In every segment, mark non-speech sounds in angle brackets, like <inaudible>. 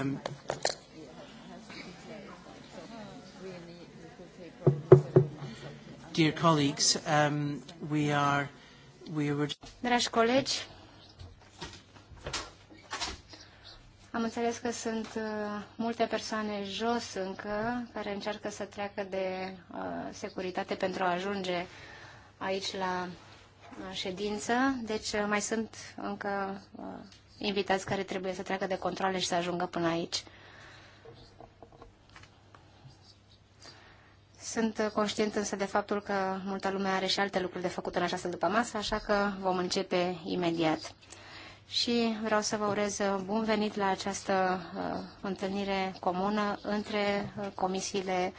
Um, dear colleagues, um, we are, we were... Dragi colegi, am înțeles că sunt uh, multe persoane jos încă care încearcă să treacă de uh, securitate pentru a ajunge aici la uh, ședință, deci uh, mai sunt încă invitați care trebuie să treacă de controle și să ajungă până aici. Sunt conștient însă de faptul că multă lume are și alte lucruri de făcut în această după masă, așa că vom începe imediat. Și vreau să vă urez bun venit la această uh, întâlnire comună între uh, comisiile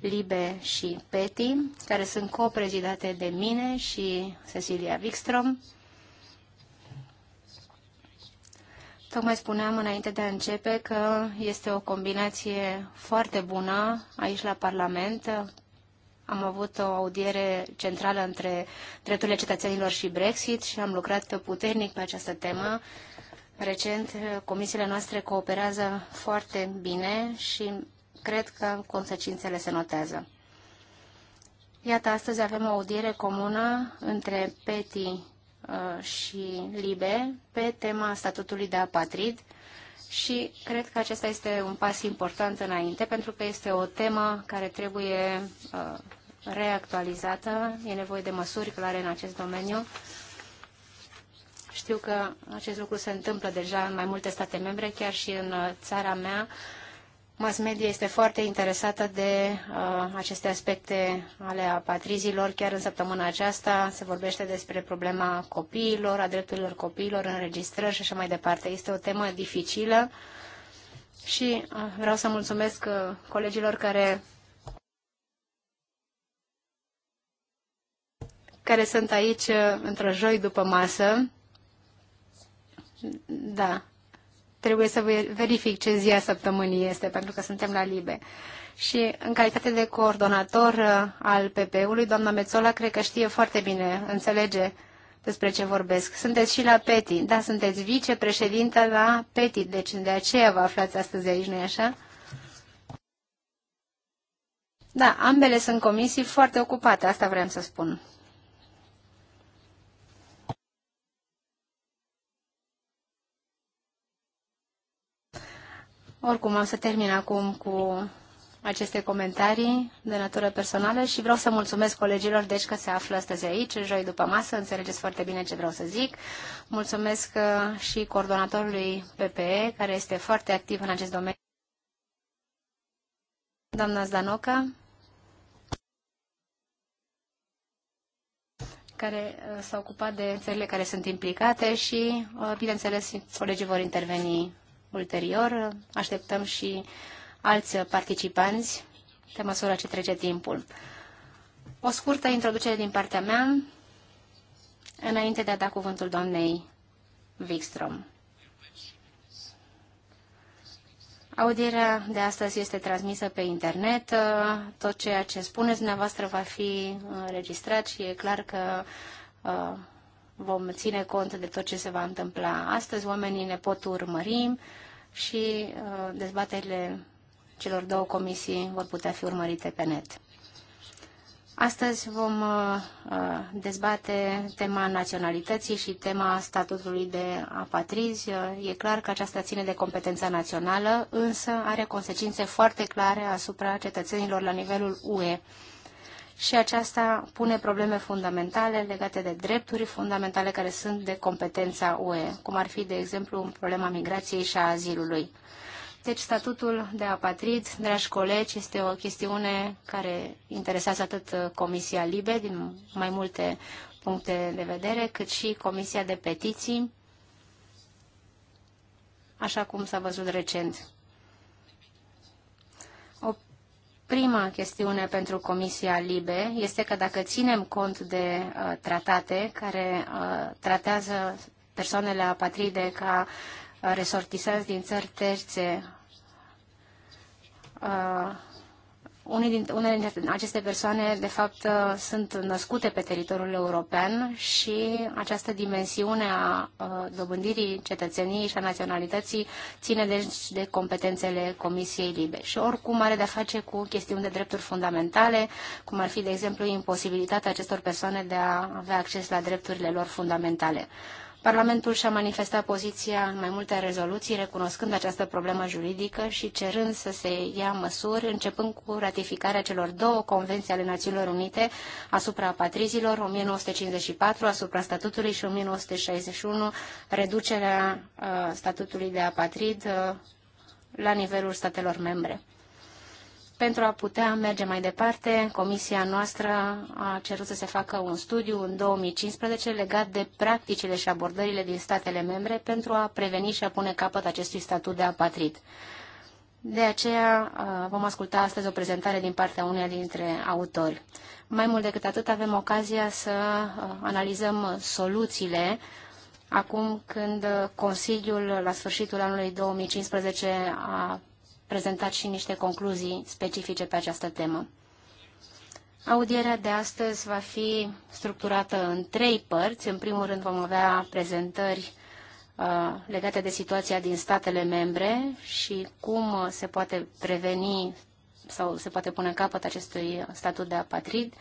Libe și PETI, care sunt coprezidate de mine și Cecilia Wikström. Tocmai spuneam înainte de a începe că este o combinație foarte bună aici la Parlament. Am avut o audiere centrală între drepturile cetățenilor și Brexit și am lucrat puternic pe această temă. Recent, comisiile noastre cooperează foarte bine și cred că consecințele se notează. Iată, astăzi avem o audiere comună între PETI Uh, și Libe pe tema statutului de apatrid și cred că acesta este un pas important înainte pentru că este o temă care trebuie uh, reactualizată, e nevoie de măsuri clare în acest domeniu. Știu că acest lucru se întâmplă deja în mai multe state membre, chiar și în uh, țara mea mass media este foarte interesată de uh, aceste aspecte ale apatrizilor. Chiar în săptămâna aceasta se vorbește despre problema copiilor, a drepturilor copiilor, înregistrări și așa mai departe. Este o temă dificilă și uh, vreau să mulțumesc uh, colegilor care care sunt aici uh, într-o joi după masă. Da, trebuie să verific ce zi a săptămânii este, pentru că suntem la Libe. Și în calitate de coordonator uh, al PP-ului, doamna Mețola cred că știe foarte bine, înțelege despre ce vorbesc. Sunteți și la PETI, da, sunteți vicepreședinte la PETI, deci de aceea vă aflați astăzi aici, nu-i așa? Da, ambele sunt comisii foarte ocupate, asta vreau să spun. Oricum, am să termin acum cu aceste comentarii de natură personală și vreau să mulțumesc colegilor, deci că se află astăzi aici, joi după masă, înțelegeți foarte bine ce vreau să zic. Mulțumesc uh, și coordonatorului PPE, care este foarte activ în acest domeniu. Doamna Zdanoca, care uh, s-a ocupat de țările care sunt implicate și, uh, bineînțeles, colegii vor interveni ulterior. Așteptăm și alți participanți pe măsură ce trece timpul. O scurtă introducere din partea mea, înainte de a da cuvântul doamnei Wikström. Audierea de astăzi este transmisă pe internet. Tot ceea ce spuneți dumneavoastră va fi înregistrat și e clar că uh, vom ține cont de tot ce se va întâmpla astăzi. Oamenii ne pot urmări și uh, dezbaterile celor două comisii vor putea fi urmărite pe net. Astăzi vom uh, uh, dezbate tema naționalității și tema statutului de apatrizi. E clar că aceasta ține de competența națională, însă are consecințe foarte clare asupra cetățenilor la nivelul UE și aceasta pune probleme fundamentale legate de drepturi fundamentale care sunt de competența UE, cum ar fi, de exemplu, problema migrației și a azilului. Deci statutul de apatrid, dragi colegi, este o chestiune care interesează atât Comisia Libe din mai multe puncte de vedere, cât și Comisia de Petiții, așa cum s-a văzut recent. Prima chestiune pentru Comisia Libe este că dacă ținem cont de uh, tratate care uh, tratează persoanele apatride ca uh, resortisați din țări terțe, uh, unele dintre aceste persoane, de fapt, uh, sunt născute pe teritoriul european și această dimensiune a uh, dobândirii cetățeniei și a naționalității ține deci de competențele Comisiei Libe. Și oricum are de-a face cu chestiuni de drepturi fundamentale, cum ar fi, de exemplu, imposibilitatea acestor persoane de a avea acces la drepturile lor fundamentale. Parlamentul și-a manifestat poziția în mai multe rezoluții, recunoscând această problemă juridică și cerând să se ia măsuri, începând cu ratificarea celor două convenții ale Națiunilor Unite asupra patrizilor, 1954, asupra statutului și 1961, reducerea uh, statutului de apatrid uh, la nivelul statelor membre. Pentru a putea merge mai departe, comisia noastră a cerut să se facă un studiu în 2015 legat de practicile și abordările din statele membre pentru a preveni și a pune capăt acestui statut de apatrit. De aceea vom asculta astăzi o prezentare din partea uneia dintre autori. Mai mult decât atât, avem ocazia să analizăm soluțiile acum când Consiliul, la sfârșitul anului 2015, a prezentat și niște concluzii specifice pe această temă. Audierea de astăzi va fi structurată în trei părți. În primul rând vom avea prezentări uh, legate de situația din statele membre și cum se poate preveni sau se poate pune capăt acestui statut de apatrid.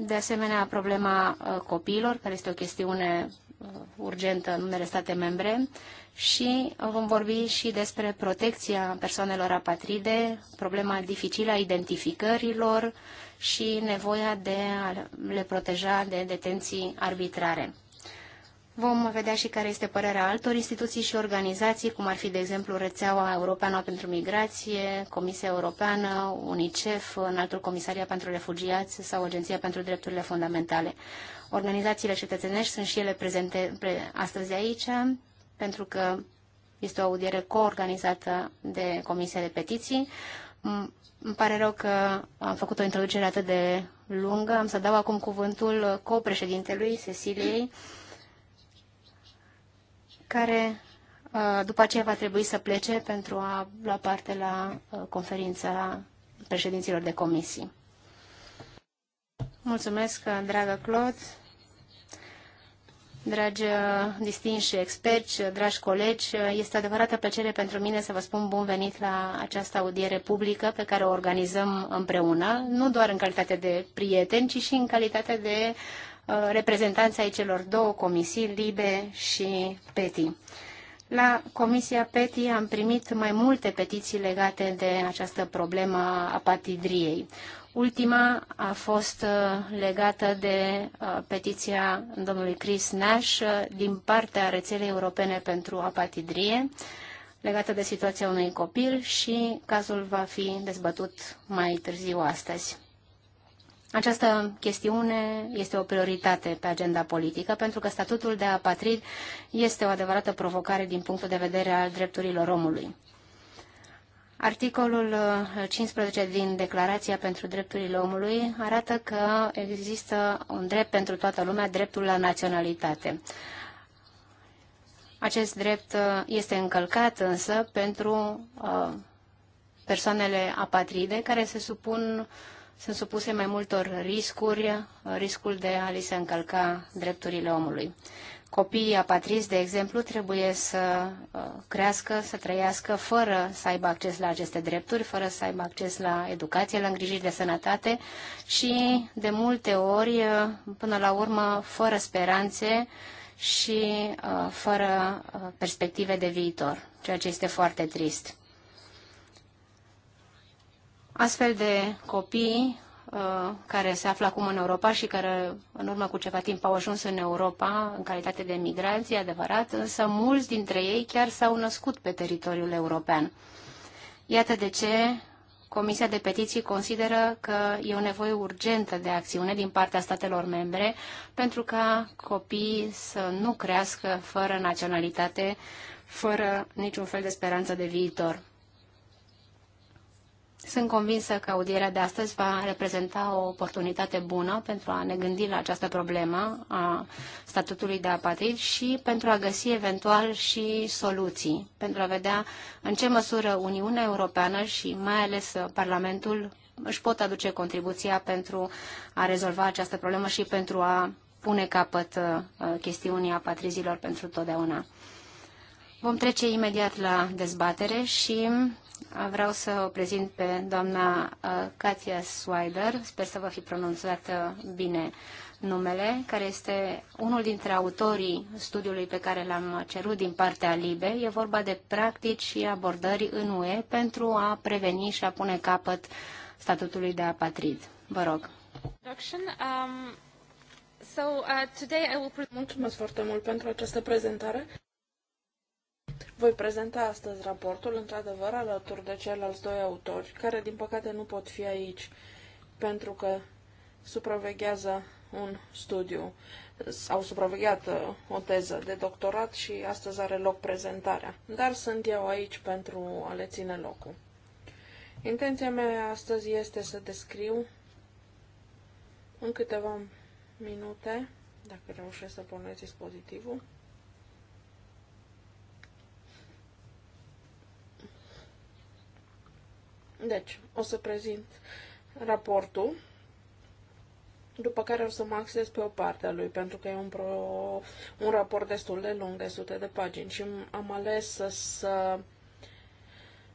De asemenea, problema uh, copiilor, care este o chestiune uh, urgentă în unele state membre și vom vorbi și despre protecția persoanelor apatride, problema dificilă a identificărilor și nevoia de a le proteja de detenții arbitrare. Vom vedea și care este părerea altor instituții și organizații, cum ar fi, de exemplu, Rețeaua Europeană pentru Migrație, Comisia Europeană, UNICEF, Înaltul Comisaria pentru Refugiați sau Agenția pentru Drepturile Fundamentale. Organizațiile cetățenești sunt și ele prezente pre, astăzi aici pentru că este o audiere coorganizată de Comisia de Petiții. Îmi pare rău că am făcut o introducere atât de lungă. Am să dau acum cuvântul copreședintelui Cecilei, care uh, după aceea va trebui să plece pentru a lua parte la uh, conferința președinților de comisii. Mulțumesc, dragă Claude dragi uh, distinși experți, uh, dragi colegi, uh, este adevărată plăcere pentru mine să vă spun bun venit la această audiere publică pe care o organizăm împreună, nu doar în calitate de prieteni, ci și în calitate de reprezentanți ai celor două comisii, LIBE și PETI. La Comisia PETI am primit mai multe petiții legate de această problemă a patidriei. Ultima a fost uh, legată de uh, petiția domnului Chris Nash uh, din partea rețelei europene pentru apatidrie legată de situația unui copil și cazul va fi dezbătut mai târziu astăzi. Această chestiune este o prioritate pe agenda politică pentru că statutul de apatrid este o adevărată provocare din punctul de vedere al drepturilor omului. Articolul 15 uh, din Declarația pentru Drepturile Omului arată că există un drept pentru toată lumea, dreptul la naționalitate. Acest drept uh, este încălcat însă pentru uh, persoanele apatride care se supun, sunt supuse mai multor riscuri, riscul de a li se încălca drepturile omului. Copiii apatriți, de exemplu, trebuie să uh, crească, să trăiască fără să aibă acces la aceste drepturi, fără să aibă acces la educație, la îngrijiri de sănătate și, de multe ori, uh, până la urmă, fără speranțe și uh, fără perspective de viitor, ceea ce este foarte trist. Astfel de copii Uh, care se află acum în Europa și care în urmă cu ceva timp au ajuns în Europa în calitate de migranți, adevărat, însă mulți dintre ei chiar s-au născut pe teritoriul european. Iată de ce Comisia de Petiții consideră că e o nevoie urgentă de acțiune din partea statelor membre pentru ca copiii să nu crească fără naționalitate, fără niciun fel de speranță de viitor. Sunt convinsă că audierea de astăzi va reprezenta o oportunitate bună pentru a ne gândi la această problemă a statutului de apatrid și pentru a găsi eventual și soluții, pentru a vedea în ce măsură Uniunea Europeană și mai ales Parlamentul își pot aduce contribuția pentru a rezolva această problemă și pentru a pune capăt uh, chestiunii apatrizilor pentru totdeauna. Vom trece imediat la dezbatere și Vreau să o prezint pe doamna uh, Katia Swider, sper să vă fi pronunțat uh, bine numele, care este unul dintre autorii studiului pe care l-am cerut din partea LIBE. E vorba de practici și abordări în UE pentru a preveni și a pune capăt statutului de apatrid. Vă rog. Um, uh, Mulțumesc foarte mult pentru această prezentare. Voi prezenta astăzi raportul, într-adevăr, alături de ceilalți doi autori, care, din păcate, nu pot fi aici, pentru că supraveghează un studiu, au supravegheat uh, o teză de doctorat și astăzi are loc prezentarea. Dar sunt eu aici pentru a le ține locul. Intenția mea astăzi este să descriu în câteva minute, dacă reușesc să pornesc dispozitivul, Deci, o să prezint raportul, după care o să mă acces pe o parte a lui, pentru că e un, pro, un raport destul de lung, de sute de pagini și am ales să, să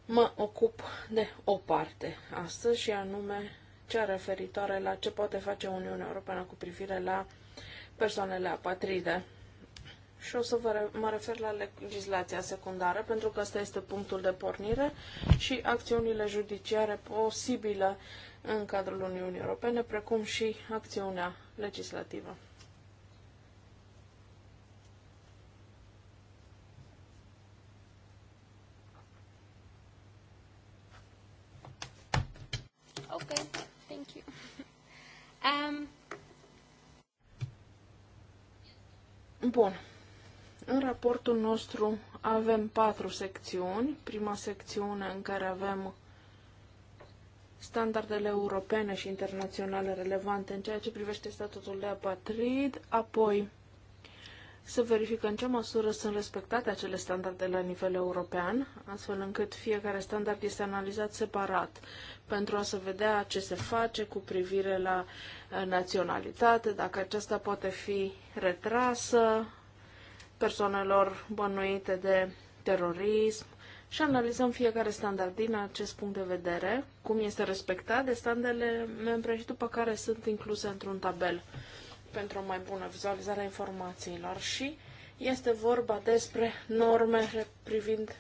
mă ocup de o parte astăzi și anume cea referitoare la ce poate face Uniunea Europeană cu privire la persoanele apatride și o să vă re- mă refer la legislația secundară, pentru că ăsta este punctul de pornire și acțiunile judiciare posibile în cadrul Uniunii Europene, precum și acțiunea legislativă. Okay, thank you. <laughs> Um... Bun. În raportul nostru avem patru secțiuni. Prima secțiune în care avem standardele europene și internaționale relevante în ceea ce privește statutul de apatrid, apoi să verifică în ce măsură sunt respectate acele standarde la nivel european, astfel încât fiecare standard este analizat separat pentru a se vedea ce se face cu privire la eh, naționalitate, dacă aceasta poate fi retrasă, persoanelor bănuite de terorism și analizăm fiecare standard din acest punct de vedere, cum este respectat de standele membre și după care sunt incluse într-un tabel pentru o mai bună vizualizare a informațiilor și este vorba despre norme privind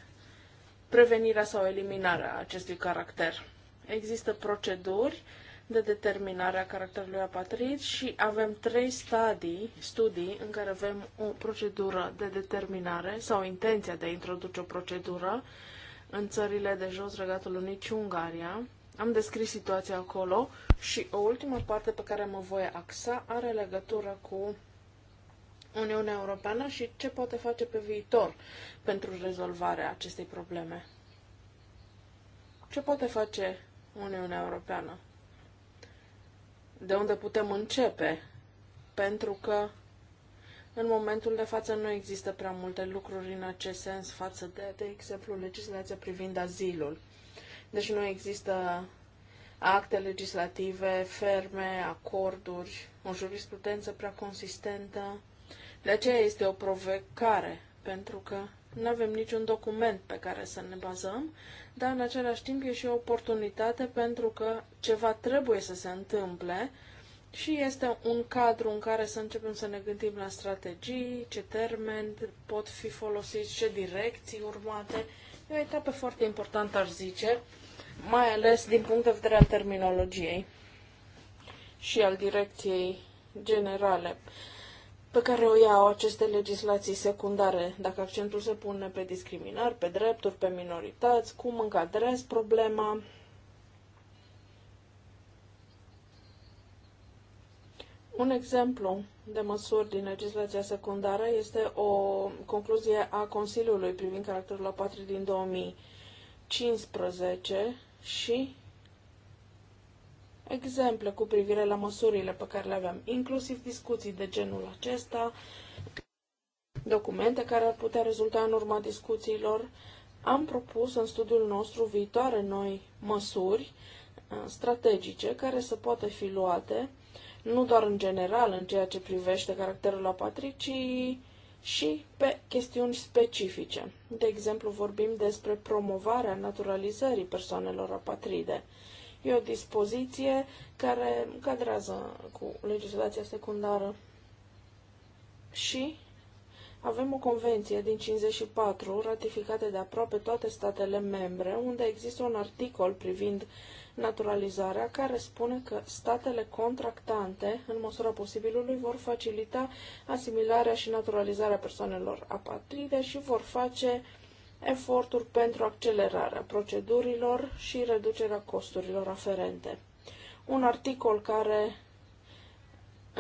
prevenirea sau eliminarea acestui caracter. Există proceduri uh, de determinare a caracterului apatrid și avem trei stadii, studii în care avem o procedură de determinare sau intenția de a introduce o procedură în țările de jos, Regatul Unit și Ungaria. Am descris situația acolo și o ultimă parte pe care mă voi axa are legătură cu Uniunea Europeană și ce poate face pe viitor pentru rezolvarea acestei probleme. Ce poate face Uniunea Europeană? de unde putem începe, pentru că în momentul de față nu există prea multe lucruri în acest sens față de, de exemplu, legislația privind azilul. Deci nu există acte legislative ferme, acorduri, o jurisprudență prea consistentă. De aceea este o provocare, pentru că nu avem niciun document pe care să ne bazăm, dar în același timp e și o oportunitate pentru că ceva trebuie să se întâmple și este un cadru în care să începem să ne gândim la strategii, ce termeni pot fi folosiți, ce direcții urmate. E o etapă foarte importantă, aș zice, mai ales din punct de vedere al terminologiei și al direcției generale pe care o iau aceste legislații secundare, dacă accentul se pune pe discriminări, pe drepturi, pe minorități, cum încadrez problema. Un exemplu de măsuri din legislația secundară este o concluzie a Consiliului privind caracterul la patrii din 2015 și exemple cu privire la măsurile pe care le aveam, inclusiv discuții de genul acesta, documente care ar putea rezulta în urma discuțiilor. Am propus în studiul nostru viitoare noi măsuri uh, strategice care să poată fi luate nu doar în general în ceea ce privește caracterul apatric, ci și pe chestiuni specifice. De exemplu, vorbim despre promovarea naturalizării persoanelor apatride. E o dispoziție care cadrează cu legislația secundară. Și avem o convenție din 54 ratificată de aproape toate statele membre, unde există un articol privind naturalizarea care spune că statele contractante, în măsura posibilului, vor facilita asimilarea și naturalizarea persoanelor apatride și vor face uh, eforturi pentru accelerarea procedurilor și reducerea costurilor aferente. Un articol care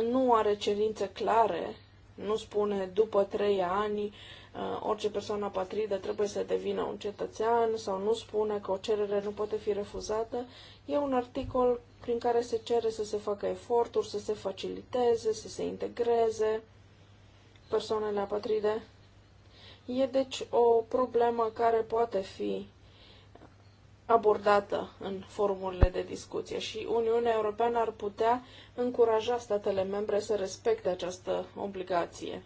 nu are cerințe clare, nu spune după trei ani uh, orice persoană patridă trebuie să devină un cetățean sau nu spune că o cerere nu poate fi refuzată, e un articol prin care se cere să se facă eforturi, să se faciliteze, să se integreze persoanele apatride E deci o problemă care poate fi abordată în forumurile de discuție și Uniunea Europeană ar putea încuraja statele membre să respecte această obligație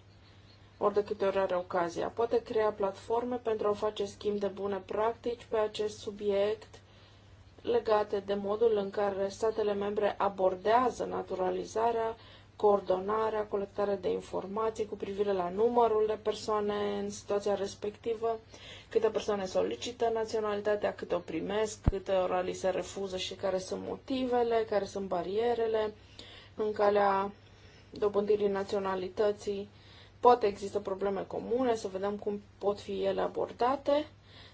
ori de câte ori are ocazia. Poate crea platforme pentru a face schimb de bune practici pe acest subiect legate de modul în care statele membre abordează naturalizarea, coordonarea, colectarea de informații cu privire la numărul de persoane în situația respectivă, câte persoane solicită naționalitatea, câte o primesc, câte ora li se refuză și care sunt motivele, care sunt barierele în calea dobândirii naționalității. Poate există probleme comune, să vedem cum pot fi ele abordate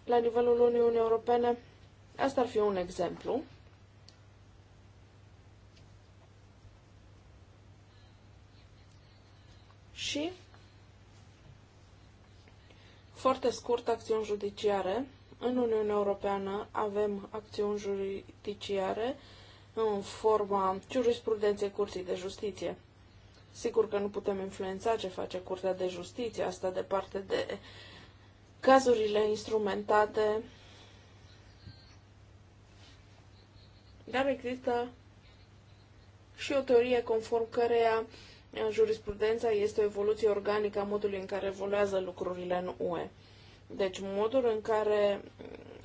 la nivelul Uniunii Europene. Asta ar fi un exemplu. și foarte scurt acțiuni judiciare. În Uniunea Europeană avem acțiuni judiciare în forma jurisprudenței Curții de Justiție. Sigur că nu putem influența ce face Curtea de Justiție, asta departe de cazurile instrumentate, dar există și o teorie conform căreia jurisprudența este o evoluție organică a modului în care evoluează lucrurile în UE. Deci modul în care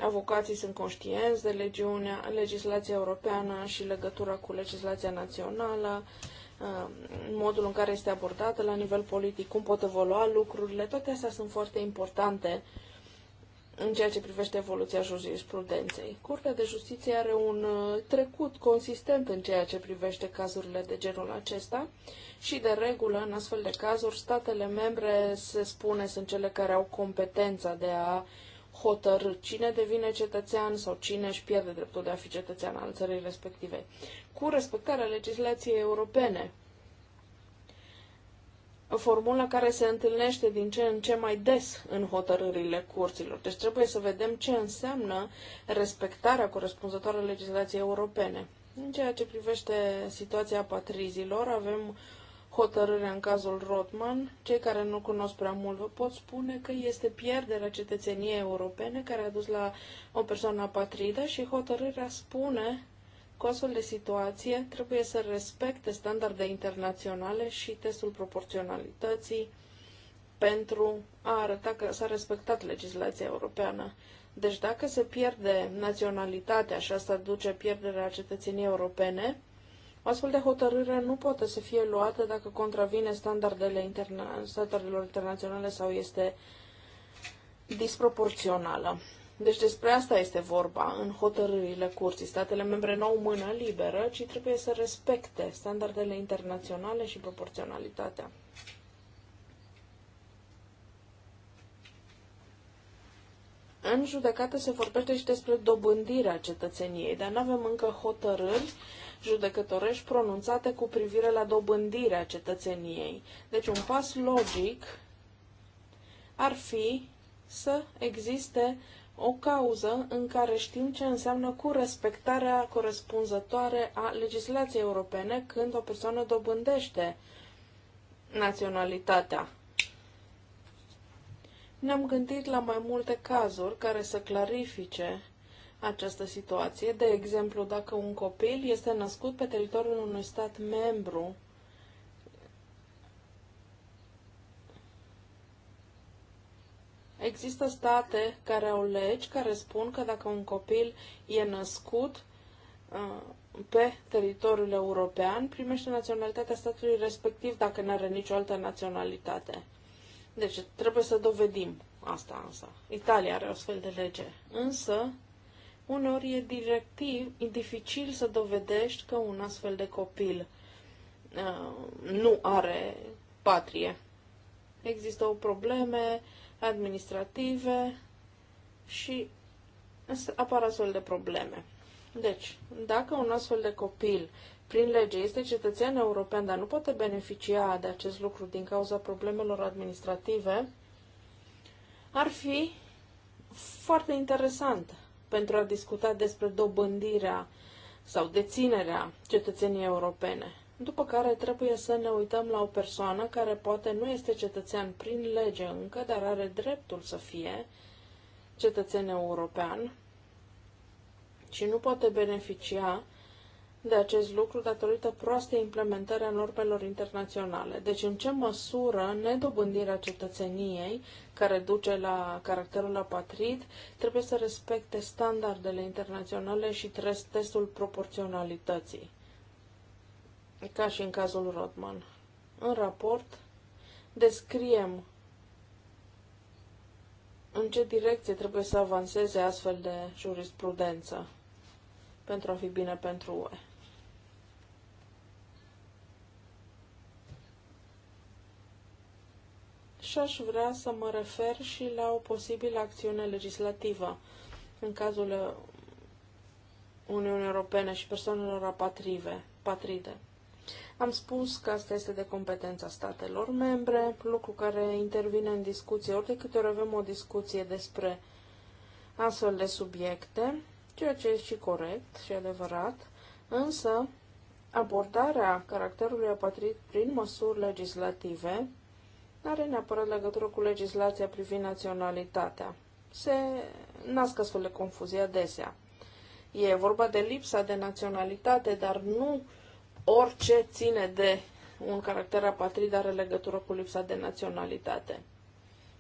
avocații sunt conștienți de legiunea, legislația europeană și legătura cu legislația națională, um, modul în care este abordată la nivel politic, cum pot evolua lucrurile, toate astea sunt foarte importante uh, în ceea ce privește evoluția jurisprudenței. Curtea de Justiție are un uh, trecut consistent în ceea ce privește cazurile de genul acesta și, de regulă, în astfel de cazuri, statele membre, se spune, sunt cele care au competența de a hotărâ cine devine cetățean sau cine își pierde dreptul de a fi cetățean al țării respective, cu respectarea legislației europene formulă care se întâlnește din ce în ce mai des în hotărârile curților. Deci trebuie să vedem ce înseamnă respectarea corespunzătoare legislației europene. În ceea ce privește situația patrizilor, avem hotărârea în cazul Rotman. Cei care nu cunosc prea mult vă pot spune că este pierderea cetățeniei europene care a dus la o persoană apatridă și hotărârea spune cu de situație, trebuie să respecte standarde internaționale și testul proporționalității pentru a arăta că s-a respectat legislația europeană. Deci dacă se pierde naționalitatea și asta duce pierderea cetățeniei europene, o astfel de hotărâre nu poate să fie luată dacă contravine standardele interna- standardelor internaționale sau este disproporțională. Deci despre asta este vorba în hotărârile curții. Statele membre nu au mână liberă, ci trebuie să respecte standardele internaționale și proporționalitatea. În judecată se vorbește și despre dobândirea cetățeniei, dar nu avem încă hotărâri judecătorești pronunțate cu privire la dobândirea cetățeniei. Deci un pas logic ar fi să existe o cauză în care știm ce înseamnă cu respectarea corespunzătoare a legislației europene când o persoană dobândește naționalitatea. Ne-am gândit la mai multe cazuri care să clarifice această situație. De exemplu, dacă un copil este născut pe teritoriul unui stat membru Există state care au legi care spun că dacă un copil e născut uh, pe teritoriul european, primește naționalitatea statului respectiv dacă nu are nicio altă naționalitate. Deci trebuie să dovedim asta însă. Italia are o astfel de lege. Însă, uneori e directiv, e dificil să dovedești că un astfel de copil uh, nu are patrie. Există o probleme administrative și apar astfel de probleme. Deci, dacă un astfel de copil, prin lege, este cetățean european, dar nu poate beneficia de acest lucru din cauza problemelor administrative, ar fi foarte interesant pentru a discuta despre dobândirea sau deținerea cetățeniei europene după care trebuie să ne uităm la o persoană care poate nu este cetățean prin lege încă, dar are dreptul să fie cetățean european și nu poate beneficia de acest lucru datorită proastei implementări a normelor internaționale. Deci, în ce măsură nedobândirea cetățeniei, care duce la caracterul apatrid, trebuie să respecte standardele internaționale și testul proporționalității? ca și în cazul Rodman. În raport descriem în ce direcție trebuie să avanseze astfel de jurisprudență pentru a fi bine pentru UE. Și aș vrea să mă refer și la o posibilă acțiune legislativă în cazul Uniunii Europene și persoanelor apatrive, patride. Am spus că asta este de competența statelor membre, lucru care intervine în discuție ori de câte ori avem o discuție despre astfel de subiecte, ceea ce este și corect și adevărat, însă abordarea caracterului apatrit prin măsuri legislative nu are neapărat legătură cu legislația privind naționalitatea. Se nasc astfel de confuzie adesea. E vorba de lipsa de naționalitate, dar nu uh, orice ține de un caracter apatrid are legătură cu lipsa de naționalitate.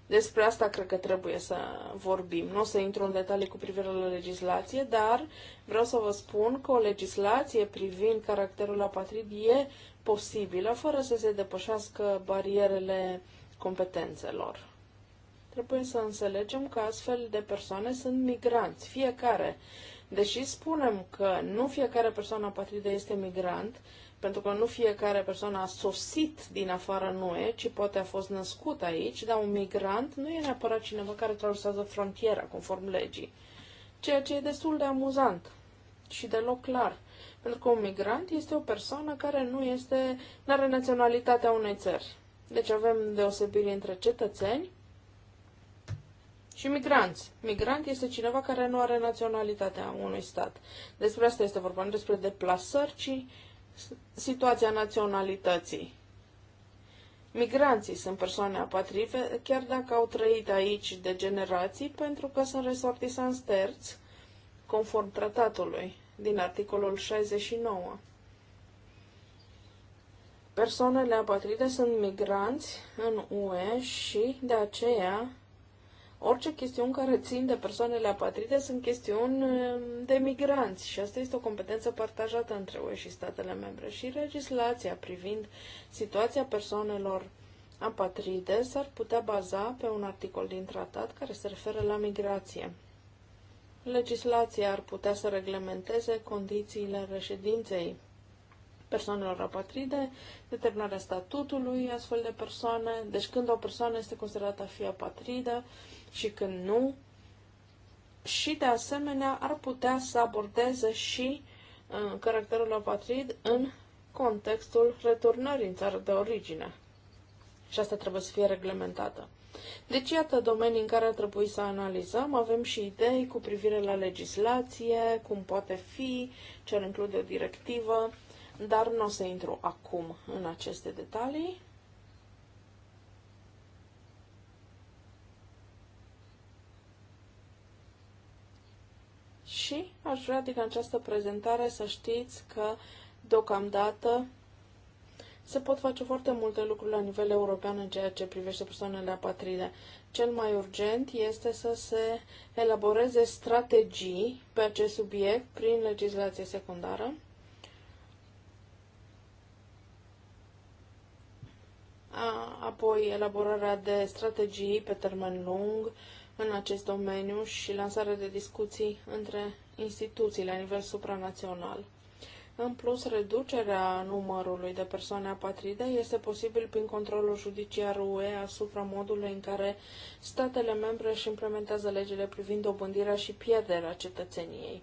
Despre asta cred că trebuie să vorbim. Nu o să intru în detalii cu privire la legislație, dar vreau să vă spun că o legislație privind caracterul apatrid e posibilă fără să se depășească barierele competențelor. Trebuie să înțelegem că astfel de persoane sunt migranți. Fiecare Deși spunem că nu fiecare persoană apatridă este migrant, pentru că nu fiecare persoană a sosit din afara NUE, ci poate a fost născut aici, dar un migrant nu e neapărat cineva care traversează frontiera conform legii. Ceea ce e destul de amuzant și deloc clar. Pentru că un migrant este o persoană care nu este, are naționalitatea unei țări. Deci avem deosebire între cetățeni și migranți. Migrant este cineva care nu are naționalitatea unui stat. Despre asta este vorba, nu despre deplasări, ci situația naționalității. Migranții sunt persoane apatride, chiar dacă au trăit aici de generații, pentru că sunt resortisanți terți, conform tratatului, din articolul 69. Persoanele apatride sunt migranți în UE și, de aceea, Orice chestiuni care țin de persoanele apatride sunt chestiuni um, de migranți și asta este o competență partajată între UE și statele membre. Și legislația privind situația persoanelor apatride s-ar putea baza pe un articol din tratat care se referă la migrație. Legislația ar putea să reglementeze condițiile reședinței persoanelor apatride, determinarea statutului astfel de persoane, deci când o persoană este considerată a fi apatridă, uh, și când nu. Și, de asemenea, ar putea să abordeze și uh, caracterul apatrid în contextul returnării în țară de origine. Și asta trebuie să fie reglementată. Deci, iată domenii în care trebuie să analizăm. Avem și idei cu privire la legislație, cum poate fi, ce ar include o directivă, dar nu o să intru acum în aceste detalii. și aș vrea din această prezentare să știți că deocamdată se pot face foarte multe lucruri la nivel european în ceea ce privește persoanele apatride. Cel mai urgent este să se elaboreze strategii pe acest subiect prin legislație secundară. Apoi elaborarea de strategii pe termen lung, în acest domeniu și lansarea de discuții între instituții la nivel supranațional. În plus, reducerea numărului de persoane apatride este posibil prin controlul judiciar UE asupra modului în care statele membre își implementează legile privind dobândirea și pierderea cetățeniei.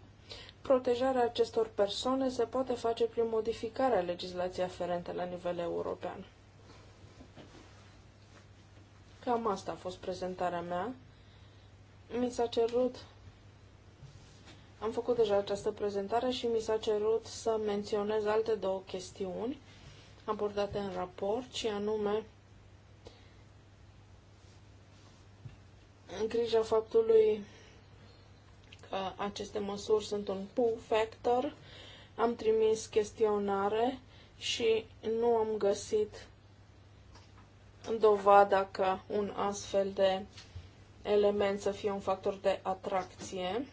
Protejarea acestor persoane se poate face prin modificarea legislației aferente la nivel european. Cam asta a fost prezentarea mea mi s-a cerut, am făcut deja această prezentare și mi s-a cerut să menționez alte două chestiuni abordate în raport, și anume în grija faptului că aceste măsuri sunt un pull factor, am trimis chestionare și nu am găsit dovada că un astfel de element să fie un factor de atracție.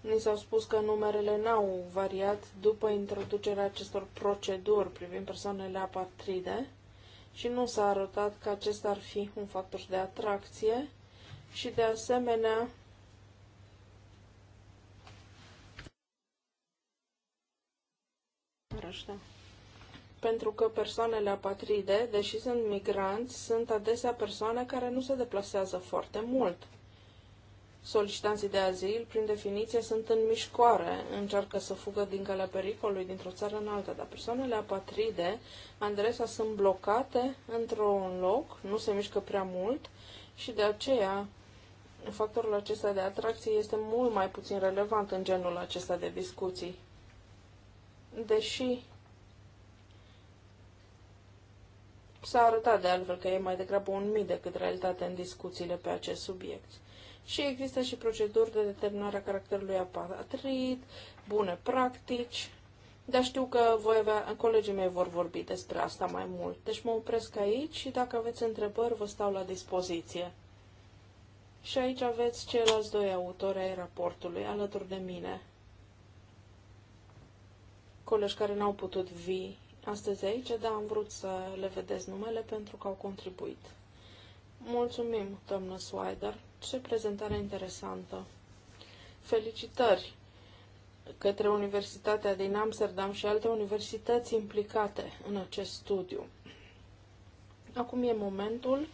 Ni s-au spus că numerele n-au variat după introducerea acestor proceduri privind persoanele apatride și nu s-a arătat că acesta ar fi un factor de atracție și de asemenea Așa pentru că persoanele apatride, deși sunt migranți, sunt adesea persoane care nu se deplasează foarte mult. Solicitanții de azil, prin definiție, sunt în mișcoare, încearcă să fugă din calea pericolului dintr-o țară în alta, dar persoanele apatride, adresa, sunt blocate într-un loc, nu se mișcă prea mult și de aceea factorul acesta de atracție este mult mai puțin relevant în genul acesta de discuții. Deși S-a arătat de altfel că e mai degrabă un mit decât realitate în discuțiile pe acest subiect. Și există și proceduri de determinare a caracterului apatrit, bune practici, dar știu că voi avea, colegii mei vor vorbi despre asta mai mult. Deci mă opresc aici și dacă aveți întrebări, vă stau la dispoziție. Și aici aveți ceilalți doi autori ai raportului, alături de mine. Colegi care n-au putut vii astăzi aici, dar am vrut să le vedeți numele pentru că au contribuit. Mulțumim, doamnă Swider. Ce prezentare interesantă. Felicitări către Universitatea din Amsterdam și alte universități implicate în acest studiu. Acum e momentul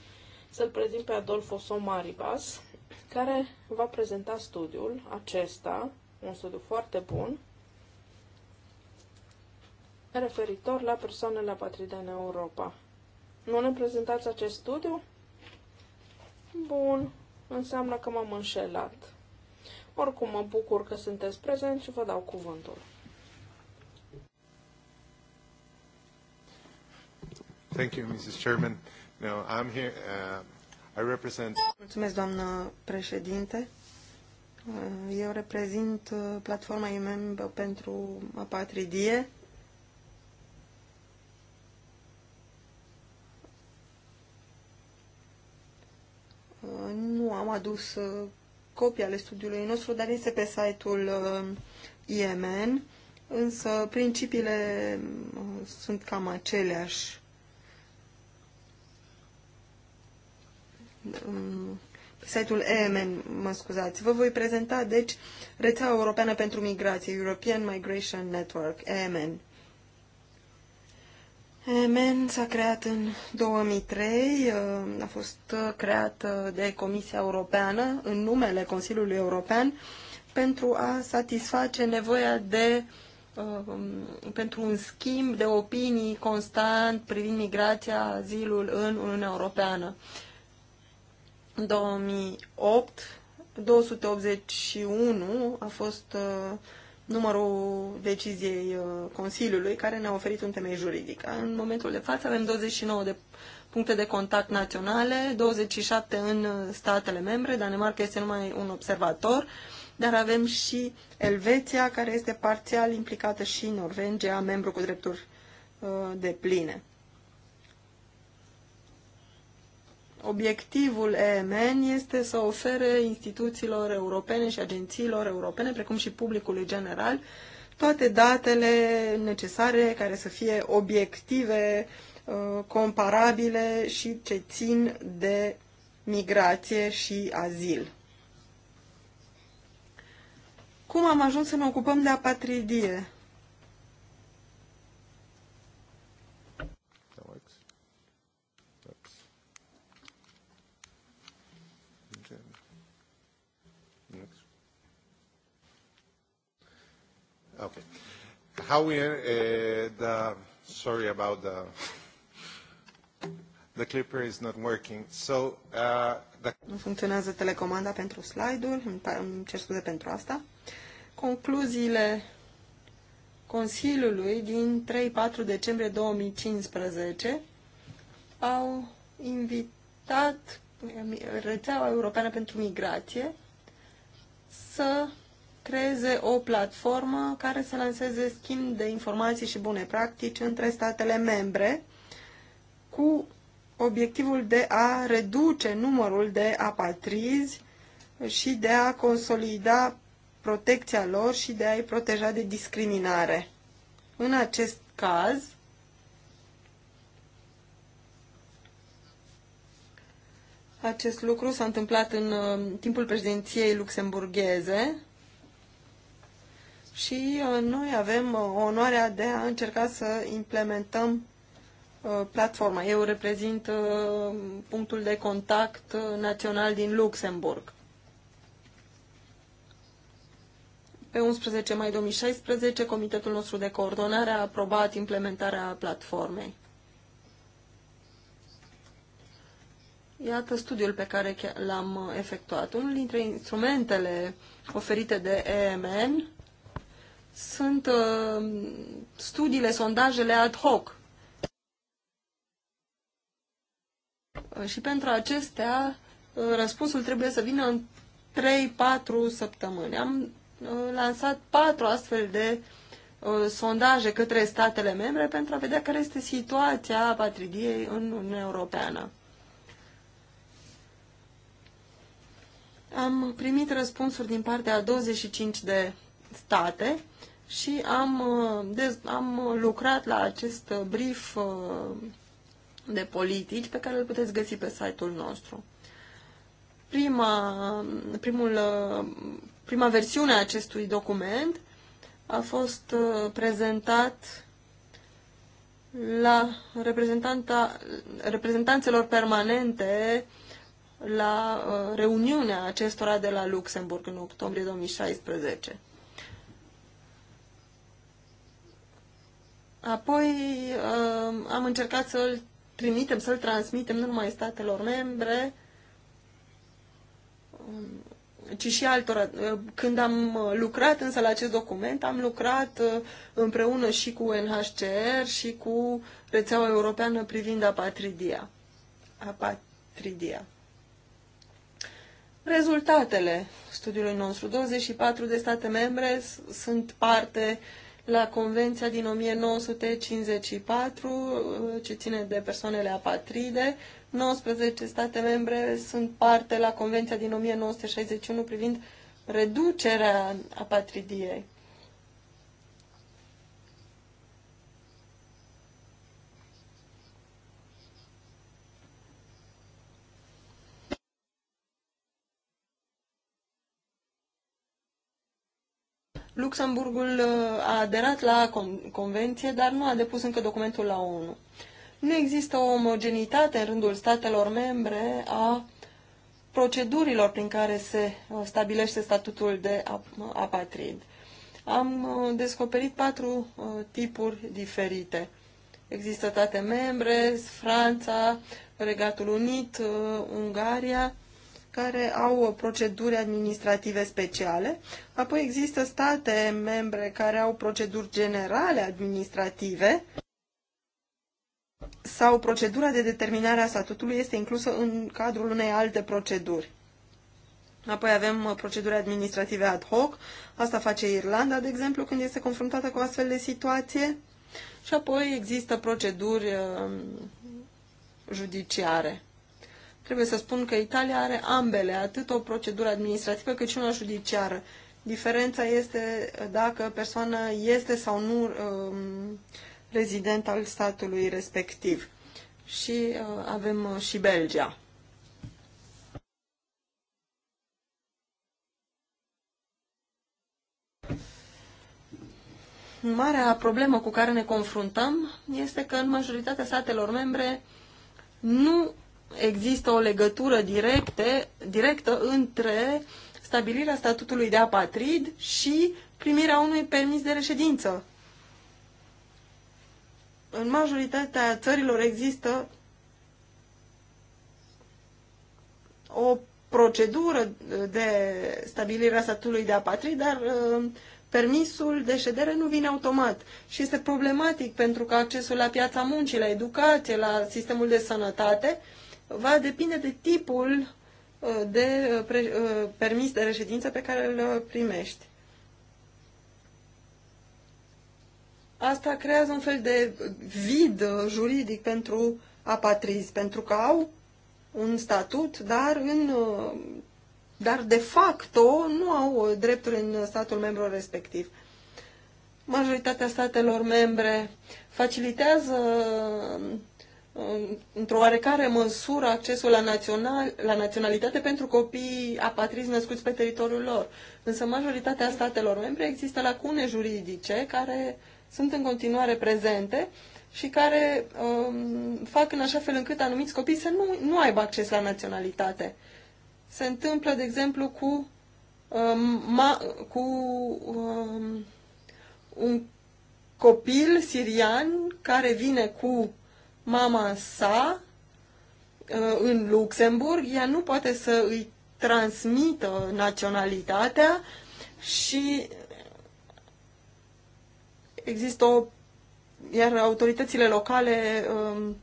să-l prezint pe Adolfo Somaribas, care va prezenta studiul acesta, un studiu foarte bun, referitor la persoanele apatride în Europa. Nu ne prezentați acest studiu? Bun, înseamnă că m-am înșelat. Oricum, mă bucur că sunteți prezenți și vă dau cuvântul. Thank you, Mrs. Chairman. No, I'm here. Uh, I represent... Mulțumesc, doamnă președinte. Eu reprezint uh, platforma IMEM pentru apatridie nu am adus uh, copii ale studiului nostru, dar este pe site-ul IMN, uh, însă principiile uh, sunt cam aceleași. Um, pe site-ul EMN, mă scuzați. Vă voi prezenta, deci, rețeaua europeană pentru migrație, European Migration Network, EMN. EMEN s-a creat în 2003, uh, a fost creată de Comisia Europeană în numele Consiliului European pentru a satisface nevoia de uh, pentru un schimb de opinii constant privind migrația, azilul în Uniunea Europeană. În 2008, 281 a fost uh, numărul deciziei uh, Consiliului care ne-a oferit un temei juridic. În momentul de față avem 29 de puncte de contact naționale, 27 în uh, statele membre, Danemarca este numai un observator, dar avem și Elveția, care este parțial implicată și Norvegia, membru cu drepturi uh, de pline. Obiectivul EMN este să ofere instituțiilor europene și agențiilor europene, precum și publicului general, toate datele necesare care să fie obiective, uh, comparabile și ce țin de migrație și azil. Cum am ajuns să ne ocupăm de apatridie? how we, uh, the, sorry about the, the clipper is not working. So, uh, the... Nu funcționează telecomanda pentru slide ul îmi cer scuze pentru asta. Concluziile Consiliului din 3-4 decembrie 2015 au invitat um, rețeaua europeană pentru migrație să creeze o platformă care să lanseze schimb de informații și bune practici între statele membre cu obiectivul de a reduce numărul de apatrizi și de a consolida protecția lor și de a-i proteja de discriminare. În acest caz, acest lucru s-a întâmplat în uh, timpul președinției luxemburgheze, și uh, noi avem uh, onoarea de a încerca să implementăm uh, platforma. Eu reprezint punctul de contact național din Luxemburg. Pe 11 mai 2016, comitetul nostru de coordonare a aprobat implementarea platformei. Iată studiul pe care l-am efectuat. Unul dintre instrumentele oferite de EMN sunt uh, studiile, sondajele ad hoc. Uh, și pentru acestea, uh, răspunsul trebuie să vină în 3-4 săptămâni. Am uh, lansat patru astfel de sondaje către statele membre pentru a vedea care este situația patridiei în Uniunea Europeană. Am primit răspunsuri din partea a 25 de state și am, uh, dez, am lucrat la acest brief uh, de politici pe care îl puteți găsi pe site-ul nostru. Prima, primul, uh, prima versiune a acestui document a fost prezentat la reprezentanta, reprezentanțelor permanente la reuniunea acestora de la Luxemburg în octombrie 2016. Apoi um, am încercat să-l trimitem, să-l transmitem nu numai statelor membre, um, ci și altora. Uh, când am uh, lucrat însă la acest document, am lucrat uh, împreună și cu NHCR și cu rețeaua europeană privind apatridia. apatridia. Rezultatele studiului nostru. 24 de state membre sunt parte uh, la Convenția din 1954, uh, ce ține de persoanele apatride. 19 state membre sunt parte la Convenția din 1961 privind reducerea apatridiei. Luxemburgul uh, a aderat la convenție, dar nu a depus încă documentul la ONU. Nu există o omogenitate în rândul statelor membre a procedurilor prin care se uh, stabilește statutul de apatrid. Am uh, descoperit patru tipuri diferite. Există state membre, Franța, Regatul Unit, Ungaria care au proceduri administrative speciale. Apoi există state membre care au proceduri generale administrative sau procedura de determinare a statutului este inclusă în cadrul unei alte proceduri. Apoi avem uh, proceduri administrative ad hoc, asta face Irlanda, de exemplu, când este confruntată cu astfel de situație. Și apoi există proceduri uh, judiciare. Trebuie să spun că Italia are ambele, atât o procedură administrativă cât și una judiciară. Diferența este dacă persoana este sau nu um, rezident al statului respectiv. Și uh, avem uh, și Belgia. Marea problemă cu care ne confruntăm este că în majoritatea statelor membre nu există o legătură directe, directă între stabilirea statutului de apatrid și primirea unui permis de reședință. În majoritatea țărilor există o procedură de stabilire a statului de apatrid, dar uh, permisul de ședere nu vine automat și este problematic pentru că accesul la piața muncii, la educație, la sistemul de sănătate uh, va depinde de tipul uh, de uh, uh, permis de reședință pe care îl primești. Asta creează un fel de vid juridic pentru apatrizi, pentru că au un statut, dar, în, dar de facto nu au drepturi în statul membru respectiv. Majoritatea statelor membre facilitează într-o oarecare măsură accesul la, național, la naționalitate pentru copiii apatrizi născuți pe teritoriul lor. Însă majoritatea statelor membre există lacune juridice care sunt în continuare prezente și care um, fac în așa fel încât anumiți copii să nu, nu aibă acces la naționalitate. Se întâmplă, de exemplu, cu, um, ma, cu um, un copil sirian care vine cu mama sa uh, în Luxemburg, ea nu poate să îi transmită naționalitatea și există o... iar autoritățile locale um,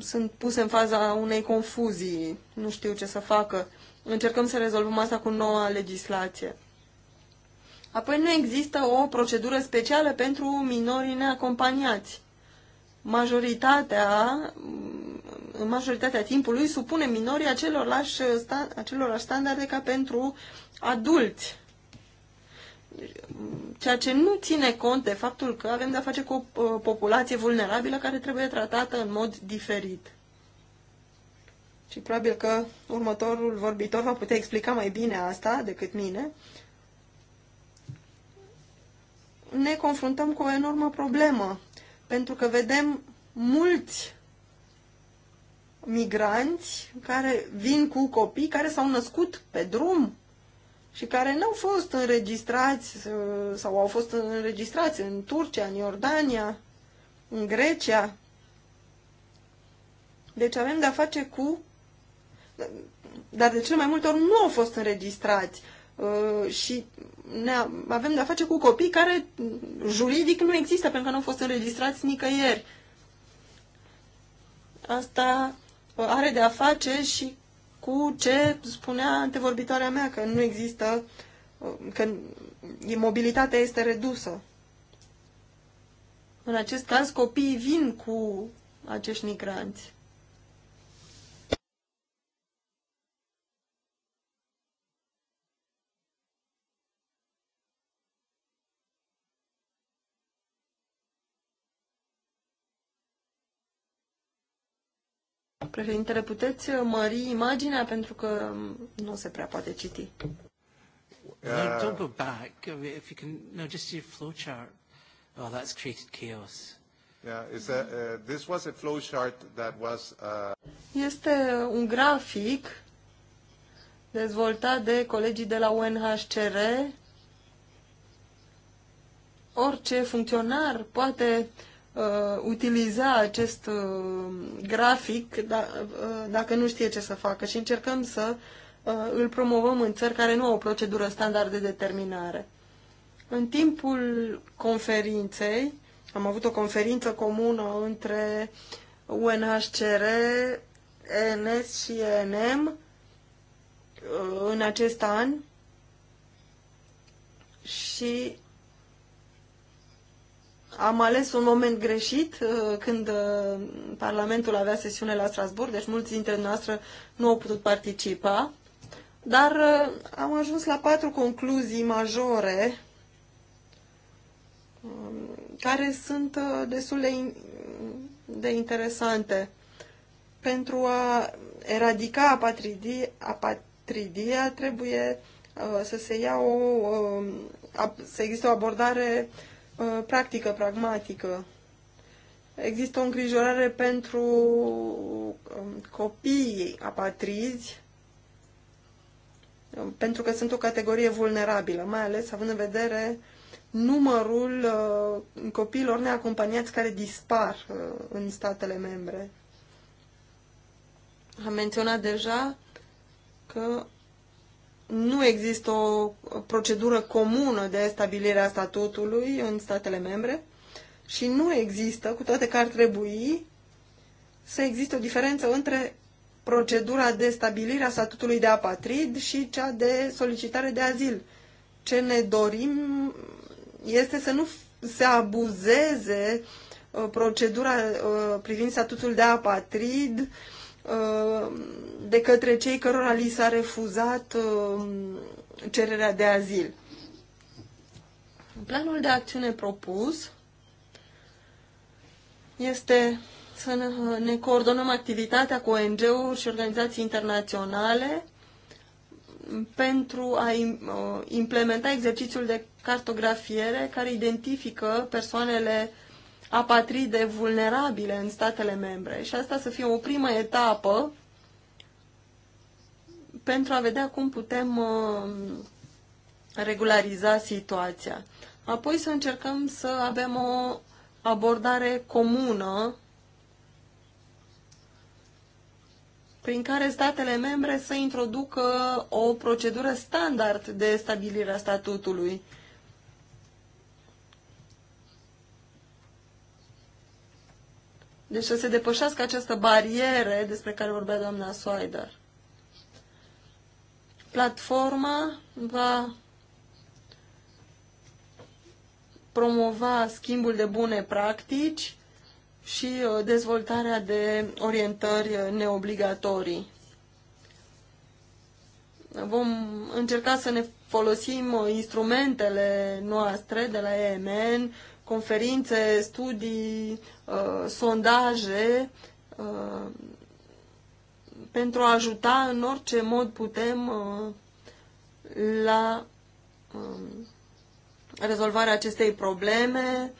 sunt puse în faza unei confuzii, nu știu ce să facă. Încercăm să rezolvăm asta cu noua legislație. Apoi nu există o procedură specială pentru minorii neacompaniați majoritatea, în majoritatea timpului supune minorii acelorlași, acelorlași standarde ca pentru adulți. Ceea ce nu ține cont de faptul că avem de-a face cu o populație vulnerabilă care trebuie tratată în mod diferit. Și probabil că următorul vorbitor va putea explica mai bine asta decât mine. Ne confruntăm cu o enormă problemă pentru că vedem mulți migranți care vin cu copii care s-au născut pe drum și care n-au fost înregistrați uh, sau au fost înregistrați în Turcia, în Iordania, în Grecia. Deci avem de-a face cu... Dar de cele mai multe ori nu au fost înregistrați uh, și ne avem de-a face cu copii care juridic nu există pentru că nu au fost înregistrați nicăieri. Asta uh, are de-a face și cu ce spunea antevorbitoarea mea, că nu există, uh, că imobilitatea este redusă. În acest caz, copiii vin cu acești migranți. Președintele, puteți uh, mări imaginea pentru că um, nu se prea poate citi. Uh, no, don't go back. If you can, no, just your flowchart. Oh, that's created chaos. Yeah, is that uh, this was a flowchart that was. Uh... Este un grafic dezvoltat de colegii de la UNHCR. Orice funcționar poate uh, utiliza acest uh, grafic da, uh, dacă nu știe ce să facă și încercăm să uh, îl promovăm în țări care nu au o procedură standard de determinare. În timpul conferinței, am avut o conferință comună între UNHCR, ENS și ENM uh, în acest an și am ales un moment greșit uh, când uh, Parlamentul avea sesiune la Strasburg, deci mulți dintre noastre nu au putut participa, dar uh, am ajuns la patru concluzii majore um, care sunt destul de, de interesante pentru a eradica apatridia, apatridia trebuie să se ia o, um, să existe o abordare Uh, practică, pragmatică. Există o îngrijorare pentru um, copiii apatrizi, um, pentru că sunt o categorie vulnerabilă, mai ales având în vedere numărul uh, copiilor neacompaniați care dispar uh, în statele membre. Am menționat deja că nu există o procedură comună de stabilire a statutului în statele membre și nu există, cu toate că ar trebui, să existe o diferență între procedura de stabilire a statutului de apatrid și cea de solicitare de azil. Ce ne dorim este să nu se abuzeze uh, procedura uh, privind statutul de apatrid Uh, de către cei cărora li s-a refuzat uh, cererea de azil. Planul de acțiune propus este să ne coordonăm activitatea cu ONG-uri și organizații internaționale pentru a uh, implementa exercițiul de cartografiere care identifică persoanele apatride vulnerabile în statele membre și asta să fie o primă etapă pentru a vedea cum putem uh, regulariza situația. Apoi să încercăm să avem o abordare comună prin care statele membre să introducă o procedură standard de stabilire a statutului Deci să se depășească această bariere despre care vorbea doamna Soider. Platforma va promova schimbul de bune practici și uh, dezvoltarea de orientări neobligatorii. Vom încerca să ne folosim uh, instrumentele noastre de la EMN conferințe, studii, uh, sondaje uh, pentru a ajuta în orice mod putem uh, la um, rezolvarea acestei probleme,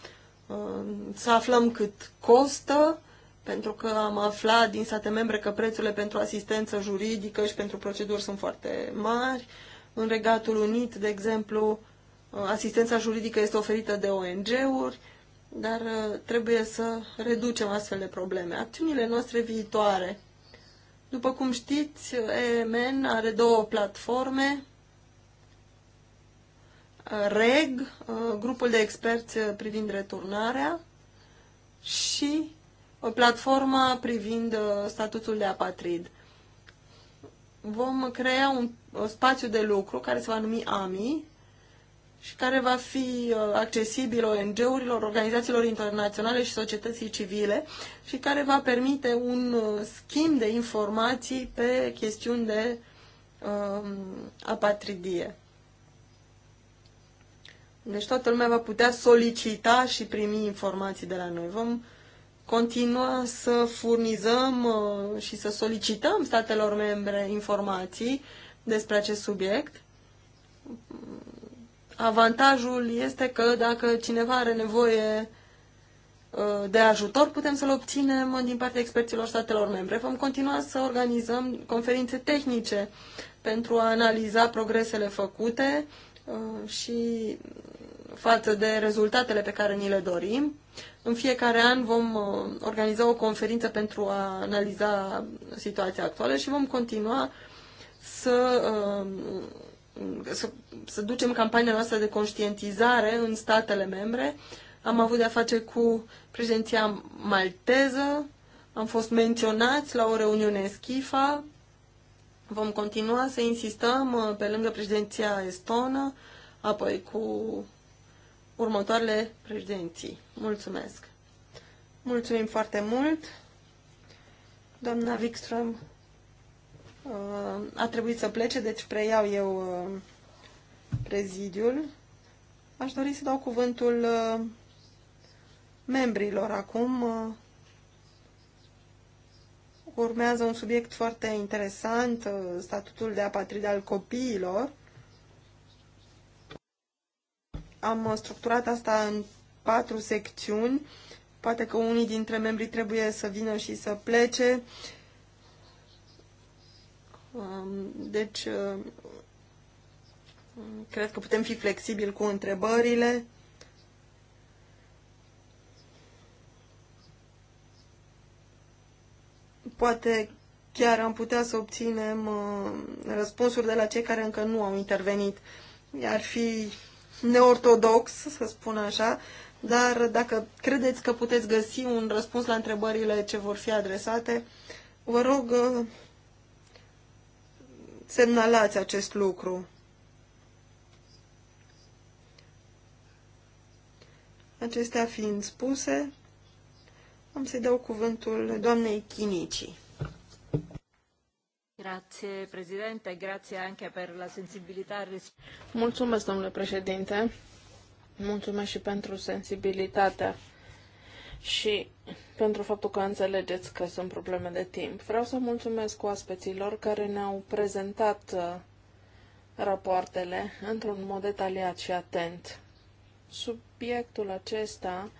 să aflăm cât costă, pentru că am aflat din state membre că prețurile pentru asistență juridică și pentru proceduri sunt foarte mari. În Regatul Unit, de exemplu, asistența juridică este oferită de ONG-uri, dar uh, trebuie să reducem astfel de probleme. Acțiunile noastre viitoare. După cum știți, EMN are două platforme, REG, uh, grupul de experți privind returnarea și uh, platforma privind statutul de apatrid. Vom crea un spațiu de lucru care se va numi AMI, și care va fi uh, accesibil ONG-urilor, organizațiilor internaționale și societății civile și care va permite un uh, schimb de informații pe chestiuni de um, apatridie. Deci toată lumea va putea solicita și primi informații de la noi. Vom continua să furnizăm uh, și să solicităm statelor membre informații despre acest subiect Avantajul este că dacă cineva are nevoie uh, de ajutor, putem să-l obținem din partea experților statelor membre. Vom continua să organizăm conferințe tehnice pentru a analiza progresele făcute uh, și față de rezultatele pe care ni le dorim. În fiecare an vom uh, organiza o conferință pentru a analiza situația actuală și vom continua să să, să ducem campania noastră de conștientizare în statele membre. Am avut de-a face cu prezenția malteză, am fost menționați la o reuniune schifa, vom continua să insistăm uh, pe lângă președinția estonă, apoi cu următoarele președinții. Mulțumesc! Mulțumim foarte mult! Doamna Wikström Uh, a trebuit să plece, deci preiau eu uh, prezidiul. Aș dori să dau cuvântul uh, membrilor acum. Urmează un subiect foarte interesant, statutul de apatrid al copiilor. Am structurat asta în patru secțiuni. Poate că unii dintre membrii trebuie să vină și să plece. Uh, Um, deci, um, cred că putem fi flexibili cu întrebările. Poate chiar am putea să obținem uh, răspunsuri de la cei care încă nu au intervenit. Ar fi neortodox, să spun așa, dar dacă credeți că puteți găsi un răspuns la întrebările ce vor fi adresate, vă rog, uh, semnalați acest lucru. Acestea fiind spuse, am să-i dau cuvântul doamnei Chinici. Grazie Presidente, grazie anche per la sensibilitate. Mulțumesc, domnule președinte. Mulțumesc și pentru sensibilitatea și pentru faptul că înțelegeți că sunt probleme de timp. Vreau să mulțumesc oaspeților care ne-au prezentat uh, rapoartele într-un mod detaliat și atent. Subiectul acesta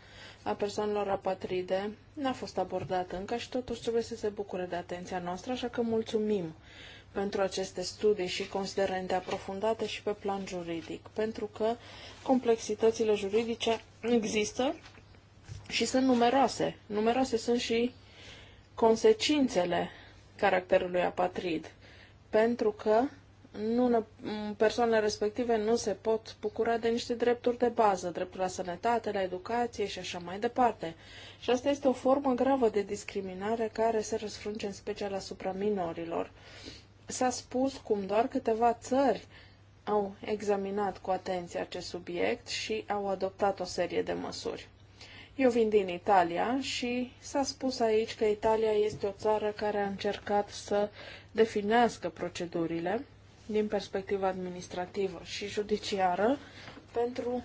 a persoanelor apatride n-a fost abordat încă și totuși trebuie să se bucure de atenția noastră, așa că mulțumim pentru aceste studii și considerente aprofundate și pe plan juridic, pentru că complexitățile juridice există și sunt numeroase. Numeroase sunt și consecințele caracterului apatrid, pentru că nu, persoanele respective nu se pot bucura de niște drepturi de bază, dreptul la sănătate, la educație și așa mai departe. Și asta este o formă gravă de discriminare care se răsfrânge în special asupra minorilor. S-a spus cum doar câteva țări au examinat cu atenție acest subiect și au adoptat o serie de măsuri. Eu vin din Italia și s-a spus aici că Italia este o țară care a încercat să definească procedurile din perspectiva administrativă și judiciară pentru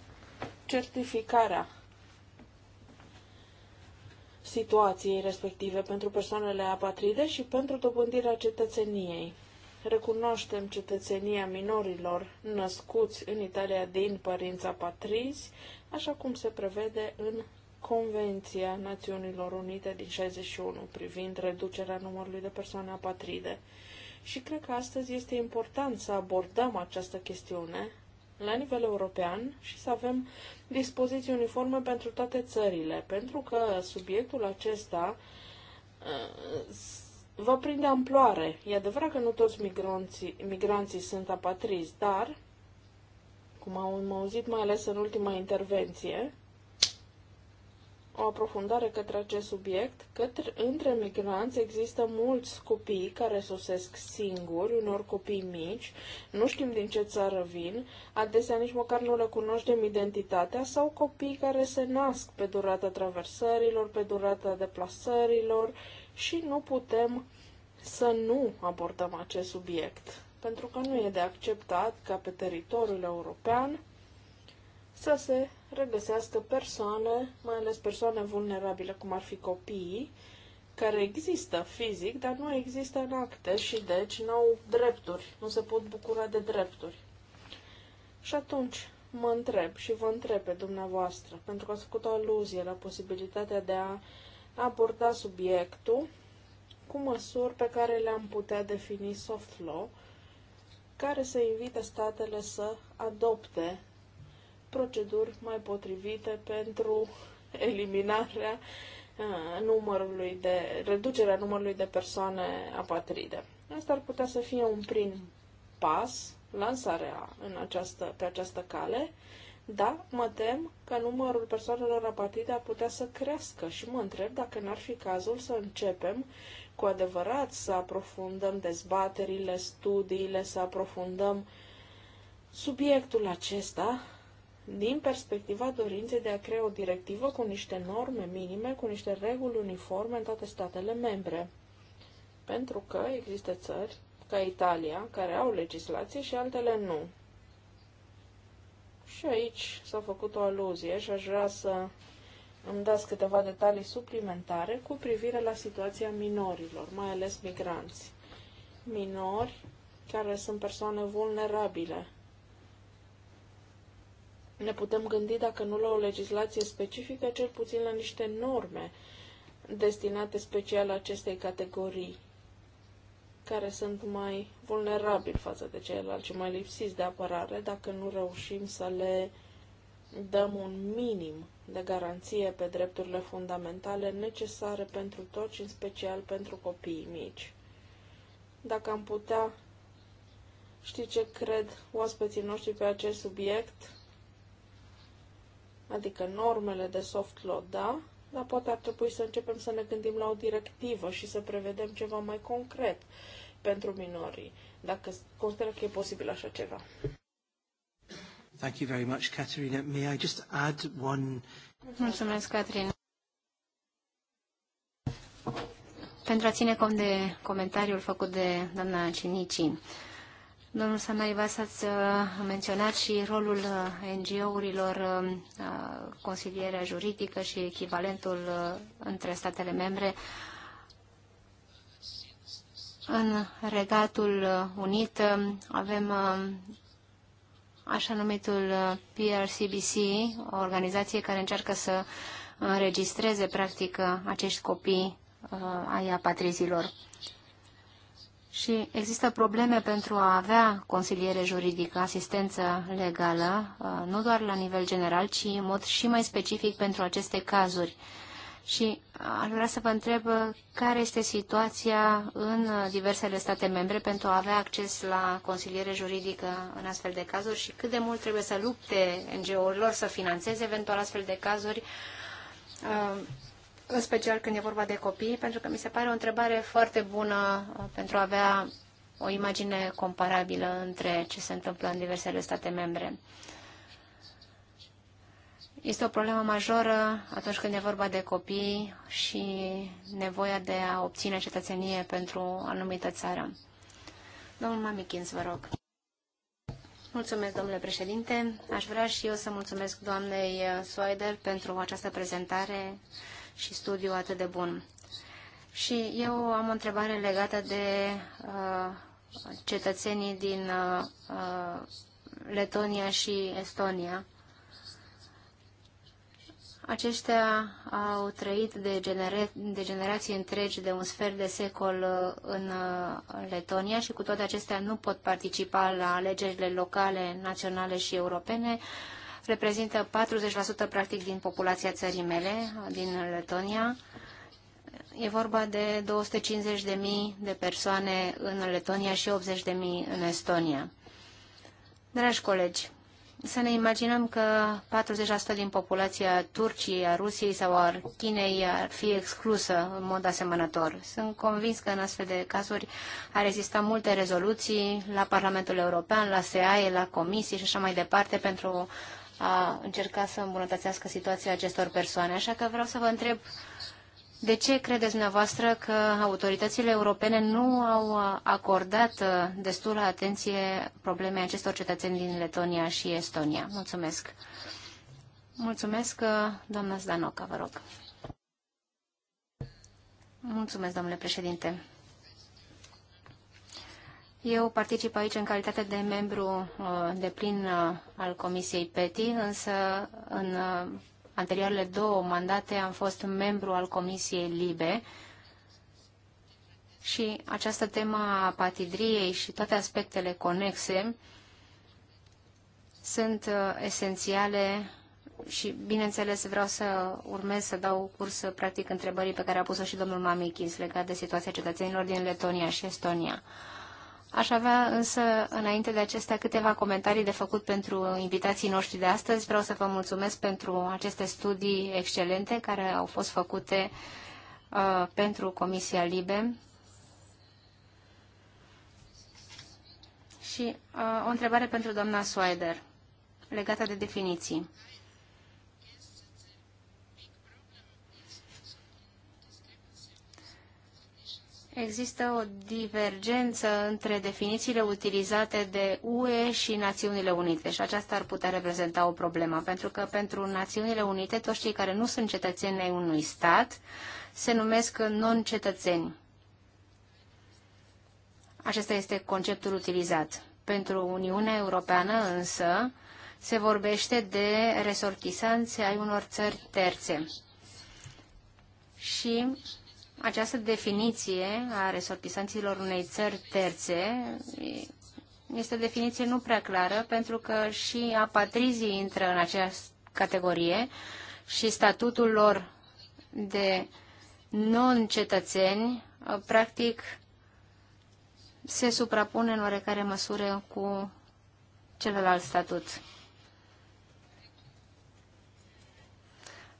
certificarea situației respective pentru persoanele apatride și pentru dobândirea cetățeniei. Recunoaștem cetățenia minorilor născuți în Italia din părința patrizi, așa cum se prevede în Convenția Națiunilor Unite din 61 privind reducerea numărului de persoane apatride. Și cred că astăzi este important să abordăm această chestiune la nivel european și să avem dispoziții uniforme pentru toate țările, pentru că subiectul acesta uh, va prinde amploare. E adevărat că nu toți migranții, migranții sunt apatrizi, dar, cum am auzit mai ales în ultima intervenție, o aprofundare către acest subiect, către, între migranți există mulți copii care sosesc singuri, unor copii mici, nu știm din ce țară vin, adesea nici măcar nu cunoaștem identitatea, sau copii care se nasc pe durata traversărilor, pe durata deplasărilor și nu putem să nu abordăm acest subiect, pentru că nu e de acceptat ca pe teritoriul european să se regăsească persoane, mai ales persoane vulnerabile, cum ar fi copiii, care există fizic, dar nu există în acte și deci nu au drepturi, nu se pot bucura de drepturi. Și atunci mă întreb și vă întreb pe dumneavoastră, pentru că ați făcut o aluzie la posibilitatea de a aborda subiectul cu măsuri pe care le-am putea defini soft law, care să invite statele să adopte proceduri mai potrivite pentru eliminarea numărului de, reducerea numărului de persoane apatride. Asta ar putea să fie un prim pas, lansarea în această, pe această cale, dar mă tem că numărul persoanelor apatride ar putea să crească și mă întreb dacă n-ar fi cazul să începem cu adevărat să aprofundăm dezbaterile, studiile, să aprofundăm subiectul acesta din perspectiva dorinței de a crea o directivă cu niște norme minime, cu niște reguli uniforme în toate statele membre. Pentru că există țări, ca Italia, care au legislație și altele nu. Și aici s-a făcut o aluzie și aș vrea să îmi dați câteva detalii suplimentare cu privire la situația minorilor, mai ales migranți. Minori care sunt persoane vulnerabile, ne putem gândi, dacă nu la o legislație specifică, cel puțin la niște norme destinate special acestei categorii, care sunt mai vulnerabili față de ceilalți și mai lipsiți de apărare, dacă nu reușim să le dăm un minim de garanție pe drepturile fundamentale necesare pentru toți, în special pentru copiii mici. Dacă am putea ști ce cred oaspeții noștri pe acest subiect, adică normele de soft law, da, dar poate ar trebui să începem să ne gândim la o directivă și să prevedem ceva mai concret pentru minorii, dacă consideră că e posibil așa ceva. Thank you very much, Caterina. May I just add one... Mulțumesc, Caterina. Pentru a ține cont de comentariul făcut de doamna Cinici, Domnul Samarivas, ați uh, menționat și rolul uh, NGO-urilor, um, uh, consilierea juridică și echivalentul între statele membre. În Regatul Unit um, avem um, așa numitul PRCBC, o organizație care încearcă să înregistreze, practic, acești copii ai apatrizilor și există probleme pentru a avea consiliere juridică, asistență legală, uh, nu doar la nivel general, ci în mod și mai specific pentru aceste cazuri. Și uh, aș vrea să vă întreb uh, care este situația în diversele state membre pentru a avea acces la consiliere juridică în astfel de cazuri și cât de mult trebuie să lupte NGO-urilor să financeze eventual astfel de cazuri în special când e vorba de copii, pentru că mi se pare o întrebare foarte bună uh, pentru a avea o imagine comparabilă între ce se întâmplă în diversele state membre. Este o problemă majoră atunci când e vorba de copii și nevoia de a obține cetățenie pentru anumită țară. Domnul Mamichins, vă rog. Mulțumesc, domnule președinte. Aș vrea și eu să mulțumesc doamnei Soider pentru această prezentare și studiu atât de bun. Și eu am o întrebare legată de uh, cetățenii din uh, uh, Letonia și Estonia. Aceștia au trăit de, genera de generații întregi de un sfert de secol uh, în uh, Letonia și cu toate acestea nu pot participa la alegerile locale, naționale și europene. Uh, reprezintă 40% practic din populația țării mele, din Letonia. E vorba de 250.000 de persoane în Letonia și 80.000 în Estonia. Dragi colegi, să ne imaginăm că 40% din populația Turciei, a Rusiei sau a Chinei ar fi exclusă în mod asemănător. Sunt convins că în astfel de cazuri ar exista multe rezoluții la Parlamentul European, la SEAE, la Comisie și așa mai departe pentru a încerca să îmbunătățească situația acestor persoane. Așa că vreau să vă întreb de ce credeți dumneavoastră că autoritățile europene nu au acordat destulă atenție problemei acestor cetățeni din Letonia și Estonia? Mulțumesc. Mulțumesc, doamna Zdanoca, vă rog. Mulțumesc, domnule președinte. Eu particip aici în calitate de membru uh, de plin uh, al Comisiei PETI, însă în uh, anterioarele două mandate am fost membru al Comisiei LIBE și această temă a patidriei și toate aspectele conexe sunt esențiale și, bineînțeles, vreau să urmez să dau curs, practic, întrebării pe care a pus-o și domnul Mamichis legat de situația cetățenilor din Letonia și Estonia. Aș avea însă, înainte de acestea, câteva comentarii de făcut pentru invitații noștri de astăzi. Vreau să vă mulțumesc pentru aceste studii excelente care au fost făcute uh, pentru Comisia Libe. Și uh, o întrebare pentru doamna Swider, legată de definiții. Există o divergență între definițiile utilizate de UE și Națiunile Unite și aceasta ar putea reprezenta o problemă, pentru că pentru Națiunile Unite toți cei care nu sunt cetățeni ai unui stat se numesc non-cetățeni. Acesta este conceptul utilizat. Pentru Uniunea Europeană însă se vorbește de resortisanțe ai unor țări terțe. Și această definiție a resortisanților unei țări terțe este o definiție nu prea clară, pentru că și apatrizii intră în această categorie și statutul lor de non-cetățeni, practic, se suprapune în oarecare măsură cu celălalt statut.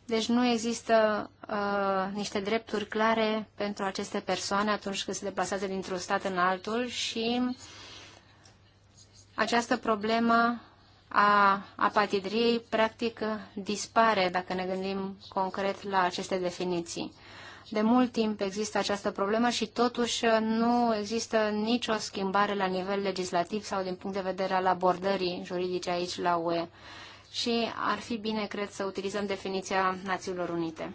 Deci nu există uh, niște drepturi clare pentru aceste persoane atunci când se deplasează dintr-un stat în altul și această problemă a apatidriei practic dispare dacă ne gândim concret la aceste definiții. De mult timp există această problemă și totuși nu există nicio schimbare la nivel legislativ sau din punct de vedere al abordării juridice aici la UE și ar fi bine, cred, să utilizăm definiția Națiunilor Unite.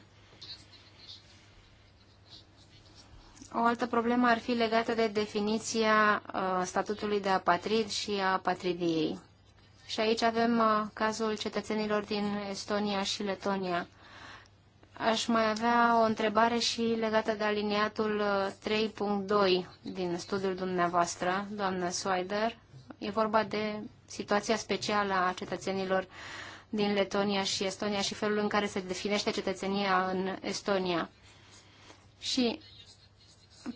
O altă problemă ar fi legată de definiția uh, statutului de apatrid și a apatridiei. Și aici avem uh, cazul cetățenilor din Estonia și Letonia. Aș mai avea o întrebare și legată de aliniatul 3.2 uh, din studiul dumneavoastră, doamnă Swider. E vorba de situația specială a cetățenilor din Letonia și Estonia și felul în care se definește cetățenia în Estonia. Și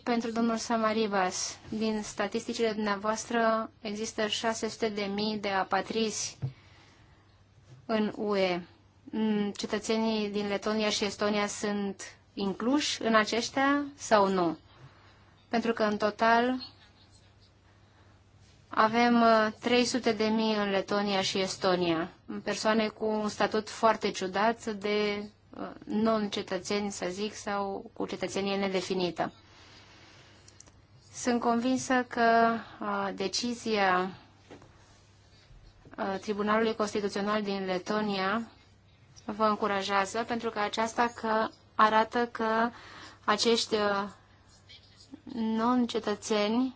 pentru domnul Samaribas, din statisticile dumneavoastră există 600.000 de, de apatrizi în UE. Mm, cetățenii din Letonia și Estonia sunt incluși în aceștia sau nu? Pentru că în total avem 300 uh, de mii în Letonia și Estonia, persoane cu un statut foarte ciudat de uh, non-cetățeni, să zic, sau cu cetățenie nedefinită. Sunt convinsă că uh, decizia Tribunalului Constituțional din Letonia vă încurajează, pentru că aceasta că arată că acești non-cetățeni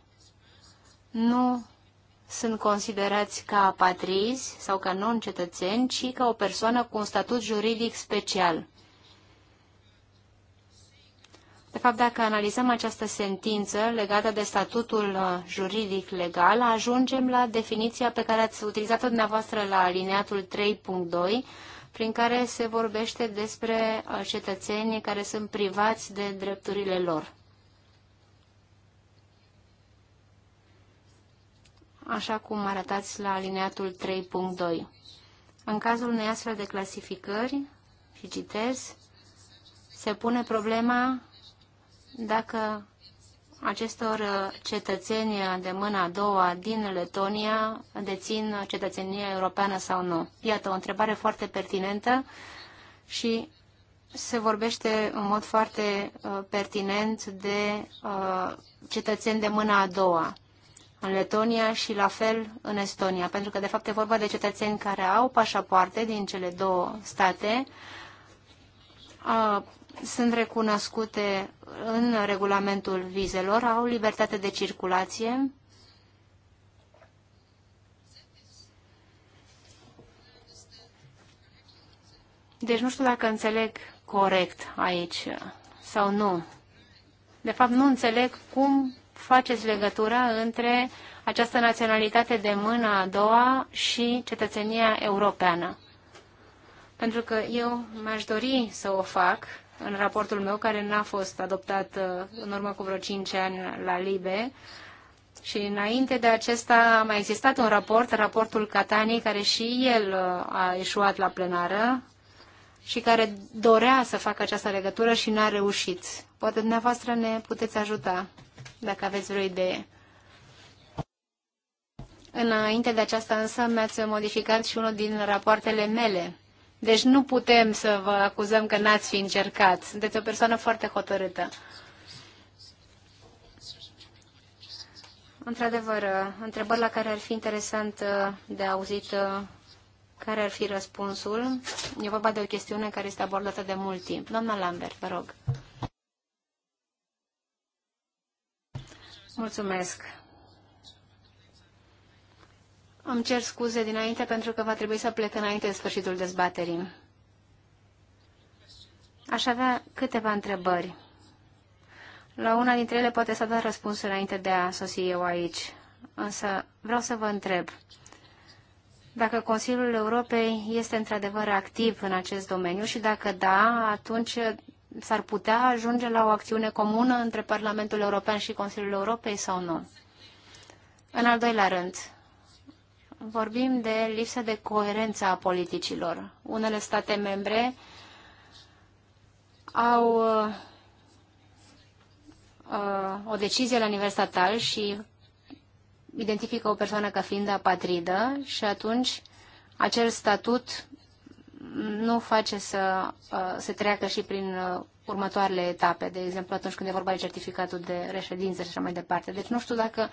nu sunt considerați ca apatrizi sau ca non-cetățeni, ci ca o persoană cu un statut juridic special. De fapt, dacă analizăm această sentință legată de statutul uh, juridic legal, ajungem la definiția pe care ați utilizat-o dumneavoastră la alineatul 3.2, prin care se vorbește despre uh, cetățenii care sunt privați de drepturile lor. așa cum arătați la alineatul 3.2. În cazul unei astfel de clasificări, și citez, se pune problema dacă acestor uh, cetățeni de mâna a doua din Letonia dețin cetățenia europeană sau nu. Iată, o întrebare foarte pertinentă și se vorbește în mod foarte uh, pertinent de uh, cetățeni de mâna a doua în Letonia și la fel în Estonia, pentru că de fapt e vorba de cetățeni care au pașapoarte din cele două state, sunt recunoscute în regulamentul vizelor, au libertate de circulație, Deci nu știu dacă înțeleg corect aici sau nu. De fapt, nu înțeleg cum faceți legătura între această naționalitate de mână a doua și cetățenia europeană. Pentru că eu mi-aș dori să o fac în raportul meu, care n-a fost adoptat uh, în urmă cu vreo 5 ani la LIBE, și înainte de acesta a mai existat un raport, raportul Catani, care și el uh, a ieșuat la plenară și care dorea să facă această legătură și n-a reușit. Poate dumneavoastră ne puteți ajuta dacă aveți vreo idee. Înainte de aceasta însă mi-ați modificat și unul din rapoartele mele. Deci nu putem să vă acuzăm că n-ați fi încercat. Sunteți o persoană foarte hotărâtă. Într-adevăr, întrebări la care ar fi interesant uh, de auzit uh, care ar fi răspunsul. E vorba de o chestiune care este abordată de mult timp. Doamna Lambert, vă rog. Mulțumesc. Îmi cer scuze dinainte pentru că va trebui să plec înainte de sfârșitul dezbaterii. Aș avea câteva întrebări. La una dintre ele poate să dat răspuns înainte de a sosi eu aici, însă vreau să vă întreb dacă Consiliul Europei este într-adevăr activ în acest domeniu și dacă da, atunci s-ar putea ajunge la o acțiune comună între Parlamentul European și Consiliul Europei sau nu? În al doilea rând, vorbim de lipsa de coerență a politicilor. Unele state membre au uh, o decizie la nivel statal și identifică o persoană ca fiind apatridă și atunci acel statut nu face să uh, se treacă și prin uh, următoarele etape, de exemplu atunci când e vorba de certificatul de reședință și așa mai departe. Deci nu știu dacă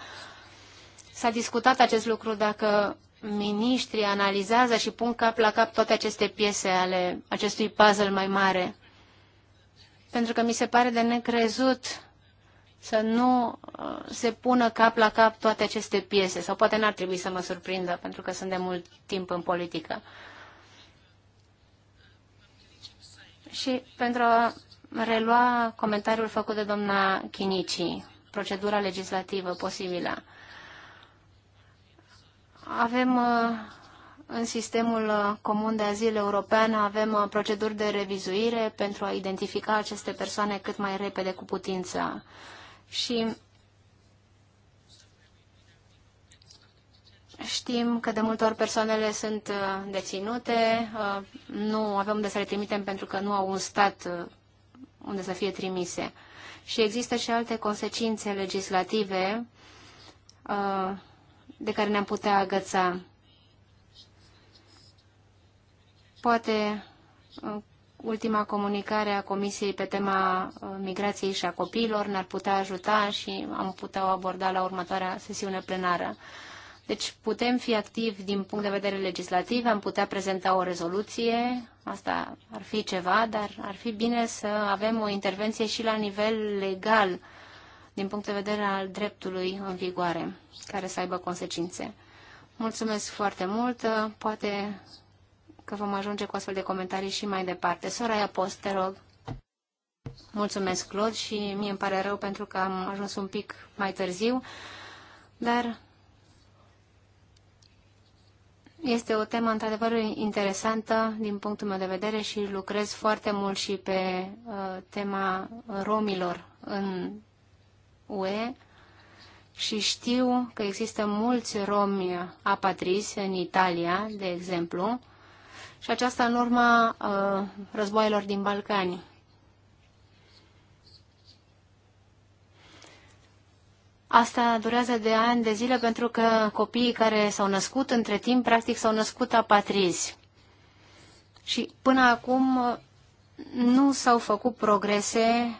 s-a discutat acest lucru, dacă miniștrii analizează și pun cap la cap toate aceste piese ale acestui puzzle mai mare. Pentru că mi se pare de necrezut să nu uh, se pună cap la cap toate aceste piese. Sau poate n-ar trebui să mă surprindă, pentru că sunt de mult timp în politică. Și pentru a relua comentariul făcut de doamna Chinici, procedura legislativă posibilă, avem uh, în sistemul uh, comun de azil european avem uh, proceduri de revizuire pentru a identifica aceste persoane cât mai repede cu putință. Și Știm că de multe ori persoanele sunt uh, deținute, uh, nu avem unde să le trimitem pentru că nu au un stat uh, unde să fie trimise. Și există și alte consecințe legislative de care ne-am putea agăța. Poate ultima comunicare a Comisiei pe tema migrației și a copiilor ne-ar putea ajuta și am putea o aborda la următoarea sesiune plenară. Deci putem fi activi din punct de vedere legislativ, am putea prezenta o rezoluție, asta ar fi ceva, dar ar fi bine să avem o intervenție și la nivel legal, din punct de vedere al dreptului în vigoare, care să aibă consecințe. Mulțumesc foarte mult, poate că vom ajunge cu astfel de comentarii și mai departe. Soraya Post, te rog. Mulțumesc, Claude, și mie îmi pare rău pentru că am ajuns un pic mai târziu, dar este o temă într-adevăr interesantă din punctul meu de vedere și lucrez foarte mult și pe uh, tema romilor în UE și știu că există mulți romi apatrizi în Italia, de exemplu, și aceasta în urma uh, războaielor din Balcani. Asta durează de ani de zile pentru că copiii care s-au născut între timp, practic, s-au născut apatrizi. Și până acum nu s-au făcut progrese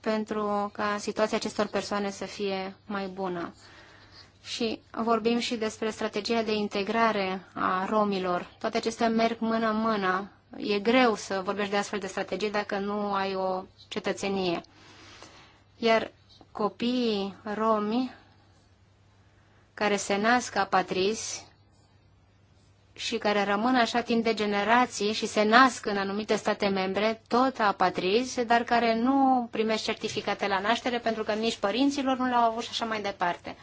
pentru ca situația acestor persoane să fie mai bună. Și vorbim și despre strategia de integrare a romilor. Toate acestea merg mână-mână. E greu să vorbești de astfel de strategii dacă nu ai o cetățenie. Iar copiii romi care se nasc apatrizi și care rămân așa timp de generații și se nasc în anumite state membre, tot apatrizi, dar care nu primesc certificate la naștere pentru că nici părinților nu le-au avut și așa mai departe.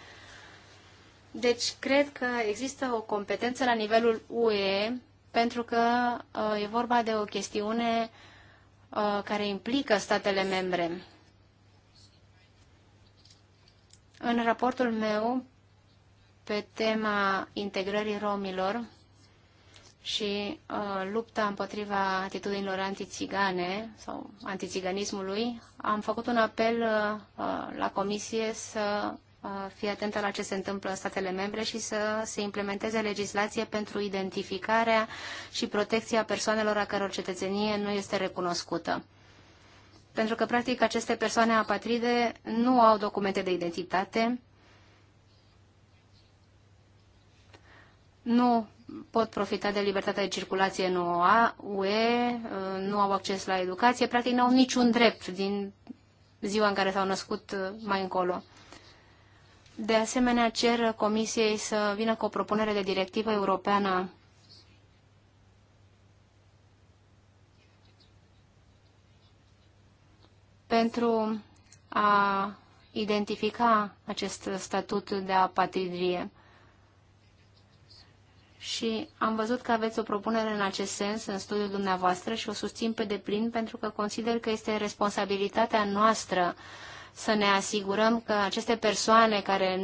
Deci, cred că există o competență la nivelul UE, pentru că uh, e vorba de o chestiune uh, care implică statele membre. În raportul meu pe tema integrării romilor și uh, lupta împotriva atitudinilor antițigane sau antițiganismului, am făcut un apel uh, uh, la comisie să uh, fie atentă la ce se întâmplă în statele membre și să se implementeze legislație pentru identificarea și protecția persoanelor a căror cetățenie nu este recunoscută pentru că, practic, aceste persoane apatride nu au documente de identitate, nu pot profita de libertatea de circulație în UE, nu au acces la educație, practic nu au niciun drept din ziua în care s-au născut uh, mai încolo. De asemenea, cer Comisiei să vină cu o propunere de directivă europeană pentru a identifica acest statut de apatridie. Și am văzut că aveți o propunere în acest sens în studiul dumneavoastră și o susțin pe deplin pentru că consider că este responsabilitatea noastră să ne asigurăm că aceste persoane care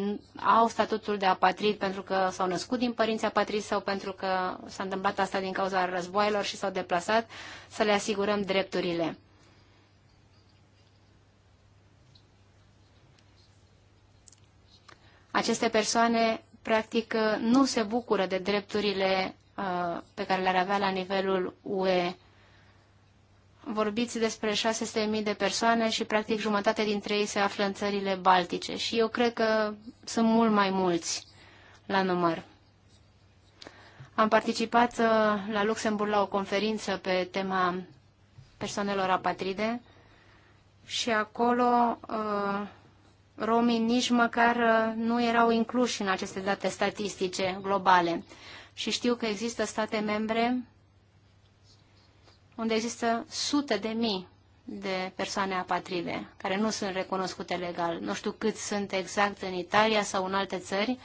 au statutul de apatrid pentru că s-au născut din părinți apatrizi sau pentru că s-a întâmplat asta din cauza războaielor și s-au deplasat, să le asigurăm drepturile. Aceste persoane, practic, nu se bucură de drepturile uh, pe care le-ar avea la nivelul UE. Vorbiți despre 600.000 de persoane și practic jumătate dintre ei se află în țările baltice și eu cred că sunt mult mai mulți la număr. Am participat uh, la Luxemburg la o conferință pe tema persoanelor apatride și acolo uh, romii nici măcar uh, nu erau incluși în aceste date statistice globale. Și știu că există state membre unde există sute de mii de persoane apatride care nu sunt recunoscute legal. Nu știu cât sunt exact în Italia sau în alte țări,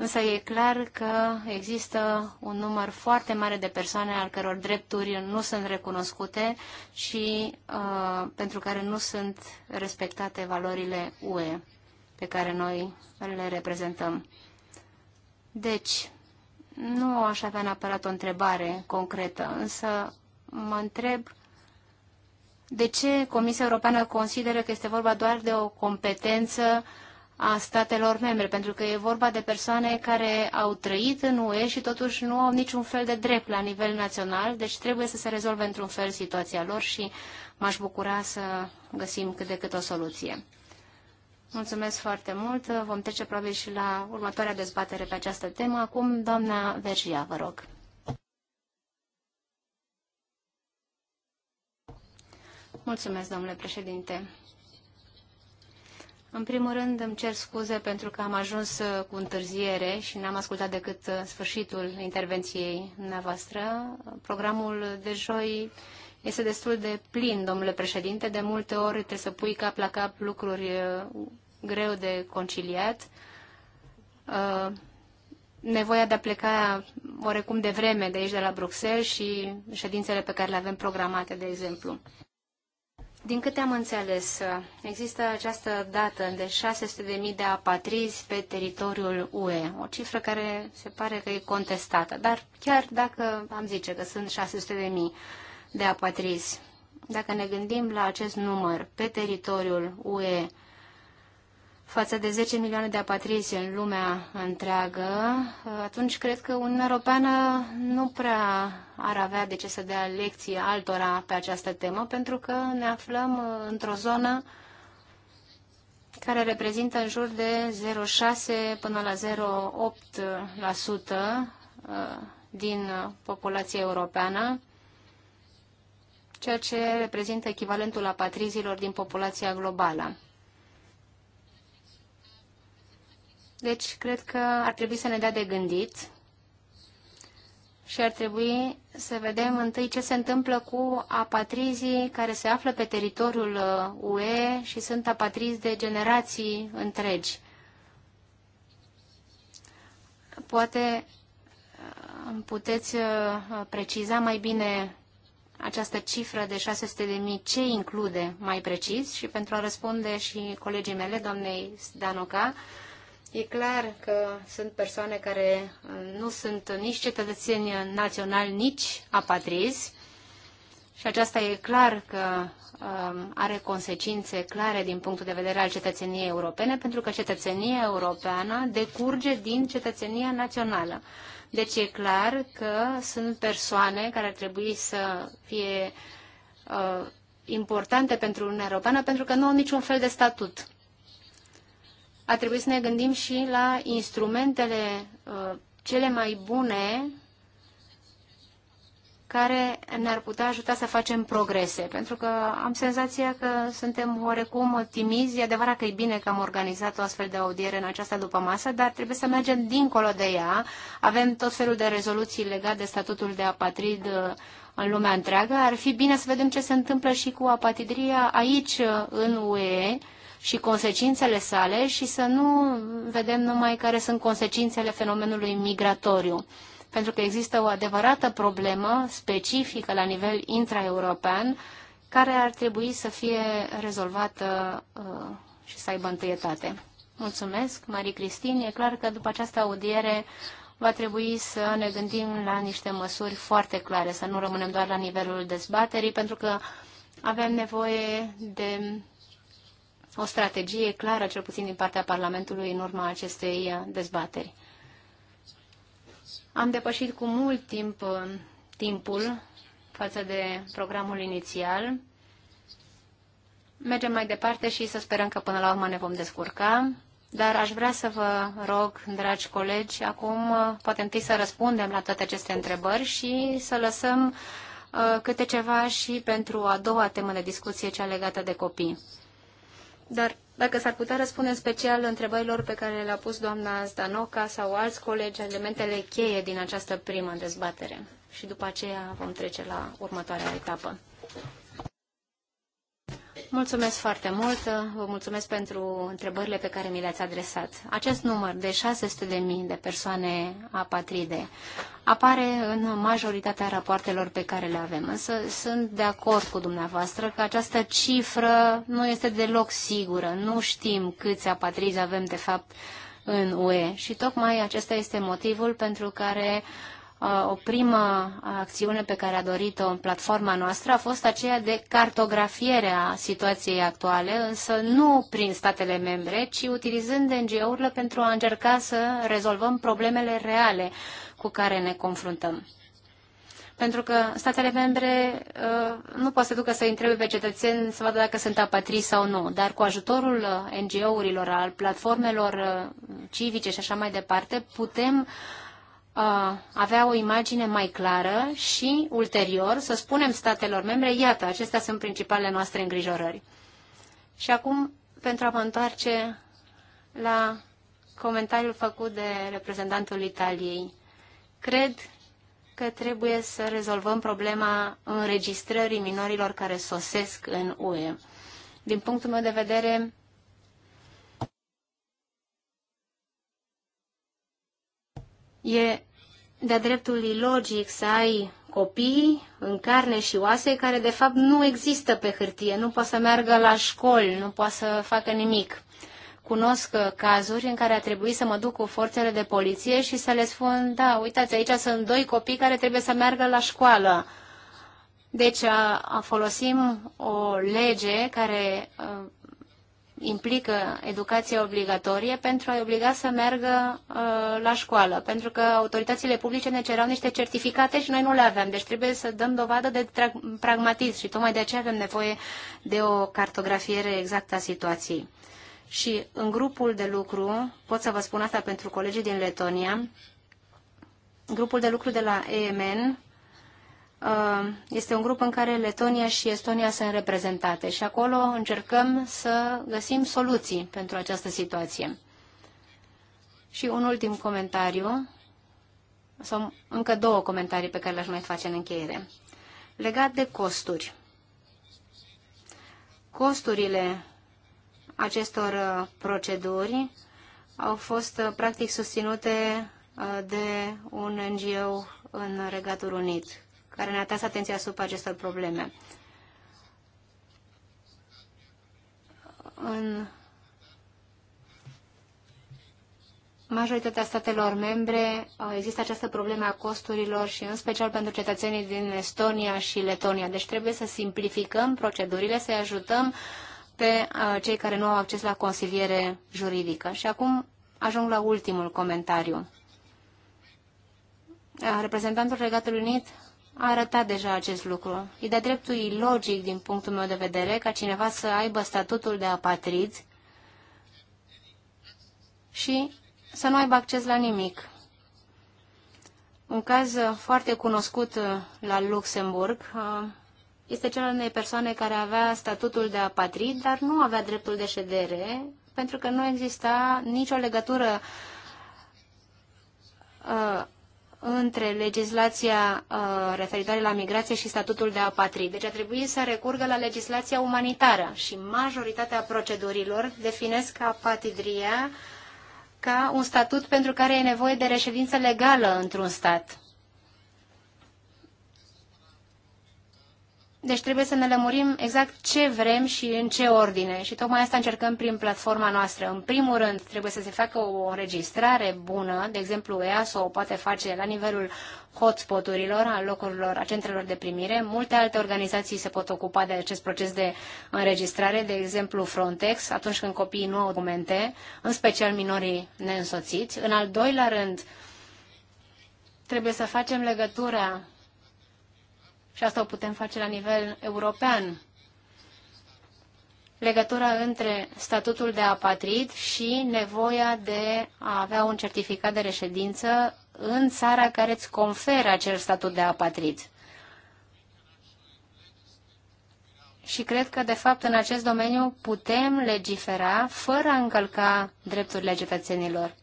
Însă e clar că există un număr foarte mare de persoane al căror drepturi nu sunt recunoscute și uh, pentru care nu sunt respectate valorile UE pe care noi le reprezentăm. Deci, nu aș avea neapărat o întrebare concretă, însă mă întreb de ce Comisia Europeană consideră că este vorba doar de o competență uh, a statelor membre, pentru că e vorba de persoane care au trăit în UE și totuși nu au niciun fel de drept la nivel național, deci trebuie să se rezolve într-un fel situația lor și m-aș bucura să găsim cât de cât o soluție. Mulțumesc foarte mult. Vom trece probabil și la următoarea dezbatere pe această temă. Acum, doamna Vergia, vă rog. Mulțumesc, domnule președinte. În primul rând îmi cer scuze pentru că am ajuns uh, cu întârziere și n-am ascultat decât uh, sfârșitul intervenției dumneavoastră. Programul de joi este destul de plin, domnule președinte. De multe ori trebuie să pui cap la cap lucruri uh, greu de conciliat. Nevoia de a pleca oarecum de vreme de aici, de la Bruxelles și ședințele pe care le avem programate, de exemplu. Din câte am înțeles, există această dată de 600.000 de apatrizi pe teritoriul UE, o cifră care se pare că e contestată, dar chiar dacă am zice că sunt 600.000 de apatrizi, dacă ne gândim la acest număr pe teritoriul UE, față de 10 milioane de apatrizi în lumea întreagă, atunci cred că Uniunea Europeană nu prea ar avea de ce să dea lecții altora pe această temă, pentru că ne aflăm uh, într-o zonă care reprezintă în jur de 0,6 până la 0,8% uh, din populația europeană, ceea ce reprezintă echivalentul apatrizilor din populația globală. Deci, cred că ar trebui să ne dea de gândit și ar trebui să vedem întâi ce se întâmplă cu apatrizii care se află pe teritoriul UE uh, și sunt apatrizi de generații întregi. Poate uh, puteți uh, preciza mai bine această cifră de 600.000, ce include mai precis? Și pentru a răspunde și colegii mele, doamnei Danoca, E clar că sunt persoane care uh, nu sunt nici cetățeni naționali, nici apatrizi și aceasta e clar că um, are consecințe clare din punctul de vedere al cetățeniei europene, pentru că cetățenia europeană decurge din cetățenia națională. Deci e clar că sunt persoane care ar trebui să fie uh, importante pentru Uniunea Europeană pentru că nu au niciun fel de statut a trebuit să ne gândim și la instrumentele uh, cele mai bune care ne-ar putea ajuta să facem progrese, pentru că am senzația că suntem oarecum timizi. E adevărat că e bine că am organizat o astfel de audiere în această după masă, dar trebuie să mergem dincolo de ea. Avem tot felul de rezoluții legate de statutul de apatrid uh, în lumea întreagă. Ar fi bine să vedem ce se întâmplă și cu apatidria aici, uh, în UE, și consecințele sale și să nu vedem numai care sunt consecințele fenomenului migratoriu. Pentru că există o adevărată problemă specifică la nivel intraeuropean care ar trebui să fie rezolvată uh, și să aibă întâietate. Mulțumesc, Marie Cristin. E clar că după această audiere va trebui să ne gândim la niște măsuri foarte clare, să nu rămânem doar la nivelul dezbaterii, pentru că avem nevoie de o strategie clară, cel puțin din partea Parlamentului, în urma acestei uh, dezbateri. Am depășit cu mult timp uh, timpul față de programul inițial. Mergem mai departe și să sperăm că până la urmă ne vom descurca. Dar aș vrea să vă rog, dragi colegi, acum uh, poate întâi să răspundem la toate aceste întrebări și să lăsăm câte ceva și pentru a doua temă de discuție, cea legată de copii. Dar dacă s-ar putea răspunde în special întrebărilor pe care le-a pus doamna Zdanoca sau alți colegi, elementele cheie din această primă dezbatere. Și după aceea vom trece la următoarea etapă. Mulțumesc foarte mult, vă mulțumesc pentru întrebările pe care mi le-ați adresat. Acest număr de 600.000 de persoane apatride apare în majoritatea rapoartelor pe care le avem, însă sunt de acord cu dumneavoastră că această cifră nu este deloc sigură. Nu știm câți apatrizi avem de fapt în UE și tocmai acesta este motivul pentru care uh, o primă acțiune pe care a dorit-o în platforma noastră a fost aceea de cartografiere a situației actuale, însă nu prin statele membre, ci utilizând NGO-urile pentru a încerca să rezolvăm problemele reale cu care ne confruntăm pentru că statele membre nu pot să ducă să întrebe pe cetățeni să vadă dacă sunt apatrii sau nu, dar cu ajutorul NGO-urilor, al platformelor civice și așa mai departe, putem Uh, avea o imagine mai clară și, ulterior, să spunem statelor membre, iată, acestea sunt principalele noastre îngrijorări. Și acum, pentru a mă întoarce la comentariul făcut de reprezentantul Italiei, cred că trebuie să rezolvăm problema înregistrării minorilor care sosesc în UE. Din punctul meu de vedere, e de-a dreptul logic să ai copii în carne și oase care de fapt nu există pe hârtie, nu poate să meargă la școli, nu poate să facă nimic. Cunosc uh, cazuri în care a trebuit să mă duc cu forțele de poliție și să le spun, da, uitați, aici sunt doi copii care trebuie să meargă la școală. Deci a, a folosim o lege care a, uh, implică educația obligatorie pentru a-i obliga să meargă uh, la școală, pentru că autoritățile publice ne cerau niște certificate și noi nu le avem. deci trebuie să dăm dovadă de pragmatism și tocmai de aceea avem nevoie de o cartografiere exactă a situației. Și în grupul de lucru, pot să vă spun asta pentru colegii din Letonia, grupul de lucru de la EMN Uh, este un grup în care Letonia și Estonia sunt reprezentate și acolo încercăm să găsim soluții pentru această situație. Și un ultim comentariu, sau încă două comentarii pe care le-aș mai face în încheiere. Legat de costuri. Costurile acestor uh, proceduri au fost uh, practic susținute de un NGO în Regatul Unit, care ne-a atras atenția asupra acestor probleme. În majoritatea statelor membre uh, există această problemă a costurilor și în special pentru cetățenii din Estonia și Letonia. Deci trebuie să simplificăm procedurile, să-i ajutăm pe uh, cei care nu au acces la consiliere juridică. Și acum ajung la ultimul comentariu. Uh, reprezentantul Regatului Unit a arătat deja acest lucru. E de dreptul ilogic, din punctul meu de vedere, ca cineva să aibă statutul de apatrid și să nu aibă acces la nimic. Un caz foarte cunoscut uh, la Luxemburg uh, este cel al unei persoane care avea statutul de apatrid, dar nu avea dreptul de ședere, pentru că nu exista nicio legătură uh, între legislația uh, referitoare la migrație și statutul de apatrid. Deci a trebuit să recurgă la legislația umanitară și majoritatea procedurilor definesc apatidria ca un statut pentru care e nevoie de reședință legală într-un stat. Deci trebuie să ne lămurim exact ce vrem și în ce ordine. Și tocmai asta încercăm prin platforma noastră. În primul rând, trebuie să se facă o înregistrare bună. De exemplu, EASO o poate face la nivelul hotspoturilor, a locurilor, a centrelor de primire. Multe alte organizații se pot ocupa de acest proces de înregistrare, de exemplu Frontex, atunci când copiii nu au documente, în special minorii neînsoțiți. În al doilea rând, trebuie să facem legătura și asta o putem face la nivel european. Legătura între statutul de apatrid și nevoia de a avea un certificat de reședință în țara care îți conferă acel statut de apatrid. și cred că, de fapt, în acest domeniu putem legifera fără a încălca drepturile cetățenilor.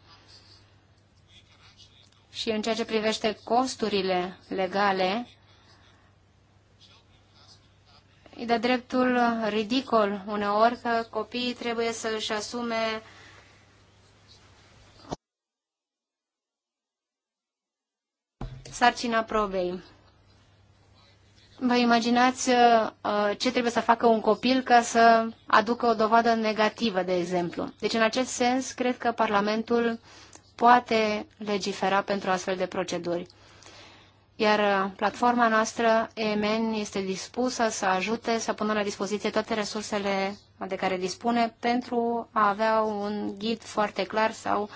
Și în ceea ce privește costurile legale, îi dă dreptul ridicol uneori că copiii trebuie să își asume sarcina probei. Vă imaginați uh, ce trebuie să facă un copil ca să aducă o dovadă negativă, de exemplu. Deci, în acest sens, cred că Parlamentul poate legifera pentru astfel de proceduri iar uh, platforma noastră EMN este dispusă să ajute să pună la dispoziție toate resursele de care dispune pentru a avea un ghid foarte clar sau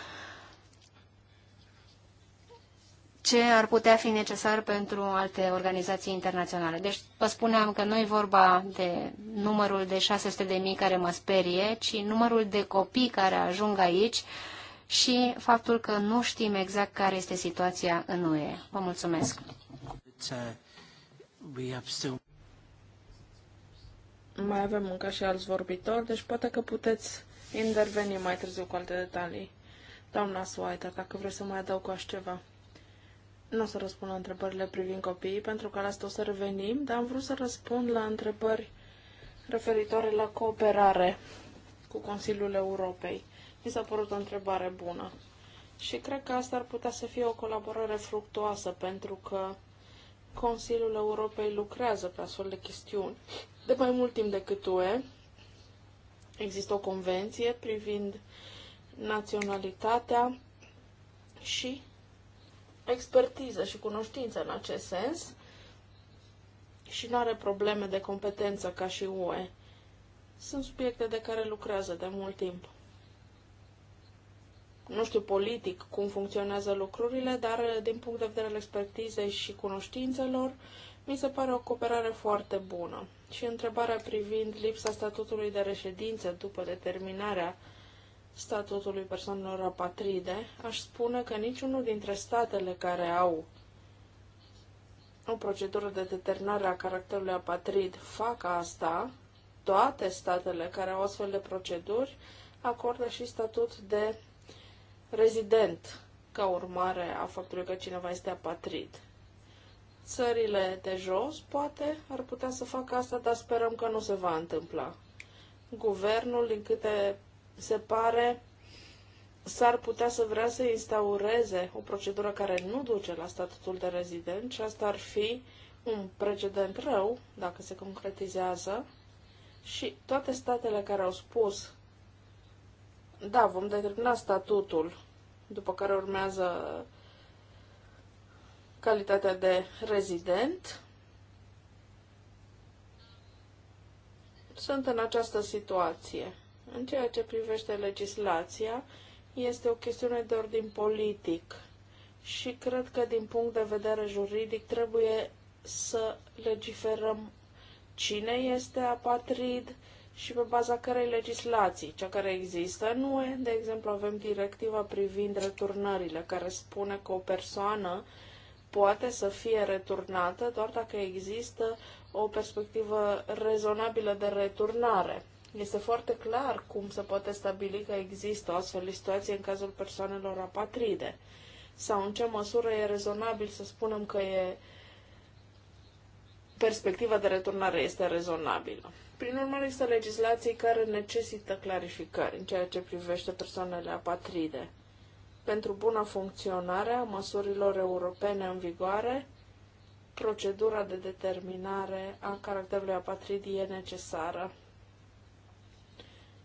ce ar putea fi necesar pentru alte organizații internaționale. Deci vă spuneam că nu e vorba de numărul de 600 de mii care mă sperie, ci numărul de copii care ajung aici uh, și faptul că nu știm exact care este situația în UE. Vă mulțumesc! Uh, mai avem încă și alți vorbitori, deci poate că puteți interveni mai târziu cu alte detalii. Doamna Swider, dacă vreți să mai adăugați ceva. Nu o să răspund la întrebările privind copiii, pentru că la asta o să revenim, dar am vrut să răspund la întrebări referitoare la cooperare cu Consiliul Europei mi s-a părut o întrebare bună. Și cred că asta ar putea să fie o colaborare fructuoasă, pentru că Consiliul Europei lucrează pe astfel de chestiuni de mai mult timp decât UE. Există o convenție privind naționalitatea și expertiză și cunoștință în acest sens și nu are probleme de competență ca și UE. Sunt subiecte de care lucrează de mult timp nu știu politic cum funcționează lucrurile, dar uh, din punct de vedere al expertizei și cunoștințelor, mi se pare o cooperare foarte bună. Și întrebarea privind lipsa statutului de reședință după determinarea statutului persoanelor apatride, aș spune că niciunul dintre statele care au o procedură de determinare a caracterului apatrid fac asta, toate statele care au astfel de proceduri acordă și statut de rezident ca urmare a faptului că cineva este apatrid. Țările de jos, poate, ar putea să facă asta, dar sperăm că nu se va întâmpla. Guvernul, din câte se pare, s-ar putea să vrea să instaureze o procedură care nu duce la statutul de rezident și asta ar fi un precedent rău, dacă se concretizează, și toate statele care au spus da, vom determina statutul, după care urmează calitatea de rezident. Sunt în această situație. În ceea ce privește legislația, este o chestiune de ordin politic și cred că din punct de vedere juridic trebuie să legiferăm cine este apatrid, și pe baza cărei legislații, cea care există în UE, de exemplu avem directiva privind returnările, care spune că o persoană poate să fie returnată doar dacă există o perspectivă rezonabilă de returnare. Este foarte clar cum se poate stabili că există o astfel de situație în cazul persoanelor apatride sau în ce măsură e rezonabil să spunem că e perspectiva de returnare este rezonabilă. Prin urmare, există legislații care necesită clarificări în ceea ce privește persoanele apatride. Pentru bună funcționare a măsurilor europene în vigoare, procedura de determinare a caracterului apatridii e necesară.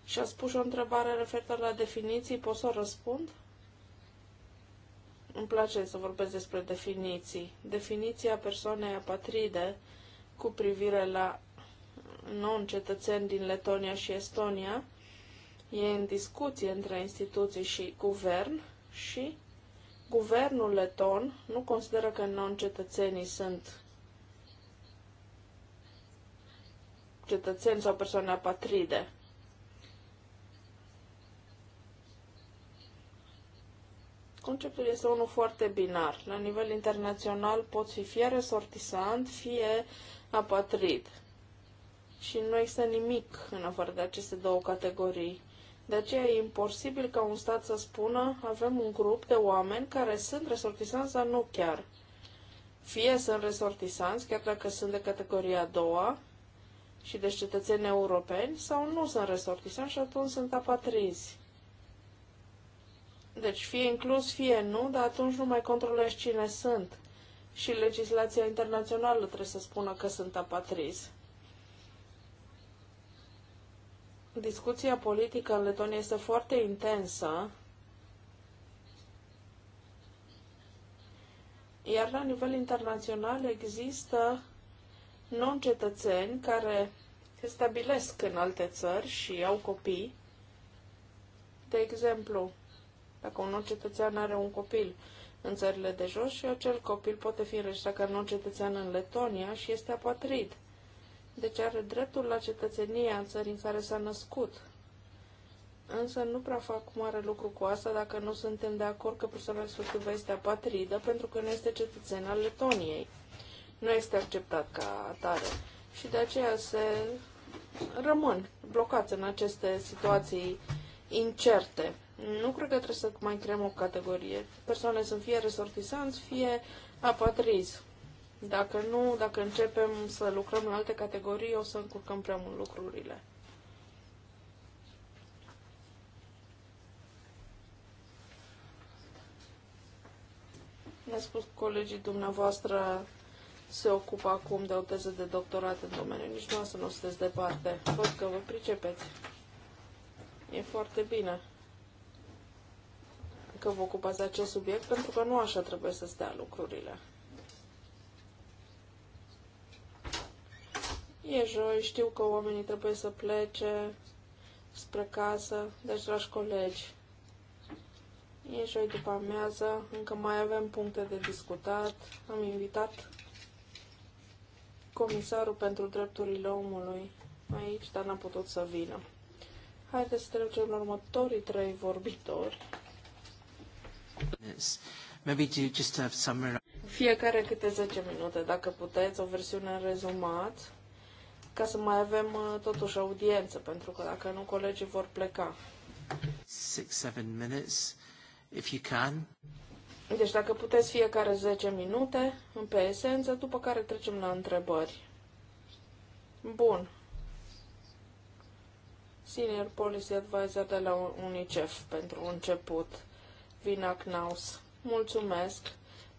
Și a spus o întrebare referitor la definiții, pot să o răspund? Îmi place să vorbesc despre definiții. Definiția persoanei apatride cu privire la non-cetățeni din Letonia și Estonia. E în discuție între instituții și guvern și guvernul leton nu consideră că non-cetățenii sunt cetățeni sau persoane apatride. Conceptul este unul foarte binar. La nivel internațional poți fi fie resortisant, fie apatrid și nu există nimic în afară de aceste două categorii. De aceea e imposibil ca un stat să spună avem un grup de oameni care sunt resortisanți, dar nu chiar. Fie sunt resortisanți, chiar dacă sunt de categoria a doua și de cetățeni europeni, sau nu sunt resortisanți și atunci sunt apatrizi. Deci fie inclus, fie nu, dar atunci nu mai controlezi cine sunt. Și legislația internațională trebuie să spună că sunt apatrizi. discuția politică în Letonia este foarte intensă, iar la nivel internațional există non-cetățeni care se stabilesc în alte țări și au copii. De exemplu, dacă un non-cetățean are un copil în țările de jos și acel copil poate fi înregistrat ca non-cetățean în Letonia și este apatrid deci are dreptul la cetățenia în țării în care s-a născut. Însă nu prea fac mare lucru cu asta dacă nu suntem de acord că persoana respectivă este apatridă pentru că nu este cetățen al Letoniei. Nu este acceptat ca atare. Și de aceea se rămân blocați în aceste situații incerte. Nu cred că trebuie să mai creăm o categorie. Persoanele sunt fie resortisanți, fie apatrizi. Dacă nu, dacă începem să lucrăm în alte categorii, o să încurcăm prea mult lucrurile. Ne-a spus colegii dumneavoastră se ocupă acum de o teză de doctorat în domeniu. Nici nu să nu sunteți departe. Văd că vă pricepeți. E foarte bine că vă ocupați de acest subiect, pentru că nu așa trebuie să stea lucrurile. E joi, știu că oamenii trebuie să plece spre casă, deci, dragi colegi, e joi după amiază, încă mai avem puncte de discutat. Am invitat comisarul pentru drepturile omului aici, dar n-a putut să vină. Haideți să trecem la următorii trei vorbitori. Maybe do just have some... Fiecare câte 10 minute, dacă puteți, o versiune rezumat ca să mai avem uh, totuși audiență, pentru că dacă nu, colegii vor pleca. Six, seven minutes, if you can. Deci dacă puteți fiecare 10 minute, în pe esență, după care trecem la întrebări. Bun. Senior Policy Advisor de la UNICEF pentru început, Vina Knaus. Mulțumesc!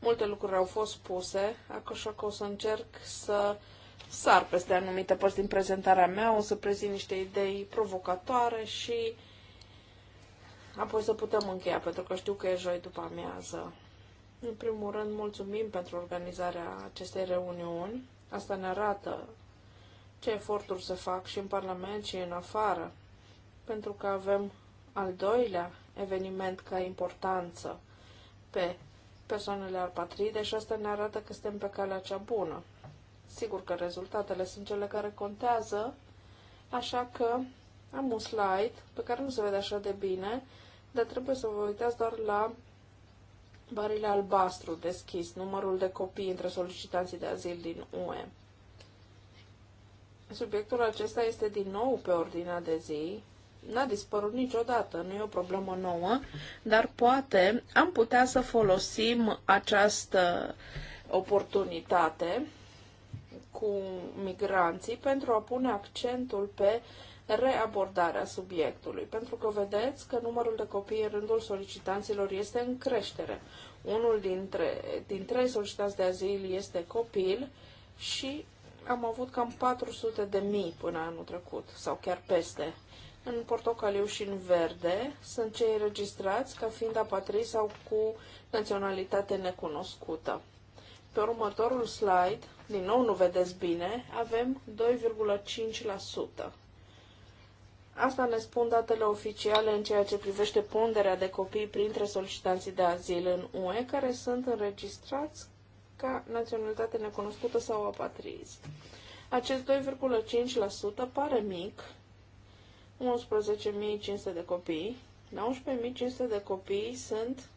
Multe lucruri au fost puse, așa că o să încerc să uh, sar peste anumite părți din prezentarea mea, o să prezint niște idei provocatoare și apoi să putem încheia, pentru că știu că e joi după amiază. În primul rând, mulțumim pentru organizarea acestei reuniuni. Asta ne arată ce eforturi se fac și în Parlament și în afară, pentru că avem al doilea eveniment ca importanță pe persoanele apatride și asta ne arată că suntem pe calea cea bună. Sigur că rezultatele sunt cele care contează, așa că am un slide pe care nu se vede așa de bine, dar trebuie să vă uitați doar la barile albastru deschis, numărul de copii între solicitanții de azil din UE. Subiectul acesta este din nou pe ordinea de zi. N-a dispărut niciodată, nu e o problemă nouă, dar poate am putea să folosim această oportunitate cu migranții pentru a pune accentul pe reabordarea subiectului, pentru că vedeți că numărul de copii în rândul solicitanților este în creștere. Unul dintre, din trei solicitanți de azil este copil și am avut cam 400 de mii până anul trecut, sau chiar peste. În portocaliu și în verde sunt cei registrați ca fiind apatrii sau cu naționalitate necunoscută. Pe următorul slide, din nou nu vedeți bine, avem 2,5%. Asta ne spun datele oficiale în ceea ce privește ponderea de copii printre solicitanții de azil în UE, care sunt înregistrați ca naționalitate necunoscută sau apatrizi. Acest 2,5% pare mic, 11.500 de copii, la 11.500 de copii sunt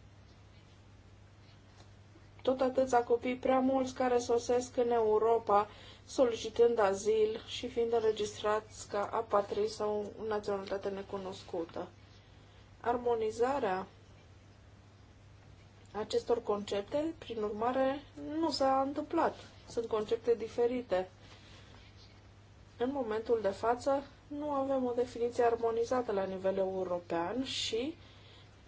tot atâția copii prea mulți care sosesc în Europa solicitând azil și fiind înregistrați ca apatrii sau naționalitate necunoscută. Armonizarea acestor concepte, prin urmare, nu s-a întâmplat. Sunt concepte diferite. În momentul de față, nu avem o definiție armonizată la nivel european și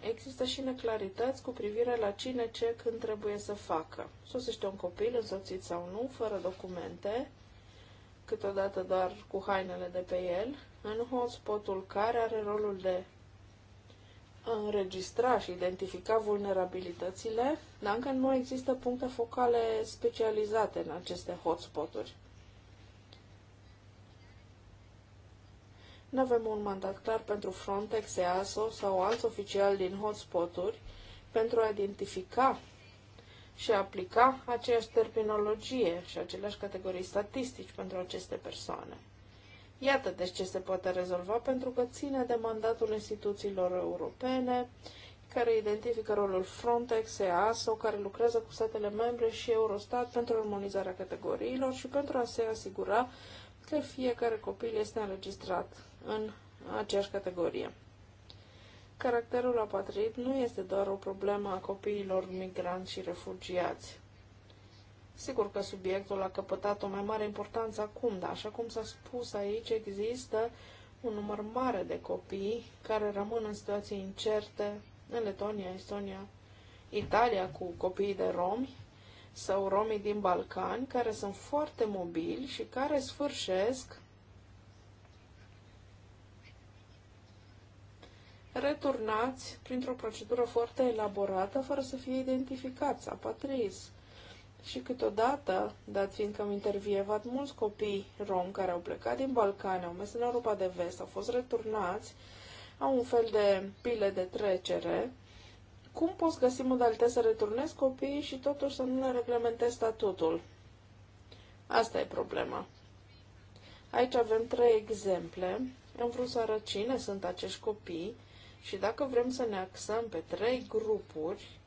Există și neclarități cu privire la cine ce când trebuie să facă. Sosește un copil, însoțit sau nu, fără documente, câteodată doar cu hainele de pe el, în hotspotul care are rolul de înregistra și identifica vulnerabilitățile, dar încă nu există puncte focale specializate în aceste hotspoturi. Nu avem un mandat clar pentru Frontex, EASO sau alți oficiali din hotspoturi pentru a identifica și a aplica aceeași terminologie și aceleași categorii statistici pentru aceste persoane. Iată deci ce se poate rezolva pentru că ține de mandatul instituțiilor europene care identifică rolul Frontex, EASO, care lucrează cu statele membre și Eurostat pentru armonizarea categoriilor și pentru a se asigura că fiecare copil este înregistrat în aceeași categorie. Caracterul apatrit nu este doar o problemă a copiilor migranți și refugiați. Sigur că subiectul a căpătat o mai mare importanță acum, dar așa cum s-a spus aici, există un număr mare de copii care rămân în situații incerte în Letonia, Estonia, Italia cu copiii de romi sau romii din Balcani care sunt foarte mobili și care sfârșesc returnați printr-o procedură foarte elaborată, fără să fie identificați, apatrizi. Și câteodată, dat fiind că am intervievat mulți copii rom care au plecat din Balcane, au mers în Europa de Vest, au fost returnați, au un fel de pile de trecere, cum poți găsi modalități să returnezi copiii și totuși să nu le reglementezi statutul? Asta e problema. Aici avem trei exemple. Am vrut să arăt cine sunt acești copii și dacă vrem să ne axăm pe trei grupuri,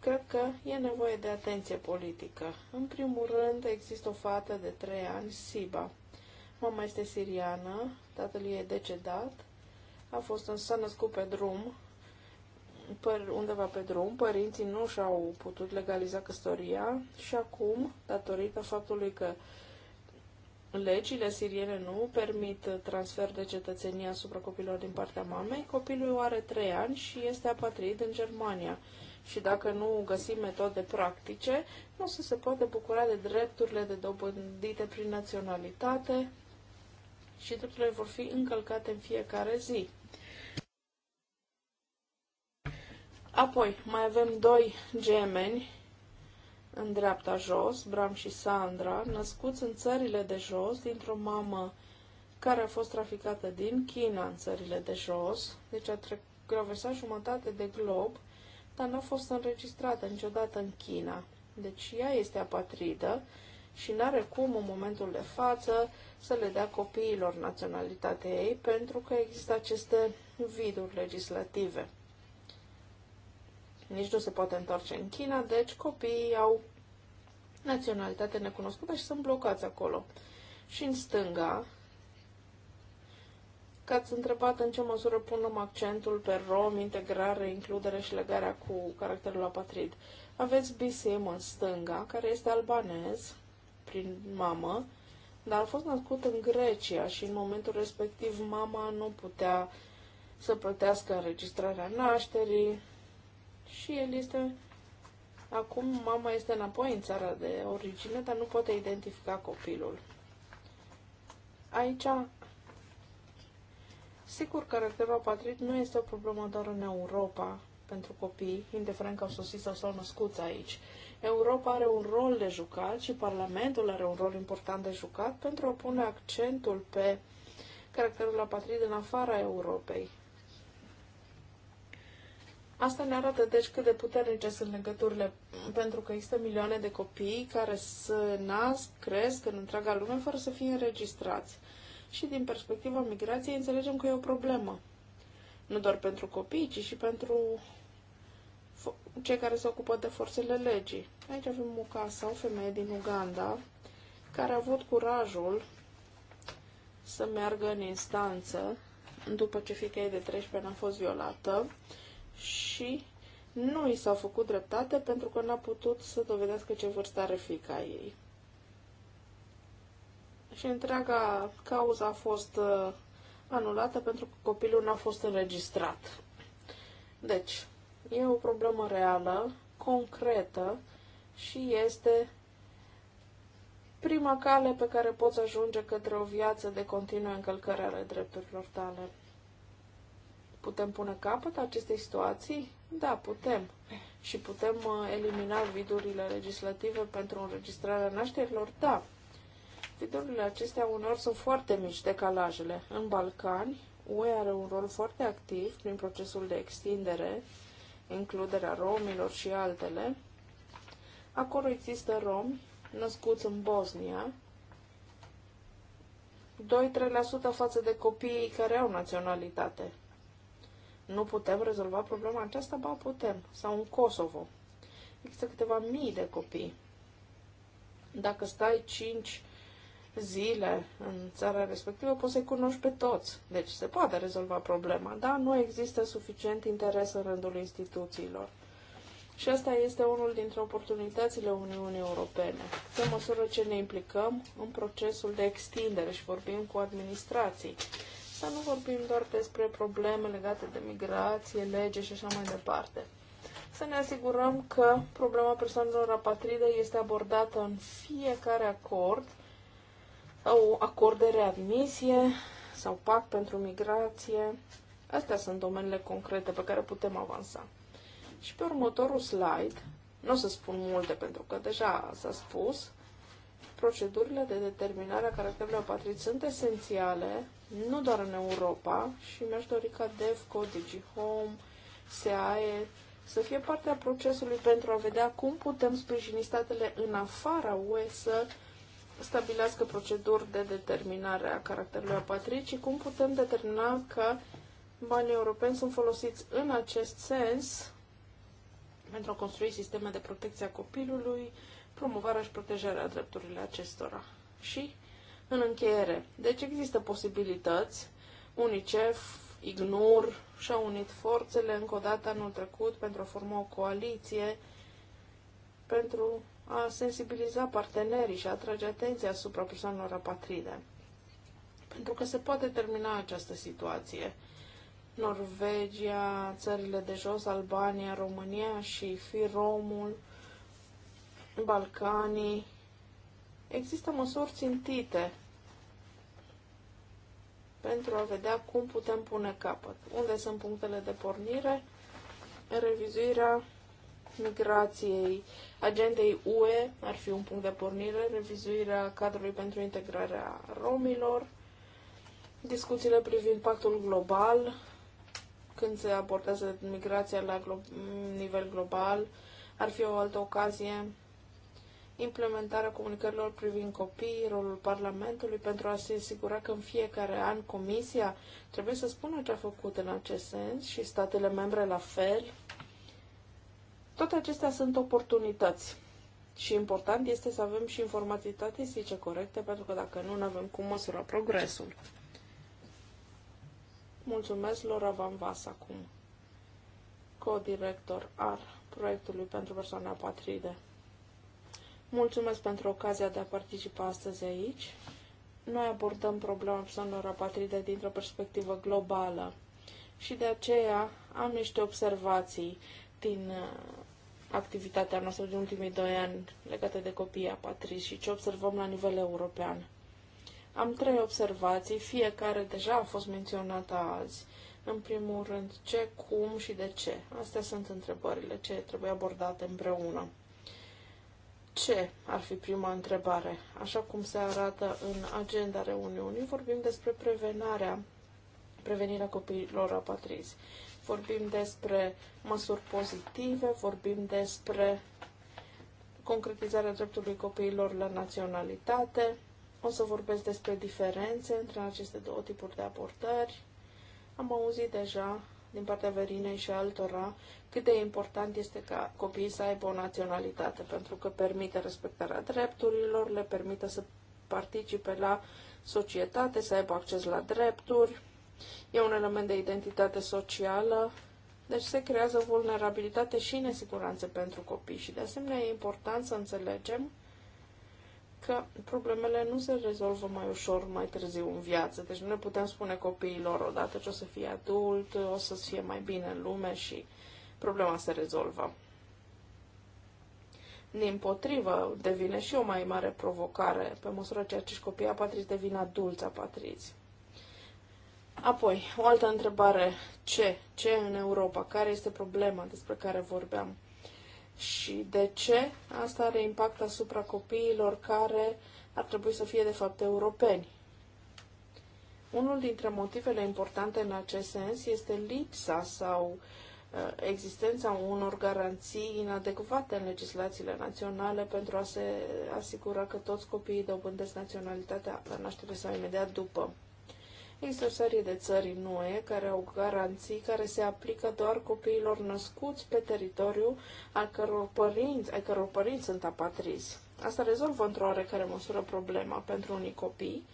cred că e nevoie de atenție politică. În primul rând, există o fată de trei ani, Siba. Mama este siriană, tatăl ei e decedat, a fost însă născut pe drum, undeva pe drum, părinții nu și-au putut legaliza căsătoria și acum, datorită faptului că legile siriene nu permit transfer de cetățenie asupra copilor din partea mamei, copilul are 3 ani și este apatrid în Germania. Și dacă nu găsim metode practice, nu să se poate bucura de drepturile de dobândite prin naționalitate și drepturile vor fi încălcate în fiecare zi. Apoi, mai avem doi gemeni în dreapta jos, Bram și Sandra, născuți în țările de jos, dintr-o mamă care a fost traficată din China în țările de jos, deci a traversat jumătate de glob, dar n-a fost înregistrată niciodată în China. Deci ea este apatridă și n-are cum în momentul de față să le dea copiilor naționalitatea ei, pentru că există aceste viduri legislative nici nu se poate întoarce în China, deci copiii au naționalitate necunoscută și sunt blocați acolo. Și în stânga, că ați întrebat în ce măsură punem accentul pe rom, integrare, includere și legarea cu caracterul apatrid. Aveți BCM în stânga, care este albanez, prin mamă, dar a fost născut în Grecia și în momentul respectiv mama nu putea să plătească înregistrarea nașterii, și el este... Acum mama este înapoi în țara de origine, dar nu poate identifica copilul. Aici, sigur, caracterul apatrit nu este o problemă doar în Europa pentru copii, indiferent că au sosit sau s-au născut aici. Europa are un rol de jucat și Parlamentul are un rol important de jucat pentru a pune accentul pe caracterul apatrid în afara Europei. Asta ne arată deci cât de puternice sunt legăturile, pentru că există milioane de copii care se nasc, cresc în întreaga lume fără să fie înregistrați. Și din perspectiva migrației înțelegem că e o problemă. Nu doar pentru copii, ci și pentru cei care se ocupă de forțele legii. Aici avem o casă, o femeie din Uganda, care a avut curajul să meargă în instanță după ce fica ei de 13 ani a fost violată și nu i s-au făcut dreptate pentru că n-a putut să dovedească ce vârstă are fica ei. Și întreaga cauză a fost uh, anulată pentru că copilul n-a fost înregistrat. Deci, e o problemă reală, concretă și este prima cale pe care poți ajunge către o viață de continuă încălcare ale drepturilor tale. Putem pune capăt acestei situații? Da, putem. Și putem uh, elimina vidurile legislative pentru înregistrarea nașterilor? Da. Vidurile acestea uneori sunt foarte mici, decalajele. În Balcani, UE are un rol foarte activ prin procesul de extindere, includerea romilor și altele. Acolo există romi născuți în Bosnia, 2-3% față de copiii care au naționalitate nu putem rezolva problema aceasta? Ba, putem. Sau în Kosovo. Există câteva mii de copii. Dacă stai 5 zile în țara respectivă, poți să-i cunoști pe toți. Deci se poate rezolva problema, dar nu există suficient interes în rândul instituțiilor. Și asta este unul dintre oportunitățile Uniunii Europene. Pe măsură ce ne implicăm în procesul de extindere și vorbim cu administrații, să nu vorbim doar despre probleme legate de migrație, lege și așa mai departe. Să ne asigurăm că problema persoanelor apatride este abordată în fiecare acord sau acord de readmisie sau pact pentru migrație. Astea sunt domeniile concrete pe care putem avansa. Și pe următorul slide, nu o să spun multe pentru că deja s-a spus, procedurile de determinare a caracterului apatrid sunt esențiale, nu doar în Europa, și mi-aș dori ca DEFCO, DigiHome, SEAE să fie parte a procesului pentru a vedea cum putem sprijini statele în afara UE să stabilească proceduri de determinare a caracterului apatrid și cum putem determina că banii europeni sunt folosiți în acest sens pentru a construi sisteme de protecție a copilului, promovarea și protejarea drepturilor acestora. Și, în încheiere, deci există posibilități, UNICEF, IGNUR și au unit forțele încă o dată anul trecut pentru a forma o coaliție pentru a sensibiliza partenerii și a atrage atenția asupra persoanelor apatride. Pentru că se poate termina această situație. Norvegia, țările de jos, Albania, România și Firomul Balcanii. Există măsuri țintite pentru a vedea cum putem pune capăt. Unde sunt punctele de pornire? Revizuirea migrației, agendei UE ar fi un punct de pornire, revizuirea cadrului pentru integrarea romilor, discuțiile privind pactul global, când se abordează migrația la glo- nivel global, ar fi o altă ocazie implementarea comunicărilor privind copii, rolul Parlamentului pentru a se asigura că în fiecare an Comisia trebuie să spună ce a făcut în acest sens și statele membre la fel. Toate acestea sunt oportunități. Și important este să avem și informații statistice corecte, pentru că dacă nu, nu avem cum măsura progresul. Mulțumesc, Laura Van Vas, acum, co-director al proiectului pentru persoane apatride. Mulțumesc pentru ocazia de a participa astăzi aici. Noi abordăm problema persoanelor apatride dintr-o perspectivă globală și de aceea am niște observații din uh, activitatea noastră din ultimii doi ani legate de copiii apatrizi și ce observăm la nivel european. Am trei observații, fiecare deja a fost menționată azi. În primul rând, ce, cum și de ce. Astea sunt întrebările ce trebuie abordate împreună ce ar fi prima întrebare? Așa cum se arată în agenda reuniunii, vorbim despre prevenarea, prevenirea copiilor apatrizi. Vorbim despre măsuri pozitive, vorbim despre concretizarea dreptului copiilor la naționalitate. O să vorbesc despre diferențe între aceste două tipuri de abordări. Am auzit deja din partea Verinei și altora cât de important este ca copiii să aibă o naționalitate, pentru că permite respectarea drepturilor, le permite să participe la societate, să aibă acces la drepturi, e un element de identitate socială, deci se creează vulnerabilitate și nesiguranță pentru copii și de asemenea e important să înțelegem că problemele nu se rezolvă mai ușor mai târziu în viață. Deci nu ne putem spune copiilor odată ce o să fie adult, o să fie mai bine în lume și problema se rezolvă. Din potrivă, devine și o mai mare provocare pe măsură ce acești copii apatriți devin adulți apatriți. Apoi, o altă întrebare. Ce? Ce în Europa? Care este problema despre care vorbeam? și de ce asta are impact asupra copiilor care ar trebui să fie de fapt europeni. Unul dintre motivele importante în acest sens este lipsa sau uh, existența unor garanții inadecvate în legislațiile naționale pentru a se asigura că toți copiii dobândesc naționalitatea la naștere sau imediat după insersării de țări în UE care au garanții care se aplică doar copiilor născuți pe teritoriu al căror părinți, ai căror părinți sunt apatrizi. Asta rezolvă într-o oarecare măsură problema pentru unii copii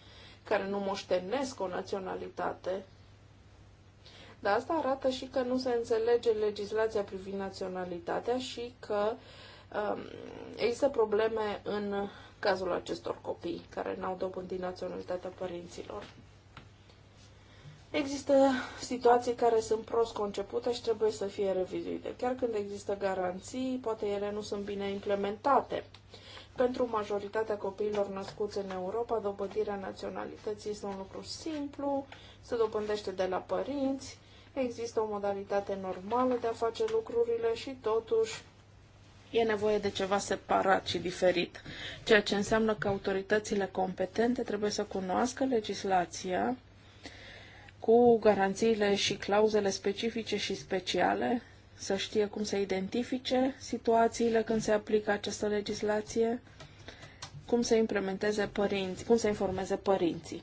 care nu moștenesc o naționalitate. Dar asta arată și că nu se înțelege legislația privind naționalitatea și că um, există probleme în cazul acestor copii care n-au dobândit naționalitatea părinților. Există situații care sunt prost concepute și trebuie să fie revizuite. Chiar când există garanții, poate ele nu sunt bine implementate. Pentru majoritatea copiilor născuți în Europa, dobândirea naționalității este un lucru simplu, se dobândește de la părinți, există o modalitate normală de a face lucrurile și totuși e nevoie de ceva separat și diferit, ceea ce înseamnă că autoritățile competente trebuie să cunoască legislația cu garanțiile și clauzele specifice și speciale, să știe cum să identifice situațiile când se aplică această legislație, cum să implementeze părinții, cum să informeze părinții.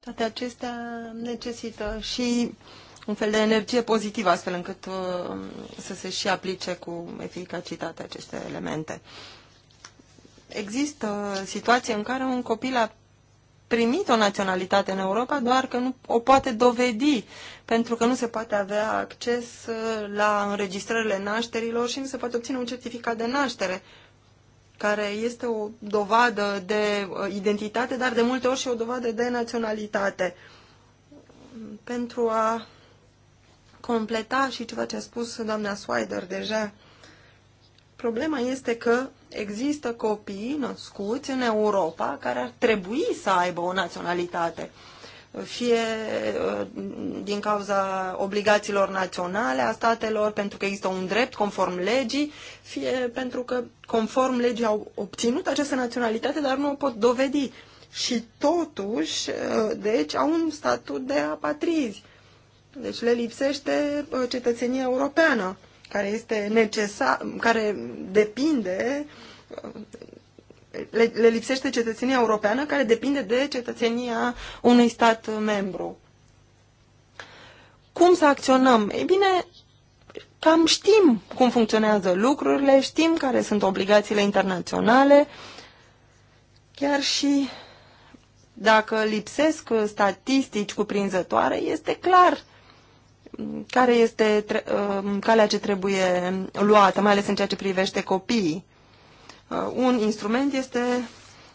Toate acestea necesită și un fel de energie pozitivă, astfel încât uh, să se și aplice cu eficacitate aceste elemente. Există situații în care un copil a primit o naționalitate în Europa, doar că nu o poate dovedi, pentru că nu se poate avea acces uh, la înregistrările nașterilor și nu se poate obține un certificat de naștere, care este o dovadă de uh, identitate, dar de multe ori și o dovadă de naționalitate. Pentru a completa și ceva ce a spus doamna Swider deja, problema este că există copii născuți în Europa care ar trebui să aibă o naționalitate, fie uh, din cauza obligațiilor naționale a statelor, pentru că există un drept conform legii, fie pentru că conform legii au obținut această naționalitate, dar nu o pot dovedi. Și totuși, uh, deci, au un statut de apatrizi. Deci le lipsește uh, cetățenia europeană care este necesar, care depinde, le, le lipsește cetățenia europeană care depinde de cetățenia unui stat membru. Cum să acționăm? Ei bine, cam știm cum funcționează lucrurile, știm care sunt obligațiile internaționale, chiar și dacă lipsesc statistici cuprinzătoare, este clar care este uh, calea ce trebuie luată, mai ales în ceea ce privește copiii. Uh, un instrument este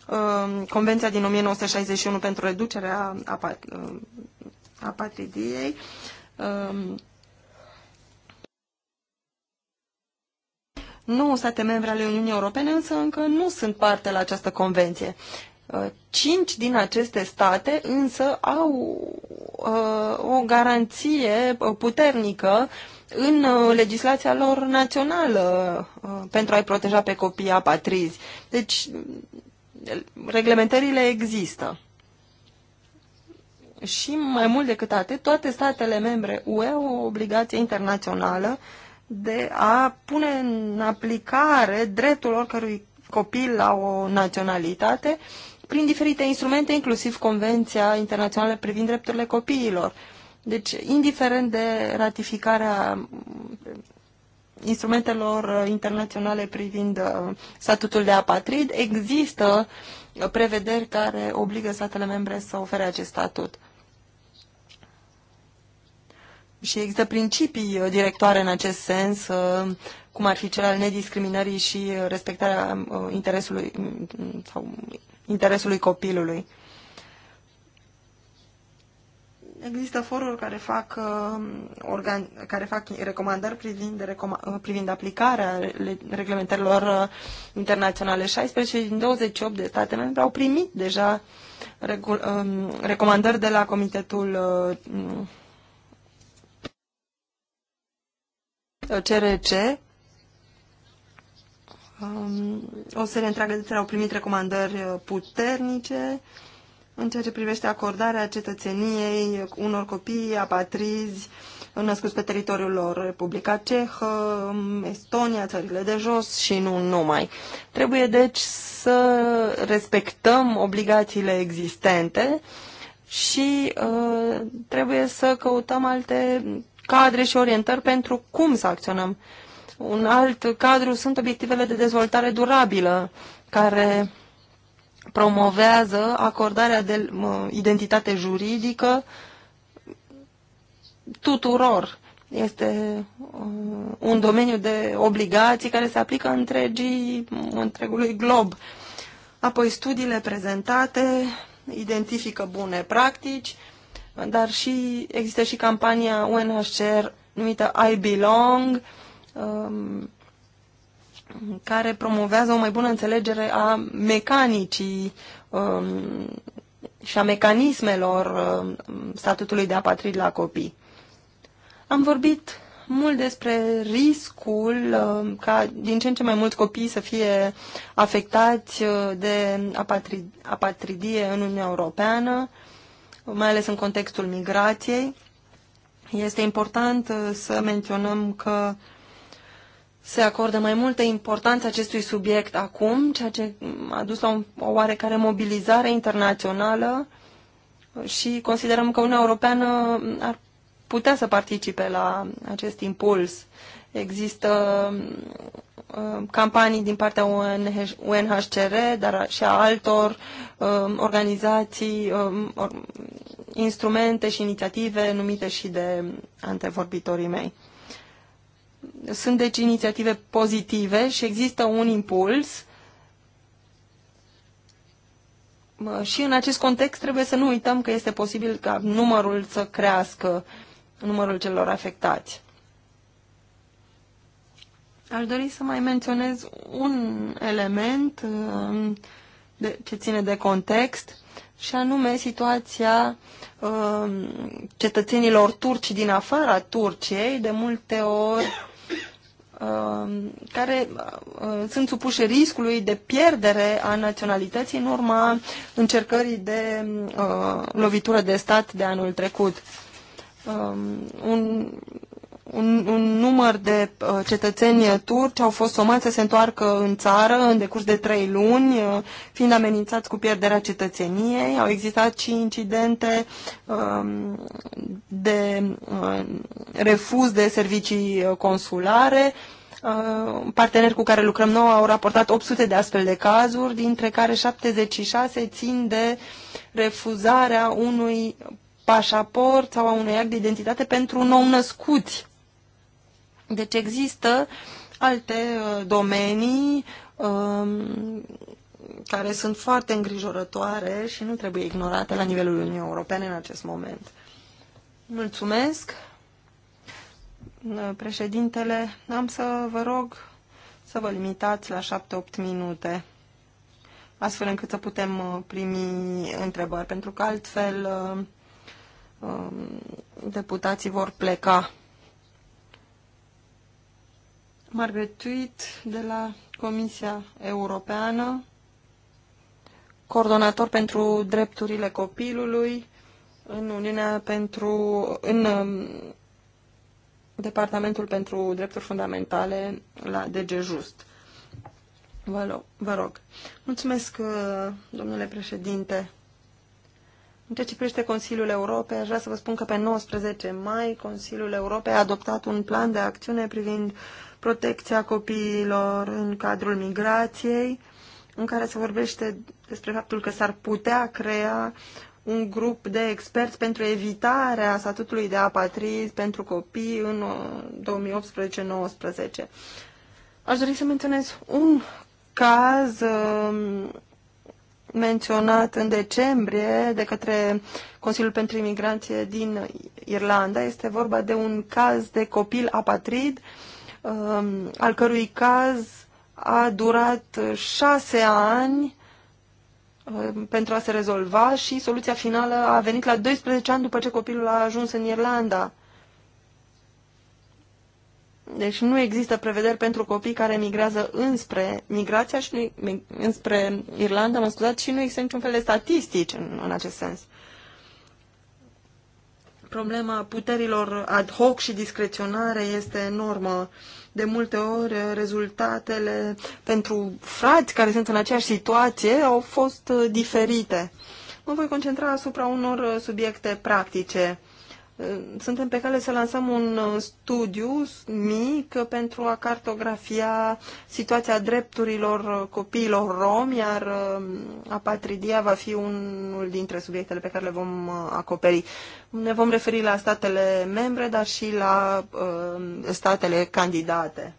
uh, Convenția din 1961 pentru reducerea apatridiei. Um, nu state membre ale Uniunii Europene însă încă nu sunt parte la această convenție. Cinci din aceste state însă au uh, o garanție puternică în uh, legislația lor națională uh, pentru a-i proteja pe copiii apatrizi. Deci, reglementările există. Și mai mult decât atât, toate statele membre UE au o obligație internațională de a pune în aplicare dreptul oricărui copil la o naționalitate uh, prin diferite instrumente, inclusiv Convenția Internațională privind drepturile copiilor. Deci, indiferent de ratificarea instrumentelor internaționale privind uh, statutul de apatrid, există prevederi care obligă statele membre să ofere acest statut. Și există principii uh, directoare în acest sens, uh, cum ar fi cel al nediscriminării și respectarea interesului mm, sau interesului copilului. Există foruri care fac, uh, organ, care fac recomandări privind, recoma, uh, privind aplicarea reglementărilor uh, internaționale. 16 din 28 de state membre au primit deja regul, uh, um, recomandări de la Comitetul uh, CRC um, o serie întreagă de țări au primit recomandări uh, puternice în ceea ce privește acordarea cetățeniei unor copii apatrizi uh, născuți pe teritoriul lor, Republica Cehă, um, Estonia, țările de jos și nu numai. Trebuie deci să respectăm obligațiile existente și uh, trebuie să căutăm alte cadre și orientări pentru cum să acționăm. Uh, un alt cadru sunt obiectivele de dezvoltare durabilă, care promovează acordarea de identitate juridică tuturor. Este uh, un domeniu de obligații care se aplică întregii, întregului glob. Apoi studiile prezentate identifică bune practici, dar și există și campania UNHCR numită I Belong, Um, care promovează o mai bună înțelegere a mecanicii um, și a mecanismelor um, statutului de apatrid la copii. Am vorbit mult despre riscul ca din ce în ce mai mulți copii să fie afectați uh, de apatridie în Uniunea Europeană, mai ales în contextul migrației. Este important uh, să menționăm că uh, se acordă mai multă importanță acestui subiect acum, ceea ce a dus la o oarecare mobilizare internațională și considerăm că Uniunea Europeană ar putea să participe la acest impuls. Există uh, campanii din partea UNHCR, dar și a altor um, organizații, um, instrumente și inițiative numite și de antevorbitorii mei. Sunt deci inițiative pozitive și există un impuls. Și în acest context trebuie să nu uităm că este posibil ca numărul să crească, numărul celor afectați. Aș dori să mai menționez un element um, de, ce ține de context și anume situația um, cetățenilor turci din afara Turciei. De multe ori Um, care uh, sunt supuși riscului de pierdere a naționalității în urma încercării de uh, lovitură de stat de anul trecut. Um, un un, un număr de uh, cetățeni turci au fost somați să se întoarcă în țară în decurs de trei luni, uh, fiind amenințați cu pierderea cetățeniei. Au existat și incidente uh, de uh, refuz de servicii uh, consulare. Uh, parteneri cu care lucrăm noi au raportat 800 de astfel de cazuri, dintre care 76 țin de refuzarea unui pașaport sau a unui act de identitate pentru nou-născuți. Deci există alte uh, domenii um, care sunt foarte îngrijorătoare și nu trebuie ignorate la nivelul Uniunii Europene în acest moment. Mulțumesc, uh, președintele. Am să vă rog să vă limitați la 7-8 minute, astfel încât să putem uh, primi întrebări, pentru că altfel um, deputații vor pleca. Margaret Tweet de la Comisia Europeană, coordonator pentru drepturile copilului în Uniunea pentru în um, Departamentul pentru Drepturi Fundamentale la DG Just. Vă, rog, vă rog. Mulțumesc, uh, domnule președinte. În ceea ce privește Consiliul Europei, aș vrea să vă spun că pe 19 mai Consiliul Europei a adoptat un plan de acțiune privind uh, protecția copiilor în cadrul migrației, în care se vorbește despre faptul că s-ar putea crea un grup de experți pentru evitarea statutului de apatrid pentru copii în 2018-19. Uh, Aș dori să menționez un caz um, menționat în decembrie de către Consiliul pentru Imigrație din Irlanda. Este vorba de un caz de copil apatrid uh, Um, al cărui caz a durat șase ani um, pentru a se rezolva și soluția finală a venit la 12 ani după ce copilul a ajuns în Irlanda. Deci nu există prevederi pentru copii care migrează înspre migrația și înspre Irlanda, mă scuzați, și nu există niciun fel de statistici în, în acest sens problema puterilor ad hoc și discreționare este enormă. De multe ori, rezultatele pentru frați care sunt în aceeași situație au fost diferite. Mă voi concentra asupra unor subiecte practice suntem pe cale să lansăm un uh, studiu mic pentru a cartografia situația drepturilor uh, copiilor romi, iar uh, apatridia va fi unul dintre subiectele pe care le vom acoperi. Ne vom referi la statele membre, dar și la statele candidate.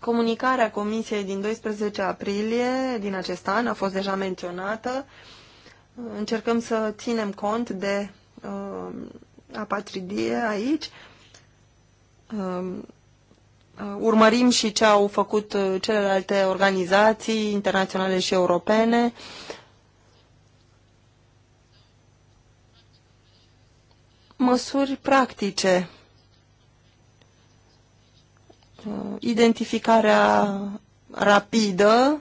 Comunicarea Comisiei din 12 aprilie din acest an a fost deja menționată. Uh, încercăm să ținem cont de uh, apatridie aici. Um, uh, urmărim și ce au făcut uh, celelalte organizații internaționale și europene. Măsuri practice. Uh, identificarea rapidă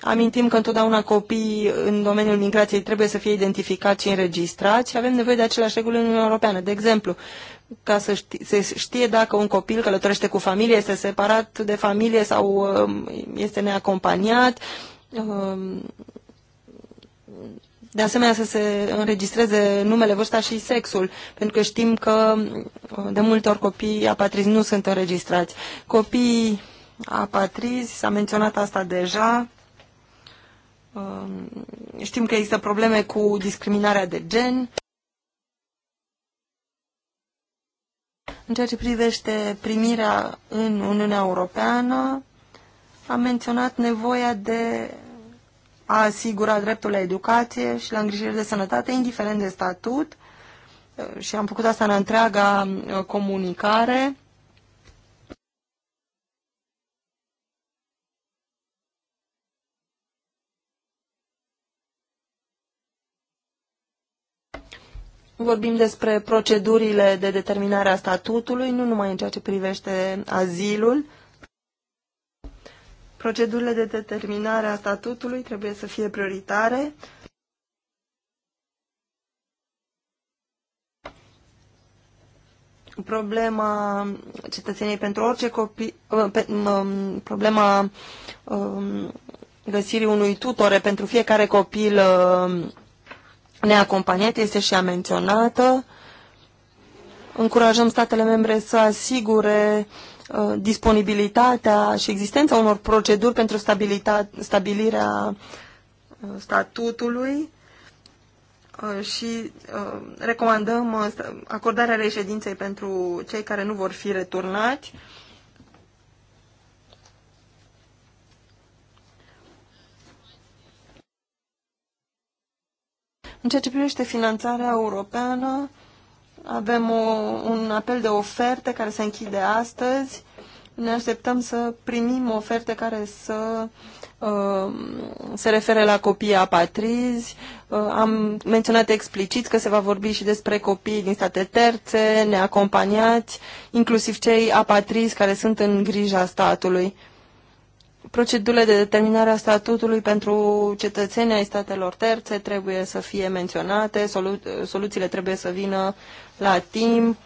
amintim că întotdeauna copiii în domeniul migrației trebuie să fie identificați și înregistrați și avem nevoie de aceleași reguli în Uniunea Europeană. De exemplu, ca să știe, se știe dacă un copil călătorește cu familie, este separat de familie sau um, este neacompaniat. Um, de asemenea, să se înregistreze numele, vârsta și sexul, pentru că știm că um, de multe ori copiii apatrizi nu sunt înregistrați. Copiii apatrizi, s-a menționat asta deja. Um, știm că există probleme cu discriminarea de gen. În ceea ce privește primirea în Uniunea Europeană, am menționat nevoia de a asigura dreptul la educație și la îngrijire de sănătate, indiferent de statut, uh, și am făcut asta în întreaga uh, comunicare. vorbim despre procedurile de determinare a statutului, nu numai în ceea ce privește azilul. Procedurile de determinare a statutului trebuie să fie prioritare. Problema cetățeniei pentru orice copii, uh, um, problema um, găsirii unui tutore pentru fiecare copil um, neacompaniate este și a menționată. Încurajăm statele membre să asigure uh, disponibilitatea și existența unor proceduri pentru stabilirea uh, statutului uh, și recomandăm acordarea reședinței pentru cei care nu vor fi returnați În ceea ce privește finanțarea europeană, avem o, un apel de oferte care se închide astăzi. Ne așteptăm să primim oferte care să uh, se refere la copii apatrizi. Uh, am menționat explicit că se va vorbi și despre copii din state terțe, neacompaniați, inclusiv cei apatrizi care sunt în grija statului procedurile de determinare a statutului pentru cetățenii ai statelor terțe trebuie să fie menționate, solu soluțiile trebuie să vină la timp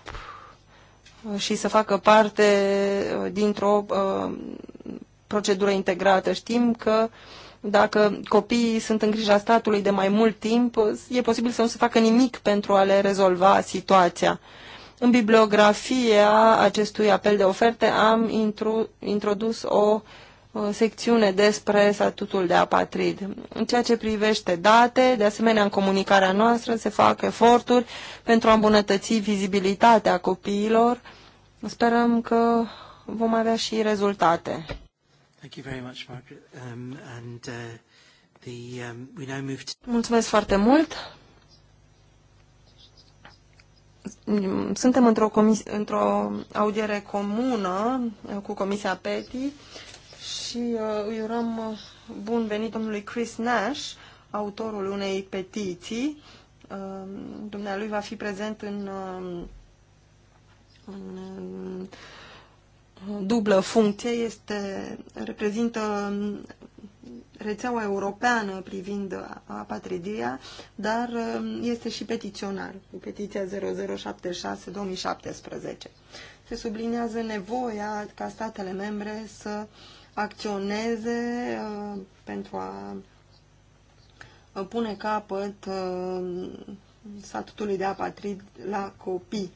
și să facă parte uh, dintr-o uh, procedură integrată. Știm că dacă copiii sunt în grija statului de mai mult timp, e posibil să nu se facă nimic pentru a le rezolva situația. În bibliografia acestui apel de oferte am introdus o uh, secțiune despre statutul de apatrid. În ceea ce privește date, de asemenea în comunicarea noastră se fac eforturi pentru a îmbunătăți vizibilitatea copiilor. Sperăm că vom avea și rezultate. Um, uh, um, Mulțumesc foarte mult. Suntem într-o într audiere comună cu Comisia PETI și uh, îi urăm uh, bun venit domnului Chris Nash, autorul unei petiții. Uh, dumnealui va fi prezent în, uh, în uh, dublă funcție, este, reprezintă uh, rețeaua europeană privind apatridia, dar uh, este și petiționar, cu petiția 0076-2017. Se subliniază nevoia ca statele membre să acționeze uh, pentru a uh, pune capăt uh, statutului de apatrid la copii.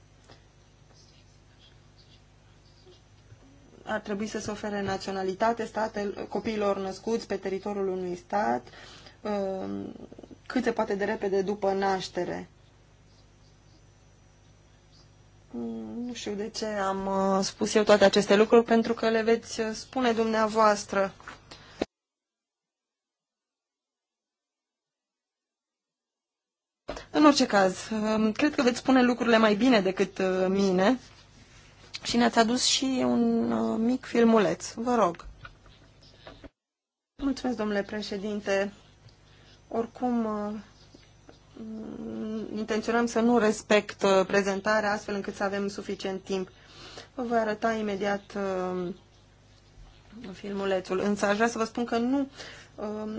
Ar trebui să se ofere naționalitate statel, copiilor născuți pe teritoriul unui stat cât se poate de repede după naștere. Nu știu de ce am uh, spus eu toate aceste lucruri, pentru că le veți uh, spune dumneavoastră. În orice caz, um, cred că veți spune lucrurile mai bine decât uh, mine și ne-ați adus și un mic filmuleț. Vă rog. Mulțumesc, domnule președinte. Oricum, Mm, intenționăm să nu respect uh, prezentarea astfel încât să avem suficient timp. Vă voi arăta imediat uh, filmulețul, însă aș vrea să vă spun că nu um,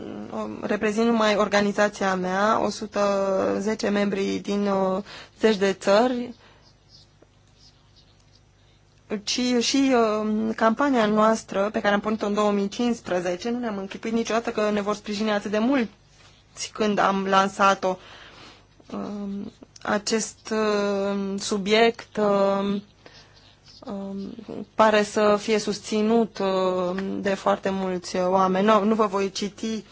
um, reprezint numai organizația mea, 110 membri din uh, zeci de țări, ci și um, campania noastră pe care am pornit-o în 2015, nu ne-am închipuit niciodată că ne vor sprijini atât de mult când am lansat-o. Um, acest um, subiect um, pare să fie susținut de foarte mulți oameni. Nu, nu vă voi citi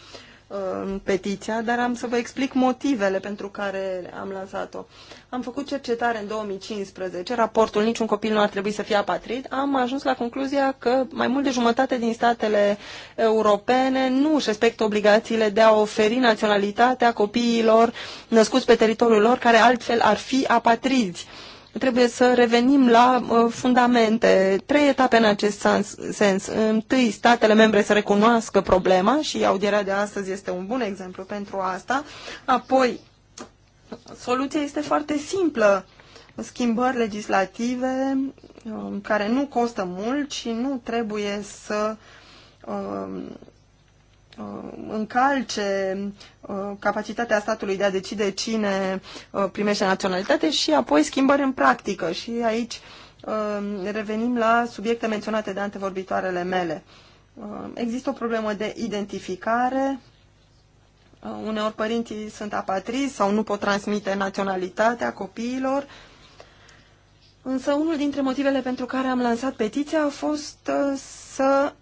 Uh, petiția, dar am să vă explic motivele pentru care am lansat-o. Am făcut cercetare în 2015, raportul Niciun copil nu ar trebui să fie apatrid, am ajuns la concluzia că mai mult de jumătate din statele europene nu își respectă obligațiile de a oferi naționalitatea copiilor născuți pe teritoriul lor care altfel ar fi apatrizi trebuie să revenim la uh, fundamente. Trei etape în acest sens. Întâi, statele membre să recunoască problema și audierea de astăzi este un bun exemplu pentru asta. Apoi, soluția este foarte simplă. Schimbări legislative um, care nu costă mult și nu trebuie să um, Uh, încalce uh, capacitatea statului de a decide cine uh, primește naționalitate și apoi schimbări în practică. Și aici revenim la subiecte menționate de antevorbitoarele mele. Există o problemă de identificare. Uneori părinții sunt apatrizi sau nu pot transmite naționalitatea copiilor. Însă unul dintre motivele pentru care am lansat petiția a fost să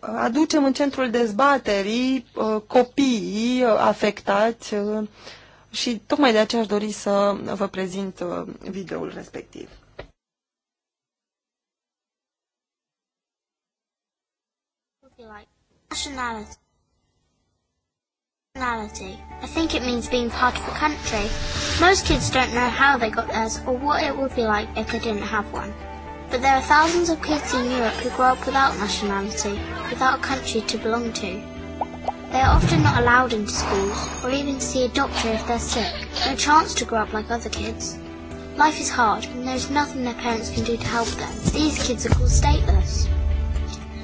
aducem în centrul dezbaterii uh, copiii uh, afectați uh, și tocmai de aceea aș dori să vă prezint videoul respectiv. Nationality. I think it means being part of a country. Most kids don't know how they got theirs or what it would be like if they didn't have one. But there are thousands of kids in Europe who grow up without nationality, without a country to belong to. They are often not allowed into schools, or even to see a doctor if they're sick, no chance to grow up like other kids. Life is hard, and there is nothing their parents can do to help them. These kids are called stateless.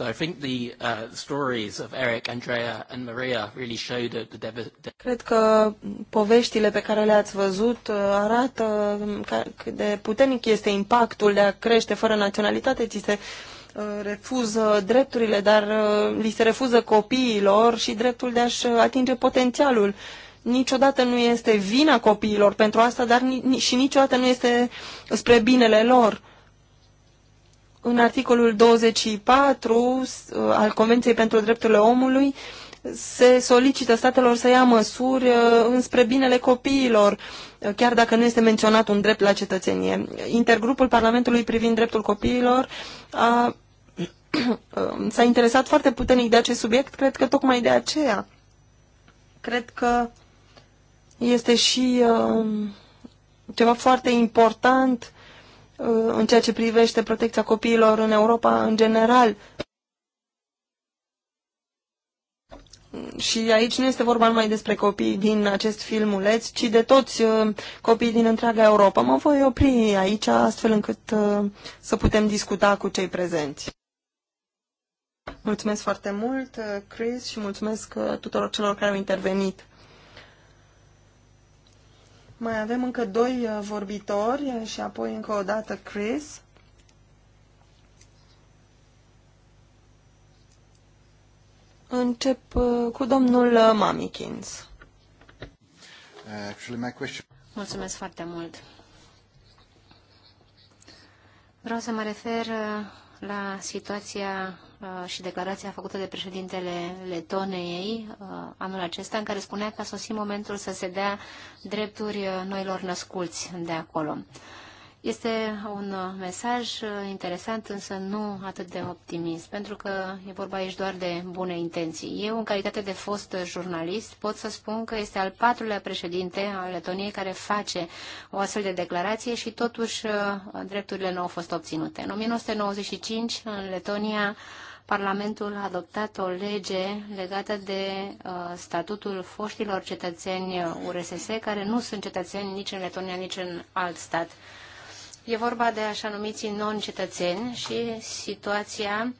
So I think the uh, stories of Eric, Andrea and Maria really show the, the Cred că poveștile pe care le-ați văzut uh, arată um, cât de puternic este impactul de a crește fără naționalitate, ți se uh, refuză drepturile, dar uh, li se refuză copiilor și dreptul de a-și atinge potențialul. Niciodată nu este vina copiilor pentru asta, dar ni- și niciodată nu este spre binele lor în articolul 24 uh, al Convenției pentru Drepturile Omului se solicită statelor să ia măsuri uh, înspre binele copiilor, uh, chiar dacă nu este menționat un drept la cetățenie. Intergrupul Parlamentului privind dreptul copiilor a, <clears throat> s-a interesat foarte puternic de acest subiect, cred că tocmai de aceea. Cred că este și uh, ceva foarte important Uh, în ceea ce privește protecția copiilor în Europa în general. Și aici nu este vorba numai despre copiii din acest filmuleț, ci de toți uh, copiii din întreaga Europa. Mă voi opri aici astfel încât uh, să putem discuta cu cei prezenți. Mulțumesc foarte mult, Chris, și mulțumesc tuturor celor care au intervenit. Mai avem încă doi uh, vorbitori și apoi încă o dată Chris. Încep uh, cu domnul uh, Mamikins. Mulțumesc foarte mult. Vreau să mă refer la situația Uh, și declarația făcută de președintele Letoniei uh, anul acesta, în care spunea că a sosit momentul să se dea drepturi uh, noilor născuți de acolo. Este un mesaj interesant, însă nu atât de optimist, pentru că e vorba aici doar de bune intenții. Eu, în calitate de fost jurnalist, pot să spun că este al patrulea președinte al Letoniei care face o astfel de declarație și totuși drepturile nu au fost obținute. În 1995, în Letonia, Parlamentul a adoptat o lege legată de uh, statutul foștilor cetățeni URSS, care nu sunt cetățeni nici în Letonia, nici în alt stat. E vorba de așa numiții non-cetățeni și situația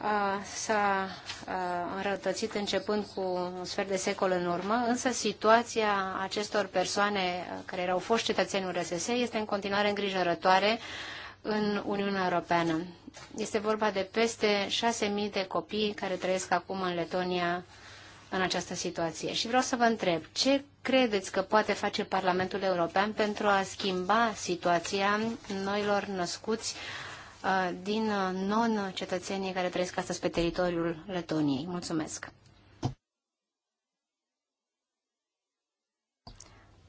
uh, s-a uh, înrătățit începând cu un sfert de secol în urmă, însă situația acestor persoane care erau foști cetățeni URSS este în continuare îngrijorătoare, în Uniunea Europeană. Este vorba de peste 6.000 de copii care trăiesc acum în Letonia în această situație. Și vreau să vă întreb, ce credeți că poate face Parlamentul European pentru a schimba situația noilor născuți uh, din uh, non-cetățenii care trăiesc astăzi pe teritoriul Letoniei? Mulțumesc!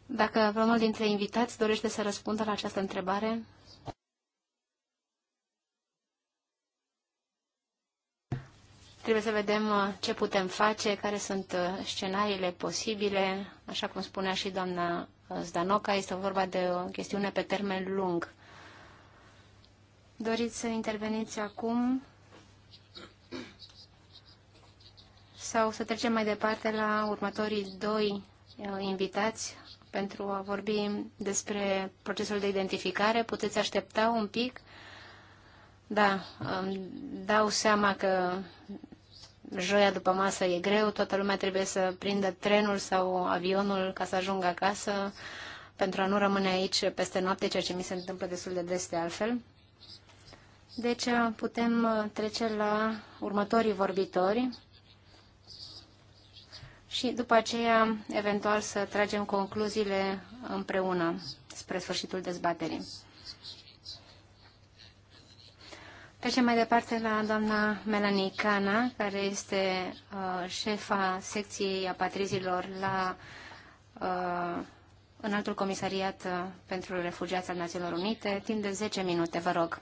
Dacă vreunul dintre invitați dorește să răspundă la această întrebare... Trebuie să vedem uh, ce putem face, care sunt uh, scenariile posibile. Așa cum spunea și doamna uh, Zdanoca, este vorba de o chestiune pe termen lung. Doriți să interveniți acum sau să trecem mai departe la următorii doi invitați pentru a vorbi despre procesul de identificare. Puteți aștepta un pic? Da, îmi dau seama că joia după masă e greu, toată lumea trebuie să prindă trenul sau avionul ca să ajungă acasă pentru a nu rămâne aici peste noapte, ceea ce mi se întâmplă destul de des de altfel. Deci putem uh, trece la următorii vorbitori și după aceea eventual să tragem concluziile împreună spre sfârșitul dezbaterii. Trecem mai departe la doamna Melanie Cana, care este uh, șefa secției apatrizilor la uh, Înaltul Comisariat uh, pentru Refugiați al Națiunilor Unite, timp de 10 minute, vă rog.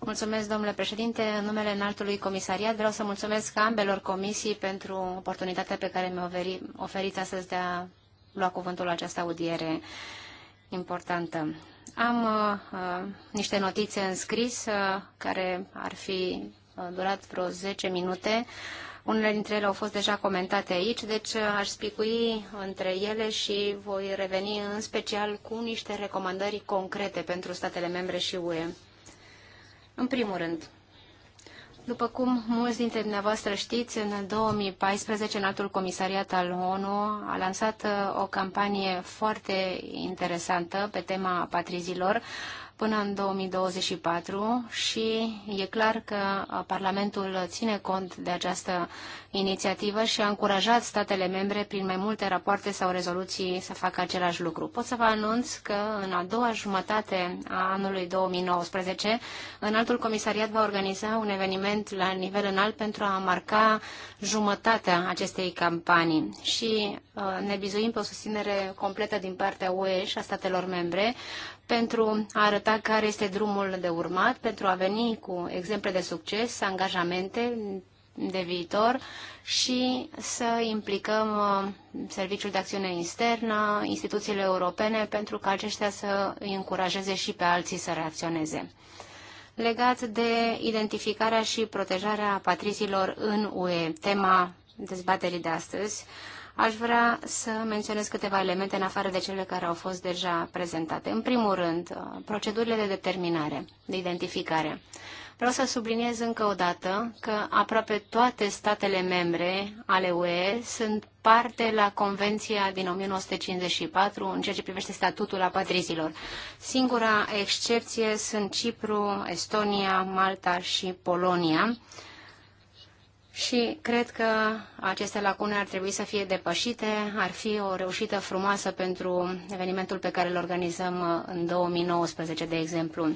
Mulțumesc, domnule președinte. În numele Înaltului Comisariat vreau să mulțumesc ambelor comisii pentru oportunitatea pe care mi-o oferiți astăzi de a lua cuvântul la această audiere importantă. Am uh, uh, niște notițe în scris uh, care ar fi uh, durat vreo 10 minute. Unele dintre ele au fost deja comentate aici, deci uh, aș spicui între ele și voi reveni în special cu niște recomandări concrete pentru statele membre și UE. În primul rând, după cum mulți dintre dumneavoastră știți, în 2014 Înaltul Comisariat al ONU a lansat uh, o campanie foarte interesantă pe tema patrizilor, până în 2024 și e clar că Parlamentul ține cont de această inițiativă și a încurajat statele membre prin mai multe rapoarte sau rezoluții să facă același lucru. Pot să vă anunț că în a doua jumătate a anului 2019, Înaltul Comisariat va organiza un eveniment la nivel înalt pentru a marca jumătatea acestei campanii și uh, ne bizuim pe o susținere completă din partea UE și a statelor membre pentru a arăta care este drumul de urmat, pentru a veni cu exemple de succes, angajamente de viitor și să implicăm uh, Serviciul de Acțiune Externă, instituțiile europene, pentru ca aceștia să îi încurajeze și pe alții să reacționeze. Legat de identificarea și protejarea patrizilor în UE, tema dezbaterii de astăzi, uh, Aș vrea să menționez câteva elemente în afară de cele care au fost deja prezentate. În primul rând, uh, procedurile de determinare, de identificare. Vreau să subliniez încă o dată că aproape toate statele membre ale UE sunt parte la Convenția din 1954 în ceea ce privește statutul apatrizilor. Singura excepție sunt Cipru, Estonia, Malta și Polonia și cred că aceste lacune ar trebui să fie depășite. Ar fi o reușită frumoasă pentru evenimentul pe care îl organizăm uh, în 2019, de exemplu.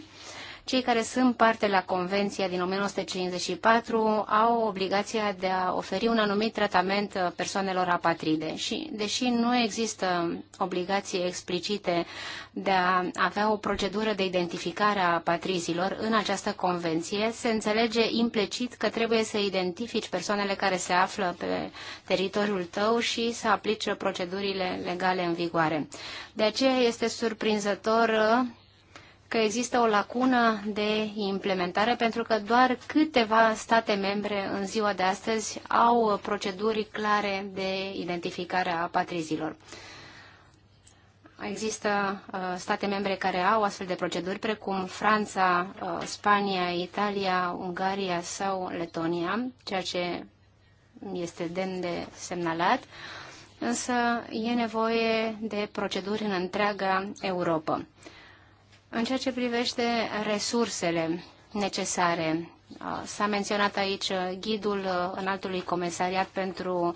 Cei care sunt parte la Convenția din 1954 au obligația de a oferi un anumit tratament uh, persoanelor apatride și, deși nu există obligații explicite de a avea o procedură de identificare a apatrizilor în această convenție, se înțelege implicit că trebuie să identifici persoanele care se află pe teritoriul tău și să aplice procedurile legale în vigoare. De aceea este surprinzător uh, că există o lacună de implementare pentru că doar câteva state membre în ziua de astăzi au proceduri clare de identificare a patrizilor. Există uh, state membre care au astfel de proceduri, precum Franța, uh, Spania, Italia, Ungaria sau Letonia, ceea ce este demn de semnalat, însă e nevoie de proceduri în întreaga Europa. În ceea ce privește resursele necesare, s-a menționat aici ghidul înaltului comisariat pentru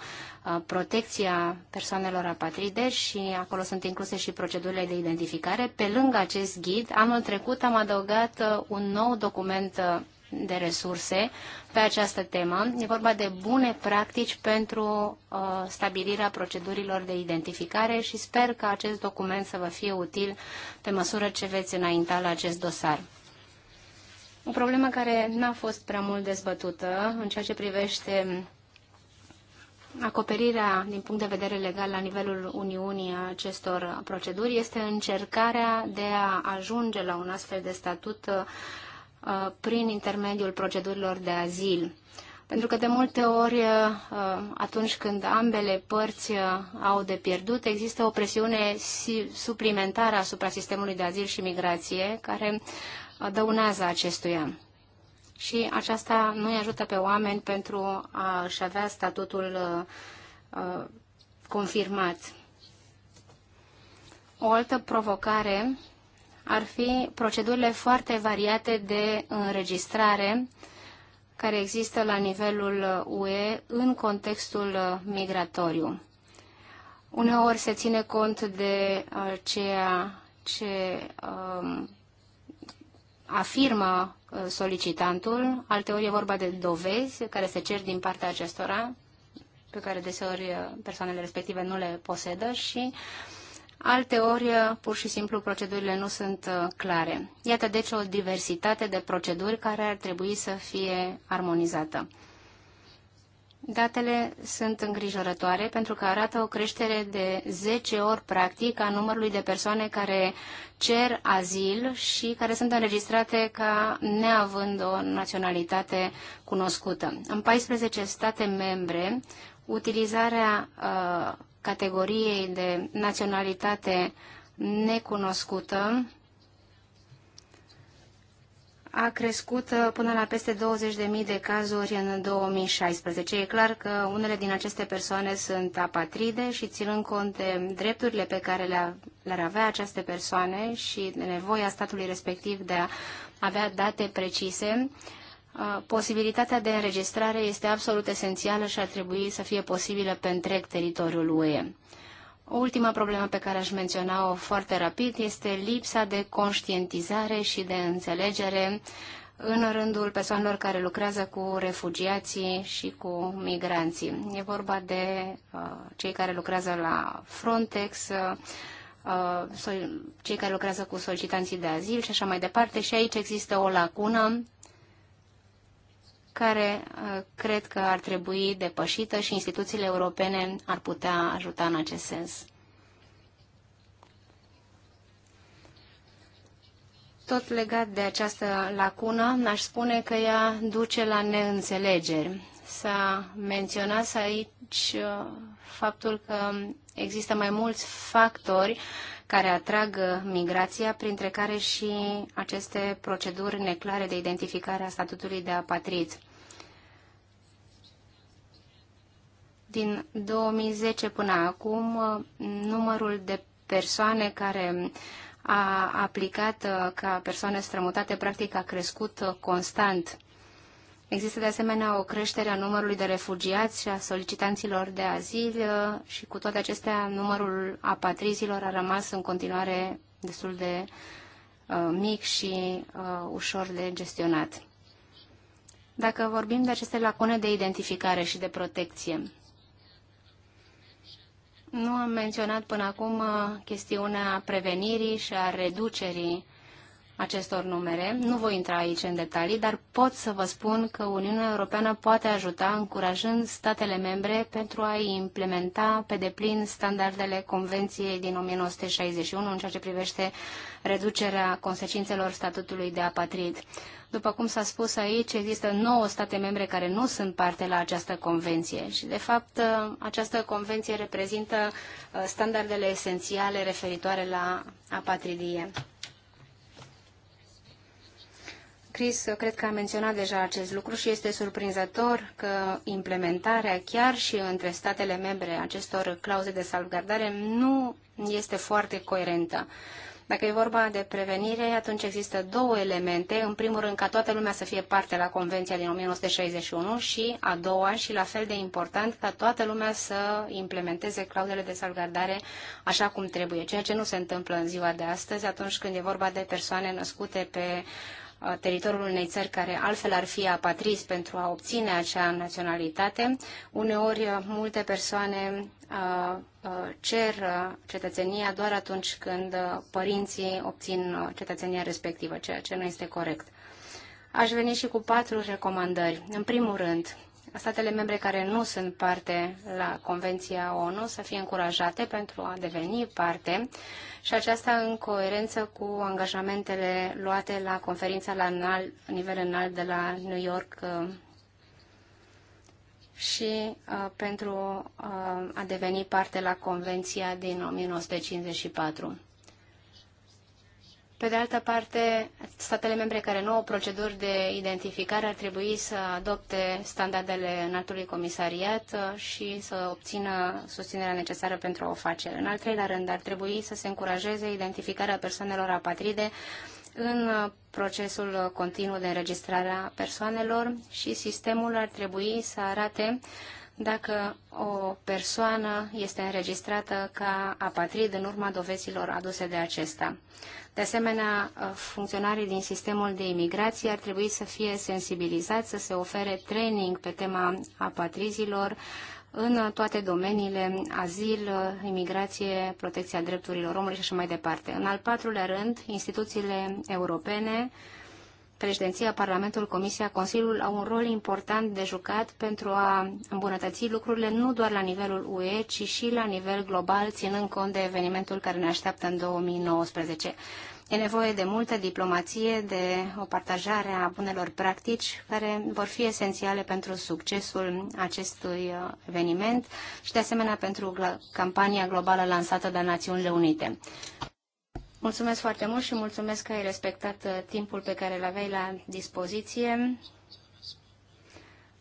protecția persoanelor apatride și acolo sunt incluse și procedurile de identificare. Pe lângă acest ghid, anul trecut am adăugat un nou document de resurse pe această temă. E vorba de bune practici pentru uh, stabilirea procedurilor de identificare și sper că acest document să vă fie util pe măsură ce veți înainta la acest dosar. O problemă care n-a fost prea mult dezbătută în ceea ce privește acoperirea din punct de vedere legal la nivelul Uniunii a acestor proceduri este încercarea de a ajunge la un astfel de statut uh, Uh, prin intermediul procedurilor de azil. Pentru că de multe ori, uh, uh, atunci când ambele părți au de pierdut, există o presiune suplimentară asupra sistemului de azil și migrație, care dăunează acestuia. Și aceasta nu îi ajută pe oameni pentru a-și avea statutul confirmat. O altă provocare ar fi procedurile foarte variate de înregistrare care există la nivelul UE în contextul migratoriu. Uneori se ține cont de uh, ceea ce um, afirmă uh, solicitantul, alteori e vorba de dovezi care se cer din partea acestora, pe care deseori uh, persoanele respective nu le posedă și uh, Alteori, uh, pur și simplu, procedurile nu sunt uh, clare. Iată, deci, o diversitate de proceduri care ar trebui să fie armonizată. Datele sunt îngrijorătoare pentru că arată o creștere de 10 ori practic a numărului de persoane care cer azil și care sunt înregistrate ca neavând o naționalitate cunoscută. În 14 state membre, utilizarea uh, categoriei de naționalitate necunoscută a crescut uh, până la peste 20.000 de cazuri în 2016. E clar că unele din aceste persoane sunt apatride și ținând cont de drepturile pe care le-ar avea aceste persoane și de nevoia statului respectiv de a avea date precise, uh, posibilitatea de înregistrare este absolut esențială și ar trebui să fie posibilă pe întreg teritoriul UE. O ultima problemă pe care aș menționa-o foarte rapid este lipsa de conștientizare și de înțelegere în rândul persoanelor care lucrează cu refugiații și cu migranții. E vorba de uh, cei care lucrează la Frontex, uh, cei care lucrează cu solicitanții de azil și așa mai departe. Și aici există o lacună care uh, cred că ar trebui depășită și instituțiile europene ar putea ajuta în acest sens. Tot legat de această lacună, aș spune că ea duce la neînțelegeri. S-a menționat aici uh, faptul că există mai mulți factori uh, care atrag migrația, printre care și aceste proceduri neclare de identificare a statutului de apatrid. Din 2010 până acum, numărul de persoane care a aplicat ca persoane strămutate practic a crescut constant Există de asemenea o creștere a numărului de refugiați și a solicitanților de azil uh, și cu toate acestea numărul apatrizilor a rămas în continuare destul de uh, mic și uh, ușor de gestionat. Dacă vorbim de aceste lacune de identificare și de protecție, nu am menționat până acum uh, chestiunea prevenirii și a reducerii acestor numere. Nu voi intra aici în detalii, dar pot să vă spun că Uniunea Europeană poate ajuta încurajând statele membre pentru a implementa pe deplin standardele Convenției din 1961 în ceea ce privește reducerea consecințelor statutului de apatrid. După cum s-a spus aici, există nouă state membre care nu sunt parte la această convenție și, de fapt, această convenție reprezintă uh, standardele esențiale referitoare la apatridie. Chris, cred că a menționat deja acest lucru și este surprinzător că implementarea chiar și între statele membre acestor clauze de salvgardare nu este foarte coerentă. Dacă e vorba de prevenire, atunci există două elemente. În primul rând, ca toată lumea să fie parte la Convenția din 1961 și a doua și la fel de important, ca toată lumea să implementeze clauzele de salvgardare așa cum trebuie, ceea ce nu se întâmplă în ziua de astăzi, atunci când e vorba de persoane născute pe Uh, teritoriul unei țări care altfel ar fi apatriz pentru a obține acea naționalitate. Uneori, uh, multe persoane uh, cer cetățenia doar atunci când părinții obțin cetățenia respectivă, ceea ce nu este corect. Aș veni și cu patru recomandări. În primul rând, statele membre care nu sunt parte la Convenția ONU să fie încurajate pentru a deveni parte și aceasta în coerență cu angajamentele luate la conferința la înalt, nivel înalt de la New York uh, și uh, pentru uh, a deveni parte la Convenția din 1954. Pe de altă parte, statele membre care nu au proceduri de identificare ar trebui să adopte standardele înaltului comisariat uh, și să obțină susținerea necesară pentru a o face. În al treilea rând, ar trebui să se încurajeze identificarea persoanelor apatride în uh, procesul continuu de înregistrare a persoanelor și sistemul ar trebui să arate dacă o persoană este înregistrată ca apatrid în urma dovezilor aduse de acesta. De asemenea, uh, funcționarii din sistemul de imigrație ar trebui să fie sensibilizați, să se ofere training pe tema apatrizilor în uh, toate domeniile, azil, uh, imigrație, protecția drepturilor omului și așa mai departe. În al patrulea rând, instituțiile europene, președinția, Parlamentul, Comisia, Consiliul au un rol important de jucat pentru a îmbunătăți lucrurile nu doar la nivelul UE, ci și la nivel global, ținând cont de evenimentul care ne așteaptă în 2019. E nevoie de multă diplomație, de o partajare a bunelor practici care vor fi esențiale pentru succesul acestui uh, eveniment și de asemenea pentru campania globală lansată de Națiunile Unite. Mulțumesc foarte mult și mulțumesc că ai respectat uh, timpul pe care îl aveai la dispoziție.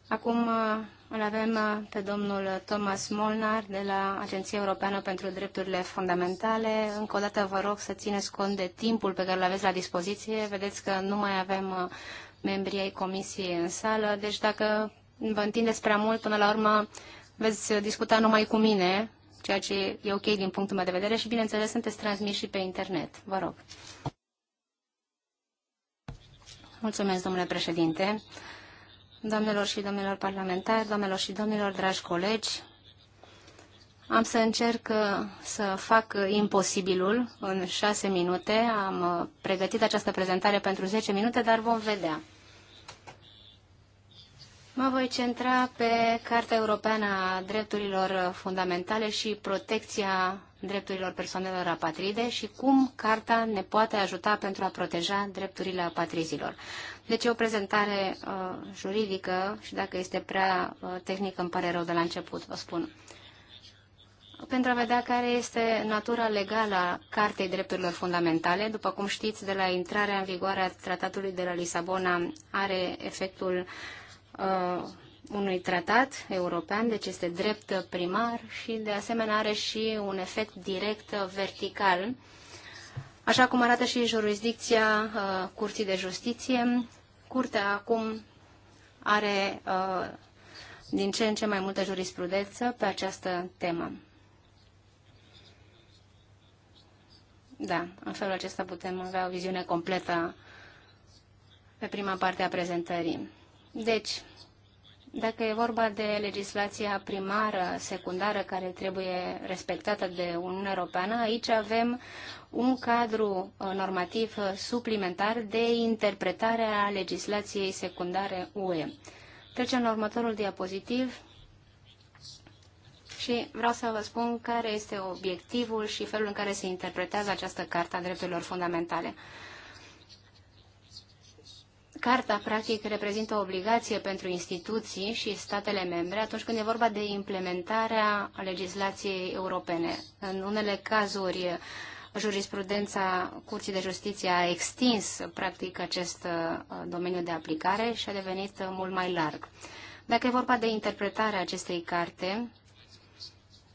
Acum uh, îl avem uh, pe domnul Thomas Molnar de la Agenția Europeană pentru Drepturile Fundamentale. Încă o dată vă rog să țineți cont de timpul pe care îl aveți la dispoziție. Vedeți că nu mai avem membrii ai comisiei în sală, deci dacă vă întindeți prea mult, până la urmă veți discuta numai cu mine ceea ce e ok din punctul meu de vedere și, bineînțeles, sunteți transmis și pe internet. Vă rog. Mulțumesc, domnule președinte. Doamnelor și domnilor parlamentari, doamnelor și domnilor, dragi colegi, am să încerc uh, să fac uh, imposibilul în șase minute. Am uh, pregătit această prezentare pentru zece minute, dar vom vedea. Mă voi centra pe Carta Europeană a Drepturilor Fundamentale și protecția drepturilor persoanelor apatride și cum Carta ne poate ajuta pentru a proteja drepturile apatrizilor. Deci e o prezentare uh, juridică și dacă este prea uh, tehnică îmi pare rău de la început, vă spun. Pentru a vedea care este natura legală a Cartei Drepturilor Fundamentale, după cum știți, de la intrarea în vigoare a Tratatului de la Lisabona are efectul uh, uh, unui tratat european, deci este drept primar și de asemenea are și un efect direct vertical, așa cum arată și jurisdicția uh, Curții de Justiție. Curtea acum are uh, din ce în ce mai multă jurisprudență pe această temă. Da, în felul acesta putem avea o viziune completă pe prima parte a prezentării. Deci, dacă e vorba de legislația primară, secundară, care trebuie respectată de Uniunea Europeană, aici avem un cadru uh, normativ suplimentar de interpretare a legislației secundare UE. Trecem la următorul diapozitiv și vreau să vă spun care este obiectivul și felul în care se interpretează această Carta a Drepturilor Fundamentale. Carta, practic, reprezintă o obligație pentru instituții și statele membre atunci când e vorba de implementarea legislației europene. În unele cazuri, jurisprudența Curții de Justiție a extins, practic, acest uh, domeniu de aplicare și a devenit mult mai larg. Dacă e vorba de interpretarea acestei carte,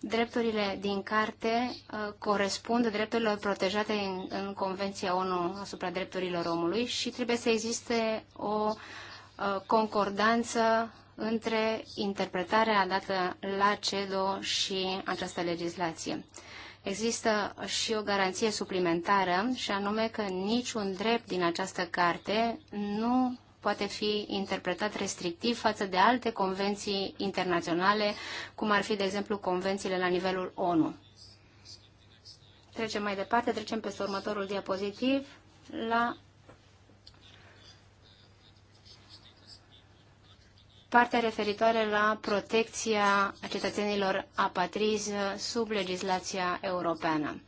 Drepturile din carte uh, corespund drepturilor protejate în, în Convenția ONU asupra drepturilor omului și trebuie să existe o uh, concordanță între interpretarea dată la CEDO și această legislație. Există și o garanție suplimentară și anume că niciun drept din această carte nu poate fi interpretat restrictiv față de alte convenții internaționale, cum ar fi, de exemplu, convențiile la nivelul ONU. Trecem mai departe, trecem peste următorul diapozitiv la partea referitoare la protecția cetățenilor apatrizi sub legislația europeană.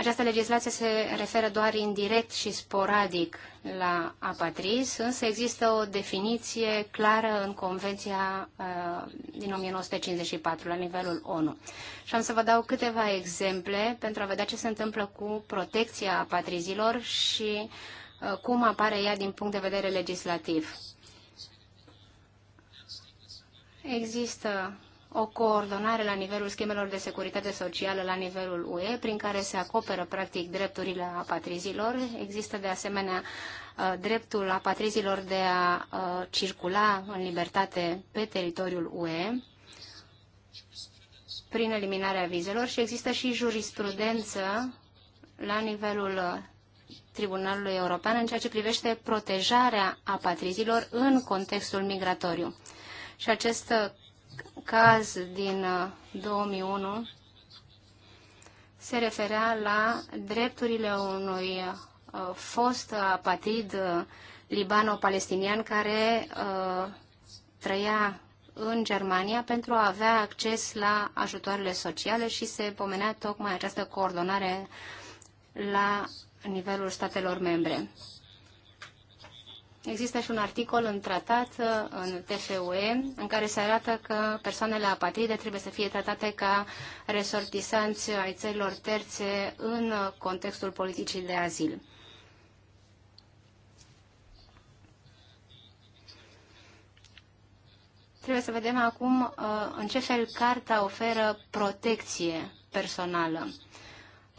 Această legislație se referă doar indirect și sporadic la apatris, însă există o definiție clară în Convenția uh, din 1954 la nivelul ONU. Și am să vă dau câteva exemple pentru a vedea ce se întâmplă cu protecția apatrizilor și uh, cum apare ea din punct de vedere legislativ. Există o coordonare la nivelul schemelor de securitate socială la nivelul UE, prin care se acoperă practic drepturile apatrizilor. Există de asemenea uh, dreptul apatrizilor de a uh, circula în libertate pe teritoriul UE prin eliminarea vizelor și există și jurisprudență la nivelul uh, Tribunalului European în ceea ce privește protejarea apatrizilor în contextul migratoriu. Și acest caz din 2001 uh, se referea la drepturile unui uh, fost apatid uh, libano-palestinian care trăia în Germania pentru a avea acces la ajutoarele sociale și se pomenea tocmai această coordonare la nivelul statelor membre. Există și un articol în tratat, uh, în TFUE, în care se arată că persoanele apatride trebuie să fie tratate ca resortisanți ai țărilor terțe în contextul politicii de azil. Trebuie să vedem acum uh, în ce fel carta oferă protecție personală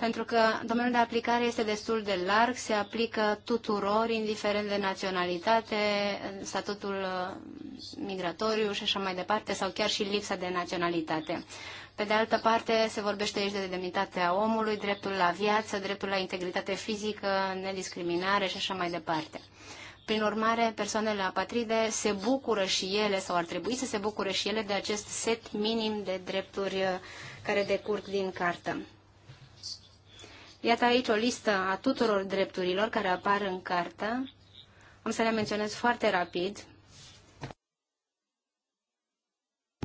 pentru că domeniul de aplicare este destul de larg, se aplică tuturor, indiferent de naționalitate, statutul uh, migratoriu și așa mai departe, sau chiar și lipsa de naționalitate. Pe de altă parte, se vorbește aici de demnitatea omului, dreptul la viață, dreptul la integritate fizică, nediscriminare și așa mai departe. Prin urmare, persoanele apatride se bucură și ele, sau ar trebui să se bucură și ele, de acest set minim de drepturi uh, care decurg din cartă. Iată aici o listă a tuturor drepturilor care apar în cartă. Am să le menționez foarte rapid,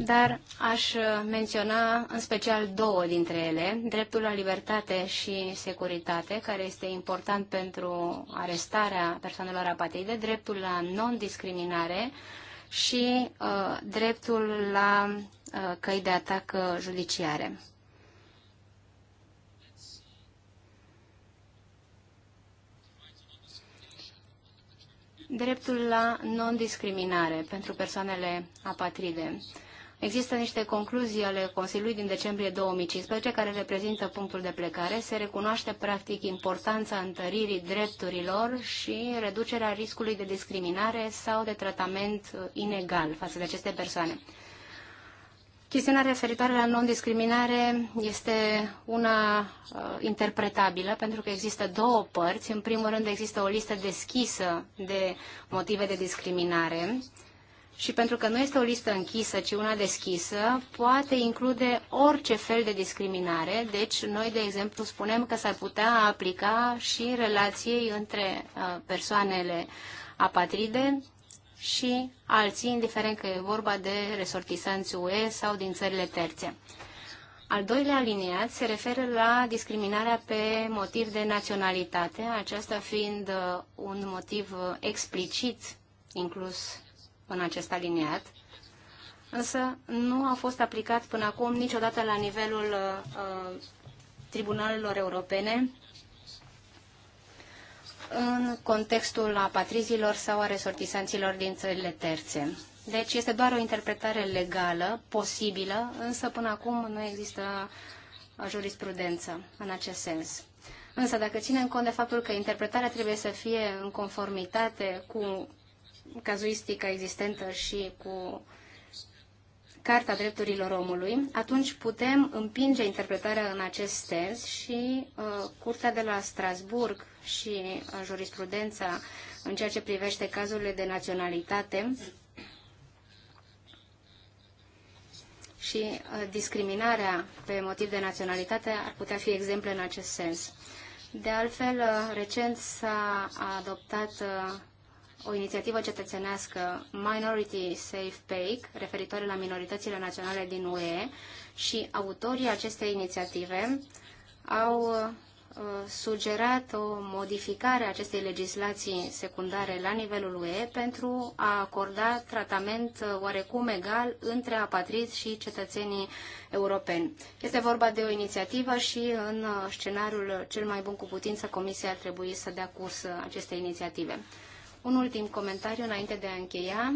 dar aș menționa în special două dintre ele, dreptul la libertate și securitate, care este important pentru arestarea persoanelor apateide, dreptul la non-discriminare și uh, dreptul la uh, căi de atac uh, judiciare. dreptul la non-discriminare pentru persoanele apatride. Există niște concluzii ale Consiliului din decembrie 2015 care reprezintă punctul de plecare. Se recunoaște practic importanța întăririi drepturilor și reducerea riscului de discriminare sau de tratament inegal față de aceste persoane. Chestiunea referitoare la non-discriminare este una uh, interpretabilă, pentru că există două părți. În primul rând, există o listă deschisă de motive de discriminare și pentru că nu este o listă închisă, ci una deschisă, poate include orice fel de discriminare. Deci, noi, de exemplu, spunem că s-ar putea aplica și relației între uh, persoanele apatride și alții, indiferent că e vorba de resortisanți UE sau din țările terțe. Al doilea aliniat se referă la discriminarea pe motiv de naționalitate, aceasta fiind uh, un motiv uh, explicit inclus în acest aliniat, însă nu a fost aplicat până acum niciodată la nivelul uh, uh tribunalelor europene în contextul apatrizilor sau a resortisanților din țările terțe. Deci este doar o interpretare legală, posibilă, însă până acum nu există jurisprudență în acest sens. Însă dacă ținem cont de faptul că interpretarea trebuie să fie în conformitate cu cazuistica existentă și cu Carta Drepturilor Omului, atunci putem împinge interpretarea în acest sens și uh, Curtea de la Strasburg și jurisprudența în ceea ce privește cazurile de naționalitate și uh, discriminarea pe motiv de naționalitate ar putea fi exemple în acest sens. De altfel, uh, recent s-a adoptat uh, o inițiativă cetățenească Minority Safe Pay referitoare la minoritățile naționale din UE și autorii acestei inițiative au Uh, sugerat o modificare a acestei legislații secundare la nivelul UE pentru a acorda tratament uh, oarecum egal între apatrizi și cetățenii europeni. Este vorba de o inițiativă și uh, în scenariul cel mai bun cu putință Comisia ar trebui să dea curs acestei inițiative. Un ultim comentariu înainte de a încheia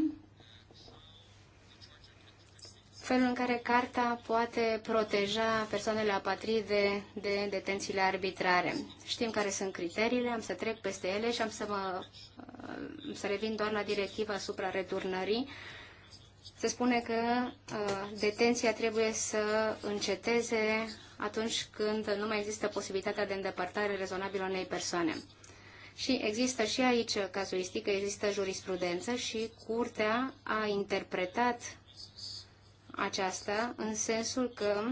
felul în care carta poate proteja persoanele apatride de detențiile arbitrare. Știm care sunt criteriile, am să trec peste ele și am să, mă, uh, să revin doar la directiva asupra returnării. Se spune că uh, detenția trebuie să înceteze atunci când nu mai există posibilitatea de îndepărtare rezonabilă unei persoane. Și există și aici cazuistică, există jurisprudență și curtea a interpretat aceasta în sensul că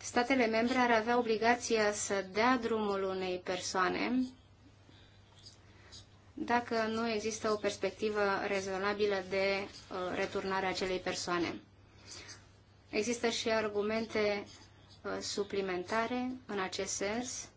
statele membre ar avea obligația să dea drumul unei persoane dacă nu există o perspectivă rezonabilă de uh, returnare a acelei persoane. Există și argumente uh, suplimentare în acest sens.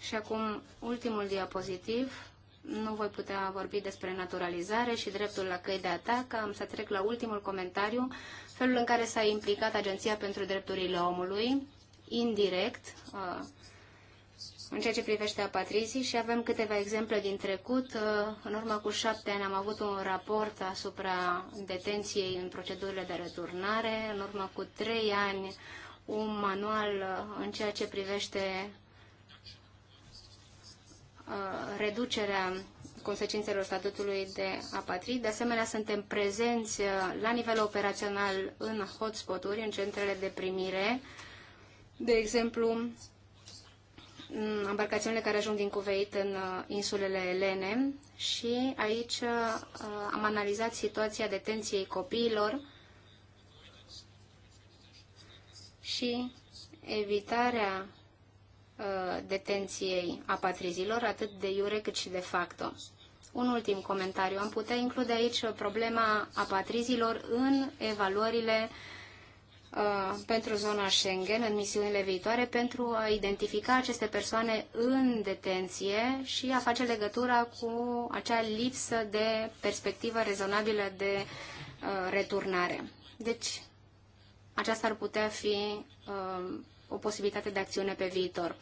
Și acum ultimul diapozitiv nu voi putea vorbi despre naturalizare și dreptul la căi de atac. Am să trec la ultimul comentariu, felul în care s-a implicat Agenția pentru Drepturile Omului, indirect, uh, în ceea ce privește apatrizii și avem câteva exemple din trecut. Uh, în urmă cu șapte ani am avut un raport asupra detenției în procedurile de returnare, în urmă cu trei ani un manual uh, în ceea ce privește Uh, reducerea consecințelor statutului de apatrid. De asemenea, suntem prezenți uh, la nivel operațional în hotspot-uri, în centrele de primire. De exemplu, embarcațiunile care ajung din Cuveit în uh, insulele Elene și aici am analizat situația detenției copiilor și evitarea Uh, detenției apatrizilor, atât de iure cât și de facto. Un ultim comentariu. Am putea include aici problema apatrizilor în evaluările uh, pentru zona Schengen, în misiunile viitoare, pentru a identifica aceste persoane în detenție și a face legătura cu acea lipsă de perspectivă rezonabilă de uh, returnare. Deci, aceasta ar putea fi uh, o posibilitate de acțiune pe viitor.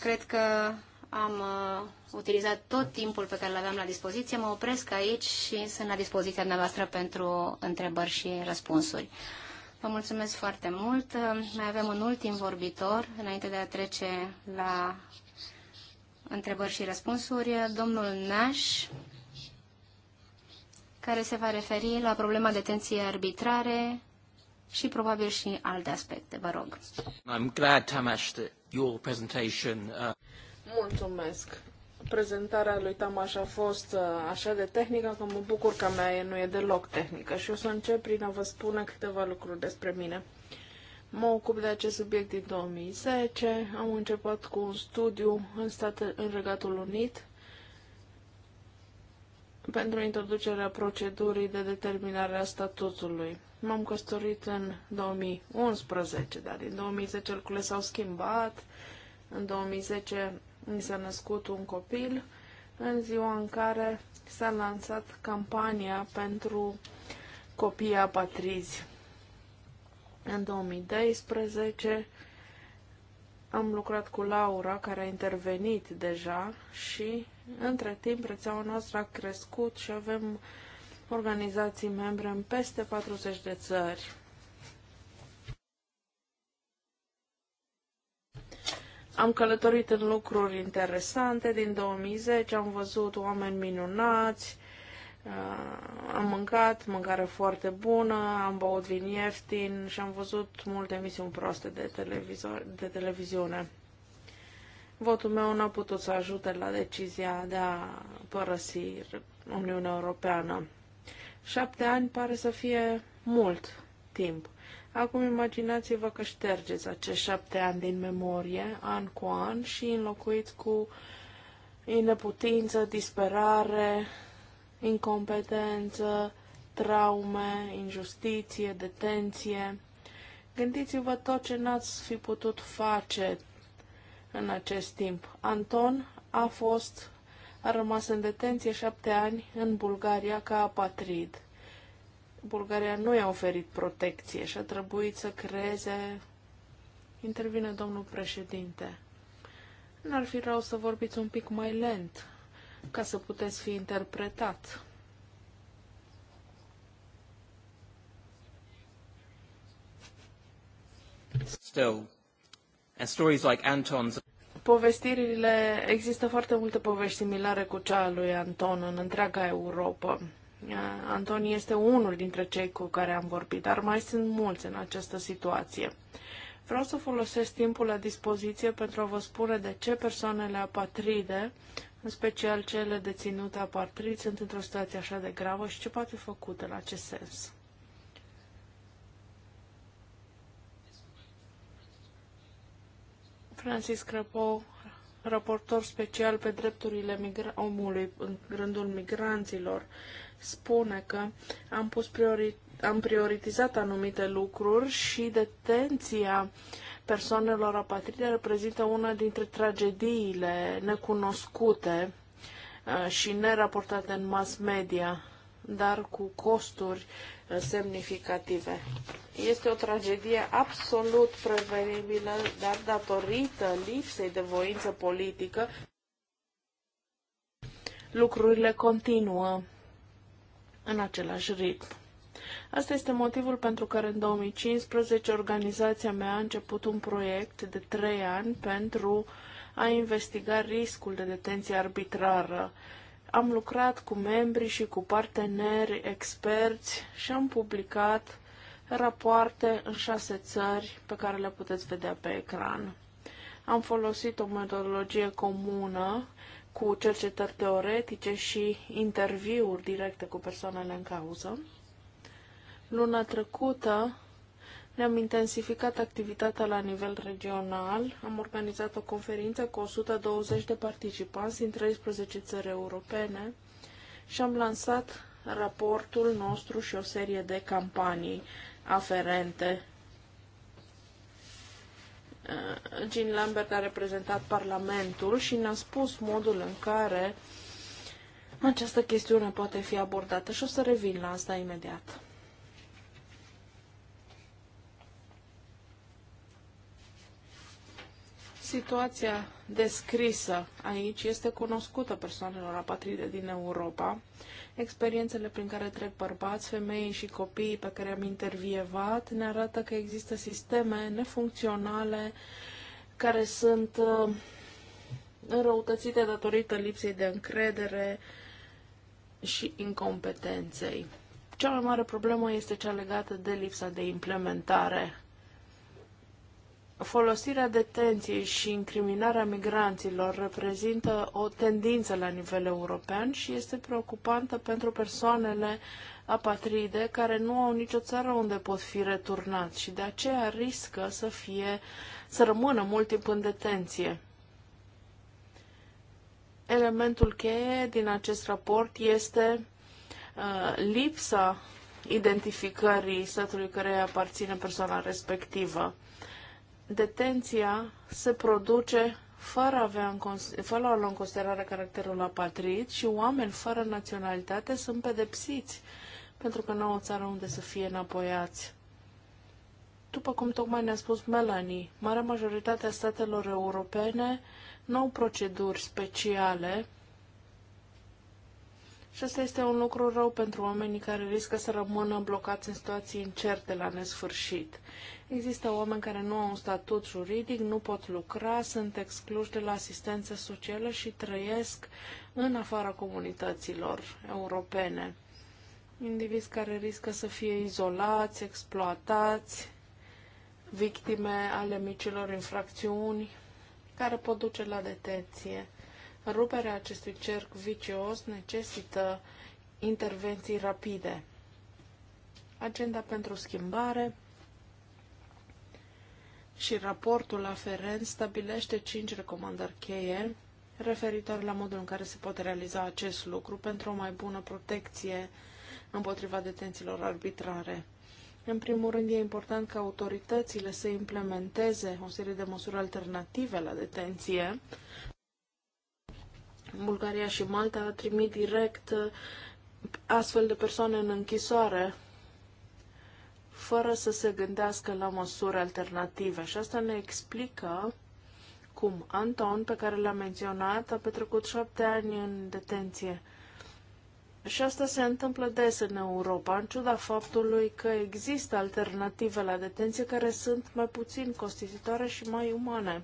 Cred că am uh, utilizat tot timpul pe care l aveam la dispoziție. Mă opresc aici și sunt la dispoziția dumneavoastră pentru întrebări și răspunsuri. Vă mulțumesc foarte mult. Mai avem un ultim vorbitor înainte de a trece la întrebări și răspunsuri. Domnul Naș, care se va referi la problema detenției arbitrare și probabil și alte aspecte. Vă rog. I'm glad, Tamas, that your presentation... Uh... Mulțumesc. Prezentarea lui Tamaș a fost uh, așa de tehnică că mă bucur că mea nu e deloc tehnică și o să încep prin a vă spune câteva lucruri despre mine. Mă ocup de acest subiect din 2010. Am început cu un studiu în, state, în Regatul Unit pentru introducerea procedurii de determinare a statutului. M-am căsătorit în 2011, dar din 2010 lucrurile s-au schimbat. În 2010 mi s-a născut un copil, în ziua în care s-a lansat campania pentru copii apatrizi. În 2012 am lucrat cu Laura, care a intervenit deja și între timp rețeaua noastră a crescut și avem organizații membre în peste 40 de țări. Am călătorit în lucruri interesante din 2010, am văzut oameni minunați, uh, am mâncat mâncare foarte bună, am băut vin ieftin și am văzut multe emisiuni proaste de, televizor, de televiziune. Votul meu n-a putut să ajute la decizia de a părăsi Uniunea Europeană. Șapte ani pare să fie mult timp. Acum imaginați-vă că ștergeți acești șapte ani din memorie, an cu an, și înlocuiți cu ineputință, disperare, incompetență, traume, injustiție, detenție. Gândiți-vă tot ce n-ați fi putut face în acest timp. Anton a fost a rămas în detenție șapte ani în Bulgaria ca apatrid. Bulgaria nu i-a oferit protecție și a trebuit să creeze... Intervine domnul președinte. N-ar fi rău să vorbiți un pic mai lent, ca să puteți fi interpretat. Still, and stories like Anton's povestirile, există foarte multe povești similare cu cea a lui Anton în întreaga Europa. Uh, Anton este unul dintre cei cu care am vorbit, dar mai sunt mulți în această situație. Vreau să folosesc timpul la dispoziție pentru a vă spune de ce persoanele apatride, în special cele deținute apatrid, sunt într-o situație așa de gravă și ce poate fi făcut în acest sens. Francis Crapo, raportor special pe drepturile omului în rândul migranților, spune că am, pus priori- am prioritizat anumite lucruri și detenția persoanelor apatride reprezintă una dintre tragediile necunoscute uh, și neraportate în mass media, dar cu costuri semnificative. Este o tragedie absolut prevenibilă, dar datorită lipsei de voință politică, lucrurile continuă în același ritm. Asta este motivul pentru care în 2015 organizația mea a început un proiect de trei ani pentru a investiga riscul de detenție arbitrară am lucrat cu membri și cu parteneri, experți și am publicat rapoarte în șase țări pe care le puteți vedea pe ecran. Am folosit o metodologie comună cu cercetări teoretice și interviuri directe cu persoanele în cauză. Luna trecută ne-am intensificat activitatea la nivel regional, am organizat o conferință cu 120 de participanți din 13 țări europene și am lansat raportul nostru și o serie de campanii aferente. Uh, Jean Lambert a reprezentat Parlamentul și ne-a spus modul în care această chestiune poate fi abordată și o să revin la asta imediat. Situația descrisă aici este cunoscută persoanelor apatride din Europa. Experiențele prin care trec bărbați, femei și copiii pe care am intervievat ne arată că există sisteme nefuncționale care sunt uh, înrăutățite datorită lipsei de încredere și incompetenței. Cea mai mare problemă este cea legată de lipsa de implementare Folosirea detenției și incriminarea migranților reprezintă o tendință la nivel european și este preocupantă pentru persoanele apatride care nu au nicio țară unde pot fi returnați și de aceea riscă să fie să rămână mult timp în detenție. Elementul cheie din acest raport este uh, lipsa identificării statului care aparține persoana respectivă detenția se produce fără a, avea în fără a lua în considerare caracterul apatrit și oameni fără naționalitate sunt pedepsiți pentru că nu au o țară unde să fie înapoiați. După cum tocmai ne-a spus Melanie, marea majoritatea statelor europene nu au proceduri speciale și asta este un lucru rău pentru oamenii care riscă să rămână blocați în situații incerte la nesfârșit. Există oameni care nu au un statut juridic, nu pot lucra, sunt excluși de la asistență socială și trăiesc în afara comunităților europene. Indivizi care riscă să fie izolați, exploatați, victime ale micilor infracțiuni, care pot duce la detenție. Ruperea acestui cerc vicios necesită intervenții rapide. Agenda pentru schimbare și raportul aferent stabilește cinci recomandări cheie referitor la modul în care se poate realiza acest lucru pentru o mai bună protecție împotriva detențiilor arbitrare. În primul rând, e important ca autoritățile să implementeze o serie de măsuri alternative la detenție Bulgaria și Malta trimit direct uh, astfel de persoane în închisoare fără să se gândească la măsuri alternative. Și asta ne explică cum Anton, pe care l-am menționat, a petrecut șapte ani în detenție. Și asta se întâmplă des în Europa, în ciuda faptului că există alternative la detenție care sunt mai puțin costisitoare și mai umane.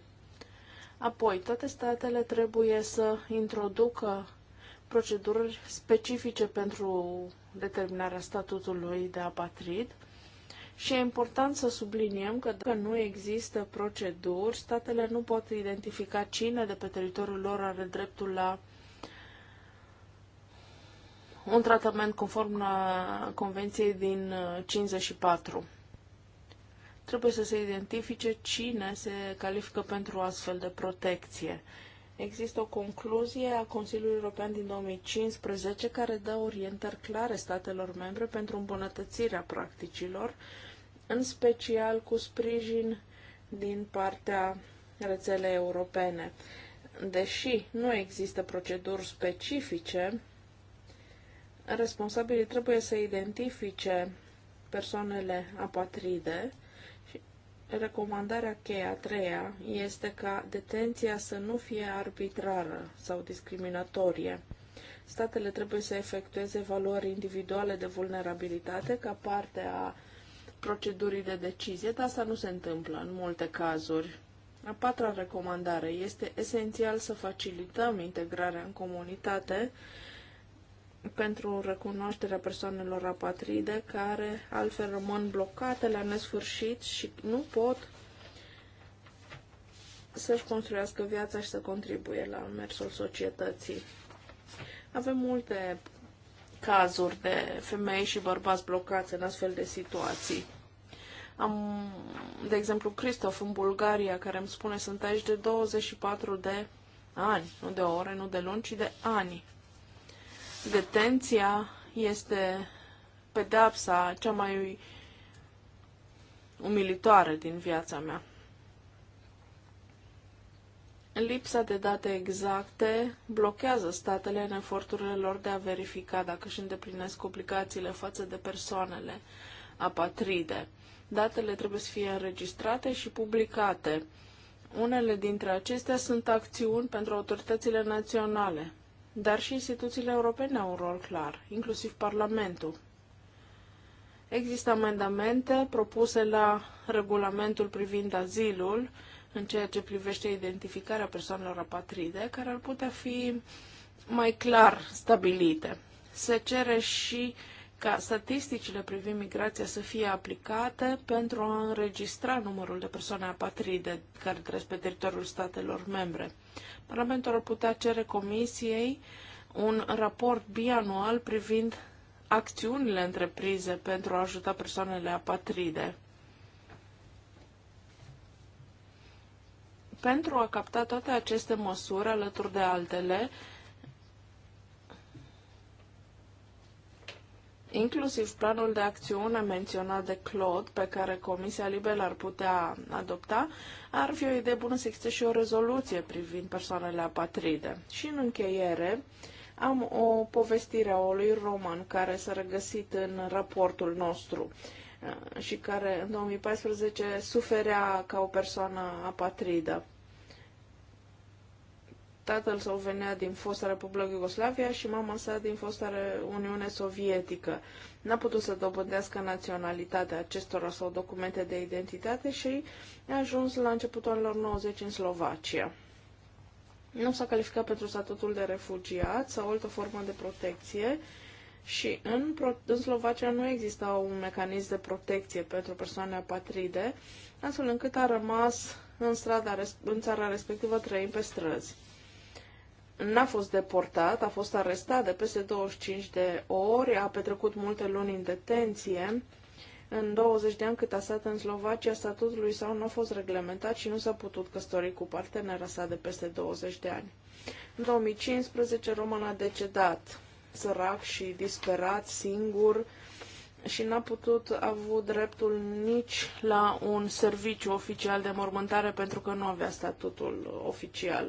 Apoi, toate statele trebuie să introducă proceduri specifice pentru determinarea statutului de apatrid. Și e important să subliniem că dacă nu există proceduri, statele nu pot identifica cine de pe teritoriul lor are dreptul la un tratament conform la Convenției din 54. Uh, trebuie să se identifice cine se califică pentru astfel de protecție. Există o concluzie a Consiliului European din 2015 care dă orientări clare statelor membre pentru îmbunătățirea practicilor, în special cu sprijin din partea rețelei europene. Deși nu există proceduri specifice, responsabilii trebuie să identifice persoanele apatride recomandarea cheia, a treia, este ca detenția să nu fie arbitrară sau discriminatorie. Statele trebuie să efectueze valori individuale de vulnerabilitate ca parte a procedurii de decizie, dar asta nu se întâmplă în multe cazuri. A patra recomandare este esențial să facilităm integrarea în comunitate pentru recunoașterea persoanelor apatride care altfel rămân blocate la nesfârșit și nu pot să-și construiască viața și să contribuie la mersul societății. Avem multe cazuri de femei și bărbați blocați în astfel de situații. Am, de exemplu, Cristof în Bulgaria, care îmi spune sunt aici de 24 de ani, nu de ore, nu de luni, ci de ani detenția este pedapsa cea mai umilitoare din viața mea. Lipsa de date exacte blochează statele în eforturile lor de a verifica dacă își îndeplinesc obligațiile față de persoanele apatride. Datele trebuie să fie înregistrate și publicate. Unele dintre acestea sunt acțiuni pentru autoritățile naționale, dar și instituțiile europene au un rol clar, inclusiv Parlamentul. Există amendamente propuse la regulamentul privind azilul în ceea ce privește identificarea persoanelor apatride, care ar putea fi mai clar stabilite. Se cere și ca statisticile privind migrația să fie aplicate pentru a înregistra numărul de persoane apatride care trăiesc pe teritoriul statelor membre. Parlamentul ar putea cere Comisiei un raport bianual privind acțiunile întreprise pentru a ajuta persoanele apatride. Pentru a capta toate aceste măsuri alături de altele, inclusiv planul de acțiune menționat de Claude, pe care Comisia Libe l-ar putea adopta, ar fi o idee bună să existe și o rezoluție privind persoanele apatride. Și în încheiere, am o povestire a lui Roman care s-a regăsit în raportul nostru uh, și care în 2014 suferea ca o persoană apatridă. Tatăl său venea din fosta Republică Iugoslavia și mama sa din fosta Uniune Sovietică. N-a putut să dobândească naționalitatea acestora sau documente de identitate și a ajuns la începutul anilor 90 în Slovacia. Nu s-a calificat pentru statutul de refugiat sau altă formă de protecție și în, în Slovacia nu exista un mecanism de protecție pentru persoane apatride, astfel încât a rămas în, strada, în țara respectivă trăind pe străzi n-a fost deportat, a fost arestat de peste 25 de ori, a petrecut multe luni în detenție. În 20 de ani cât a stat în Slovacia, statutul lui sau nu a fost reglementat și nu s-a putut căsători cu partenera sa de peste 20 de ani. În 2015, Roman a decedat, sărac și disperat, singur, și n-a putut avea dreptul nici la un serviciu oficial de mormântare pentru că nu avea statutul oficial.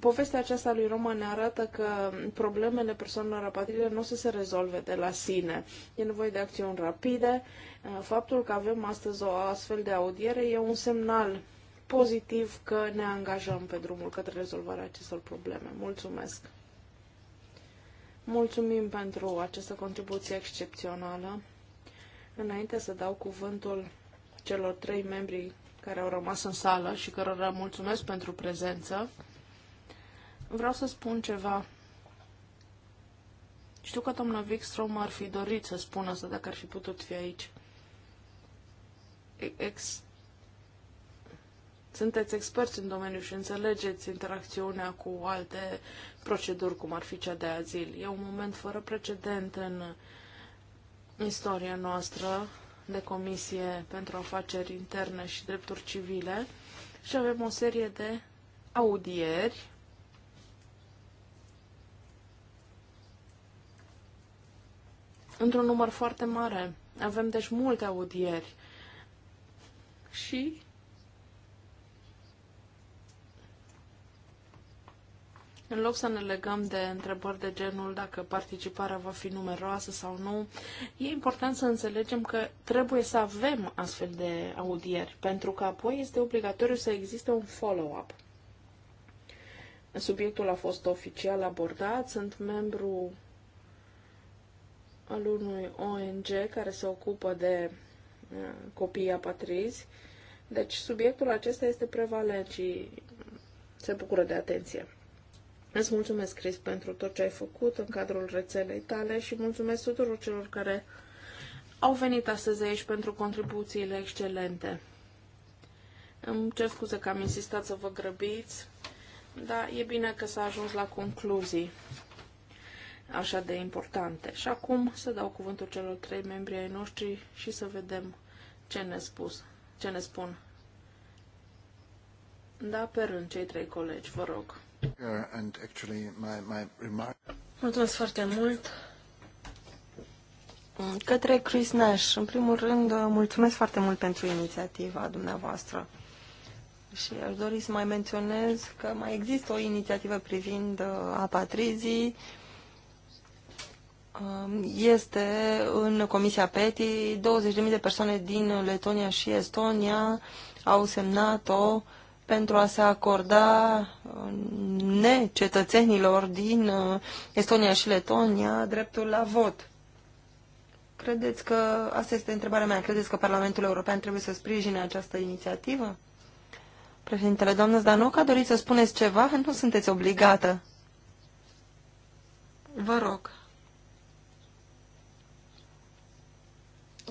Povestea aceasta lui Roma ne arată că problemele persoanelor apatride nu o să se rezolve de la sine. E nevoie de acțiuni rapide. Faptul că avem astăzi o astfel de audiere e un semnal pozitiv că ne angajăm pe drumul către rezolvarea acestor probleme. Mulțumesc! Mulțumim pentru această contribuție excepțională. Înainte să dau cuvântul celor trei membri care au rămas în sală și cărora mulțumesc pentru prezență, vreau să spun ceva. Știu că domnul Wickstrom ar fi dorit să spună asta dacă ar fi putut fi aici. Ex- sunteți experți în domeniu și înțelegeți interacțiunea cu alte proceduri, cum ar fi cea de azil. E un moment fără precedent în istoria noastră de Comisie pentru Afaceri Interne și Drepturi Civile și avem o serie de audieri într-un număr foarte mare. Avem deci multe audieri și În loc să ne legăm de întrebări de genul dacă participarea va fi numeroasă sau nu, e important să înțelegem că trebuie să avem astfel de audieri, pentru că apoi este obligatoriu să existe un follow-up. Subiectul a fost oficial abordat, sunt membru al unui ONG care se ocupă de uh, copiii apatrizi. Deci subiectul acesta este prevalent și se bucură de atenție. Îți mulțumesc, Chris, pentru tot ce ai făcut în cadrul rețelei tale și mulțumesc tuturor celor care au venit astăzi aici pentru contribuțiile excelente. Îmi cer scuze că am insistat să vă grăbiți, dar e bine că s-a ajuns la concluzii așa de importante. Și acum să dau cuvântul celor trei membri ai noștri și să vedem ce ne, spus, ce ne spun. Da, pe rând, cei trei colegi, vă rog. Mulțumesc foarte mult. Mm, către Chris Nash, în primul rând, uh, mulțumesc foarte mult pentru inițiativa dumneavoastră. Și aș dori să mai menționez că mai există o inițiativă privind uh, apatrizii. Um, este în Comisia PETI. 20.000 de persoane din Letonia și Estonia au semnat o pentru a se acorda uh, necetățenilor din uh, Estonia și Letonia dreptul la vot. Credeți că, asta este întrebarea mea, credeți că Parlamentul European trebuie să sprijine această inițiativă? Președintele, doamnă Zdanoca, doriți să spuneți ceva? Nu sunteți obligată. Vă rog.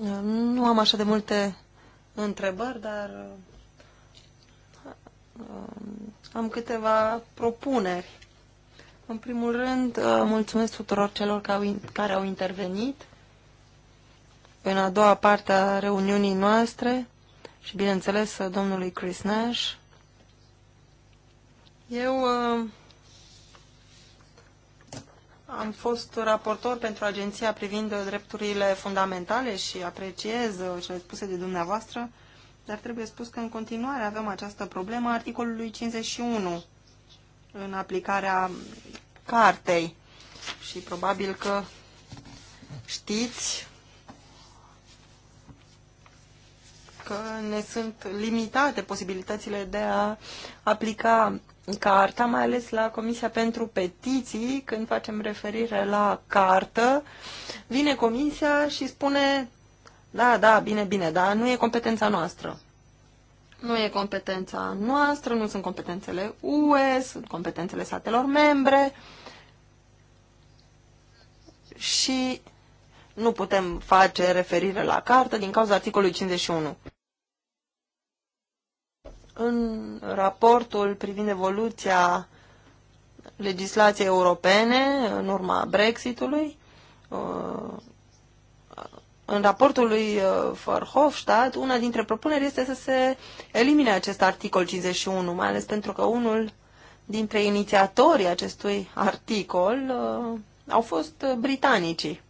Uh, nu am așa de multe întrebări, dar Um, am câteva propuneri. În primul rând, uh, mulțumesc tuturor celor care au intervenit în a doua parte a reuniunii noastre și, bineînțeles, uh, domnului Chris Nash. Eu uh, am fost raportor pentru agenția privind drepturile fundamentale și apreciez cele spuse de dumneavoastră dar trebuie spus că în continuare avem această problemă a articolului 51 în aplicarea cartei și probabil că știți că ne sunt limitate posibilitățile de a aplica carta, mai ales la Comisia pentru Petiții, când facem referire la cartă, vine Comisia și spune da, da, bine, bine, dar nu e competența noastră. Nu e competența noastră, nu sunt competențele UE, sunt competențele statelor membre și nu putem face referire la cartă din cauza articolului 51. În raportul privind evoluția legislației europene în urma Brexitului, uh, în raportul lui uh, Verhofstadt, una dintre propuneri este să se elimine acest articol 51, mai ales pentru că unul dintre inițiatorii acestui articol uh, au fost britanicii.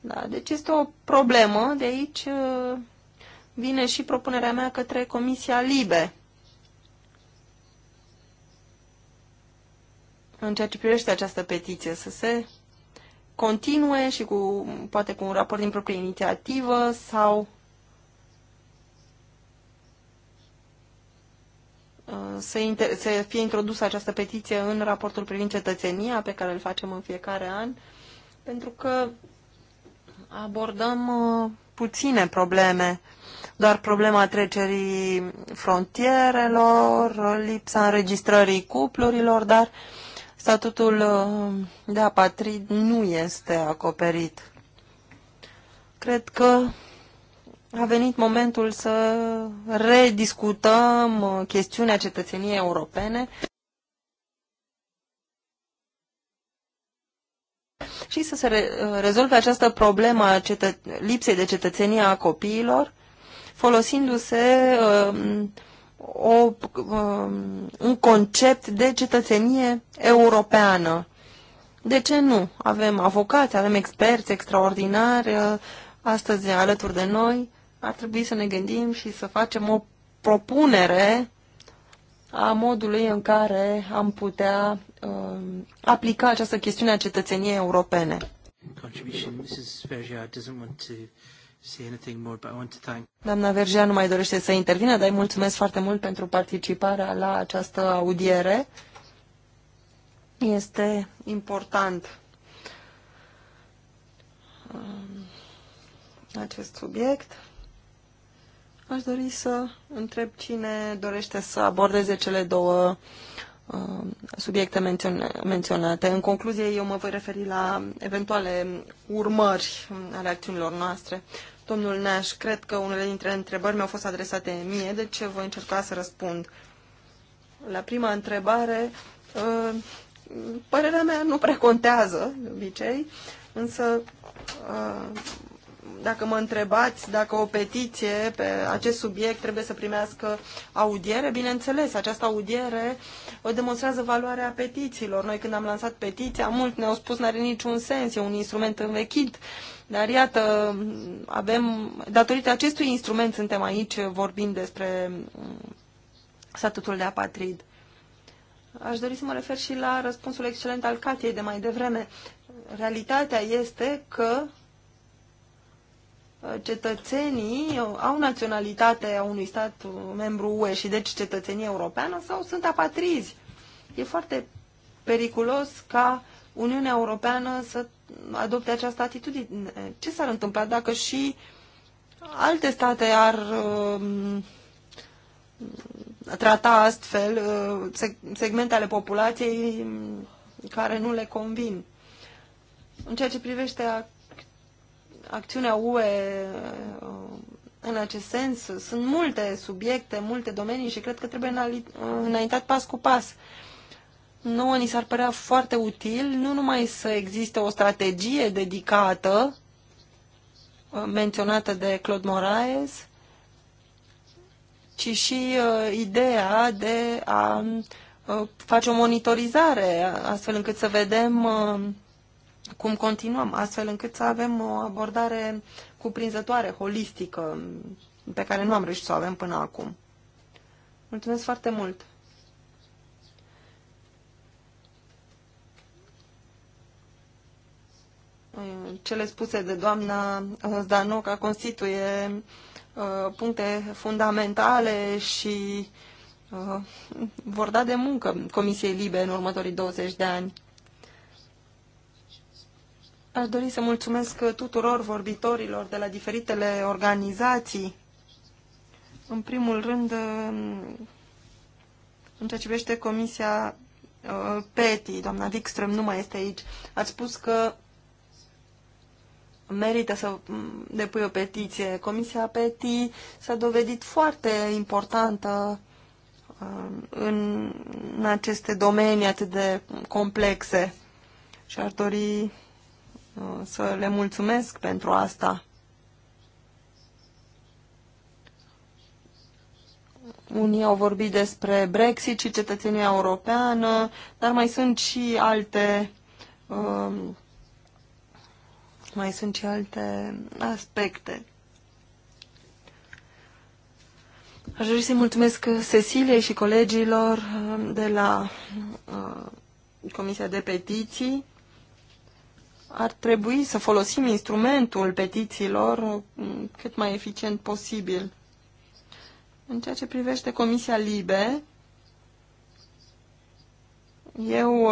Da, deci este o problemă, de aici uh, vine și propunerea mea către Comisia Libe. În ceea ce privește această petiție, să se continue și cu, poate cu un raport din proprie inițiativă sau uh, să, inter- să fie introdusă această petiție în raportul privind cetățenia pe care îl facem în fiecare an, pentru că abordăm uh, puține probleme, doar problema trecerii frontierelor, lipsa înregistrării cuplurilor, dar uh, statutul uh, de apatrid nu este acoperit. Cred că a venit momentul să rediscutăm uh, chestiunea cetățeniei europene și să se re uh, rezolve această problemă a lipsei de cetățenie a copiilor folosindu-se uh, o, um, un concept de cetățenie europeană. De ce nu? Avem avocați, avem experți extraordinari uh, astăzi alături de noi. Ar trebui să ne gândim și să facem o propunere a modului în care am putea uh, aplica această chestiune a cetățeniei europene. Doamna Vergea nu mai dorește să intervină, dar îi mulțumesc foarte mult pentru participarea la această audiere. Este important um, acest subiect. Aș dori să întreb cine dorește să abordeze cele două um, subiecte menționate. În concluzie, eu mă voi referi la eventuale urmări ale acțiunilor noastre. Domnul Naș, cred că unele dintre întrebări mi-au fost adresate mie, de ce voi încerca să răspund. La prima întrebare, uh, părerea mea nu prea contează, de obicei, însă uh, dacă mă întrebați dacă o petiție pe acest subiect trebuie să primească audiere, bineînțeles, această audiere o demonstrează valoarea petițiilor. Noi când am lansat petiția, mult ne-au spus n-are niciun sens, e un instrument învechit dar iată, avem, datorită acestui instrument suntem aici vorbind despre mm, statutul de apatrid. Aș dori să mă refer și la răspunsul excelent al Catiei de mai devreme. Realitatea este că uh, cetățenii au naționalitatea unui stat uh, membru UE și deci cetățenie europeană sau sunt apatrizi. E foarte periculos ca Uniunea Europeană să adopte această atitudine. Ce s-ar întâmpla dacă și alte state ar um, trata astfel uh, segmente ale populației um, care nu le convin? În ceea ce privește acțiunea UE uh, în acest sens, sunt multe subiecte, multe domenii și cred că trebuie înaintat pas cu pas nouă ni s-ar părea foarte util nu numai să existe o strategie dedicată uh, menționată de Claude Moraes, ci și uh, ideea de a uh, face o monitorizare, astfel încât să vedem uh, cum continuăm, astfel încât să avem o abordare cuprinzătoare, holistică, pe care nu am reușit să o avem până acum. Mulțumesc foarte mult! cele spuse de doamna uh, Zdanoca constituie uh, puncte fundamentale și uh, vor da de muncă Comisiei Libe în următorii 20 de ani. Aș dori să mulțumesc tuturor vorbitorilor de la diferitele organizații. În primul rând, în ceea ce privește Comisia PETI, doamna Wikström nu mai este aici, ați spus că merită să depui o petiție. Comisia PETI s-a dovedit foarte importantă um, în, aceste domenii atât de complexe și ar dori uh, să le mulțumesc pentru asta. Unii au vorbit despre Brexit și cetățenia europeană, dar mai sunt și alte uh, mai sunt și alte aspecte. Aș dori să-i mulțumesc Cecilie și colegilor uh, de la uh, Comisia de Petiții. Ar trebui să folosim instrumentul petițiilor uh, cât mai eficient posibil. În ceea ce privește Comisia Libe, eu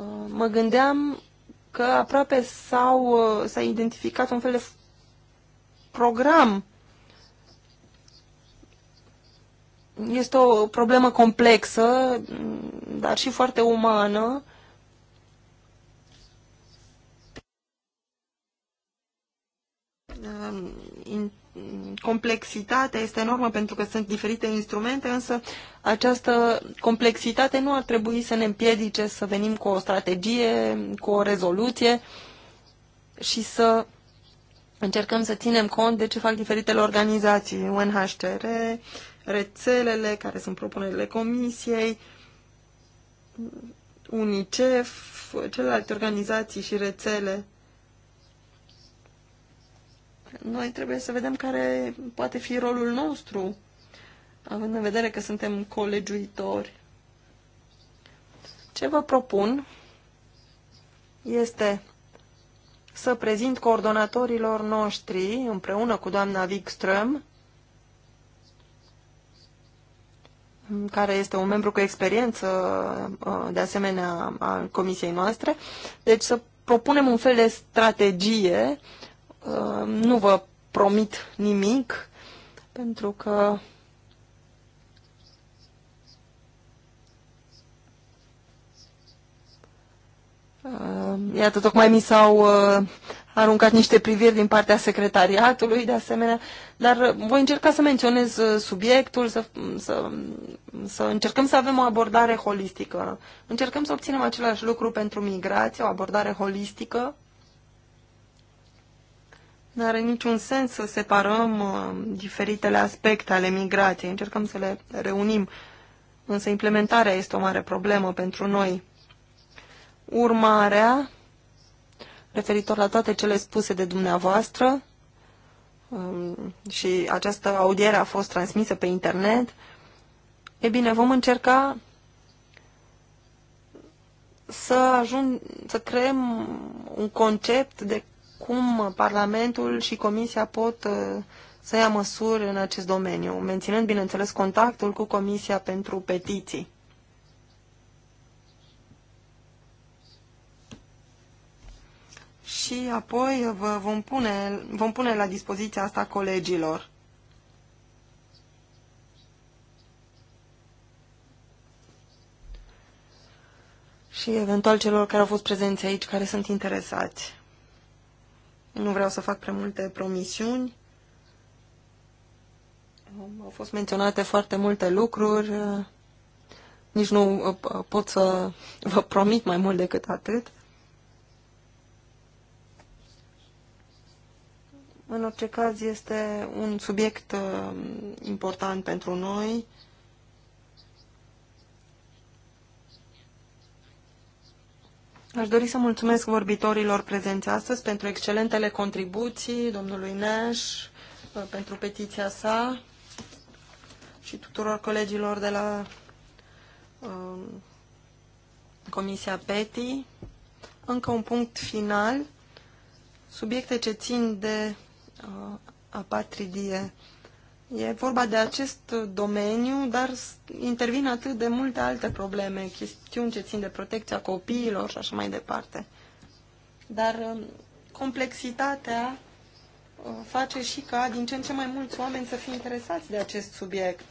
Uh, mă gândeam că aproape s-au, uh, s-a identificat un fel de program. Este o problemă complexă, mm, dar și foarte umană. Uh, complexitatea este enormă pentru că sunt diferite instrumente, însă această complexitate nu ar trebui să ne împiedice să venim cu o strategie, cu o rezoluție și să încercăm să ținem cont de ce fac diferitele organizații, UNHCR, rețelele care sunt propunerile comisiei, UNICEF, celelalte organizații și rețele noi trebuie să vedem care poate fi rolul nostru, având în vedere că suntem colegiuitori. Ce vă propun este să prezint coordonatorilor noștri, împreună cu doamna Wikström, care este un membru cu experiență, uh, de asemenea, a comisiei noastre, deci să propunem un fel de strategie Ehm, nu vă promit nimic, pentru că ehm, Iată, tocmai mi s-au eh, aruncat niște priviri din partea secretariatului, de asemenea, dar voi încerca să menționez eh, subiectul, să, să, să încercăm să avem o abordare holistică. Încercăm să obținem același lucru pentru migrație, o abordare holistică, nu are niciun sens să separăm uh, diferitele aspecte ale migrației. Încercăm să le reunim. Însă implementarea este o mare problemă pentru noi. Urmarea, referitor la toate cele spuse de dumneavoastră, um, și această audiere a fost transmisă pe internet, e bine, vom încerca să ajung, să creăm un concept de cum Parlamentul și Comisia pot uh, să ia măsuri în acest domeniu, menținând, bineînțeles, contactul cu Comisia pentru Petiții. Și apoi vă vom pune, vom pune la dispoziția asta colegilor. și eventual celor care au fost prezenți aici, care sunt interesați. Nu vreau să fac prea multe promisiuni. Au fost menționate foarte multe lucruri. Nici nu uh, uh, pot să vă promit mai mult decât atât. În orice caz, este un subiect uh, important pentru noi. Aș dori să mulțumesc vorbitorilor prezenți astăzi pentru excelentele contribuții, domnului Nash, uh, pentru petiția sa și tuturor colegilor de la uh, Comisia PETI. Încă un punct final, subiecte ce țin de uh, apatridie E vorba de acest domeniu, dar intervin atât de multe alte probleme, chestiuni ce țin de protecția copiilor și așa mai departe. Dar um, complexitatea uh, face și ca din ce în ce mai mulți oameni să fie interesați de acest subiect.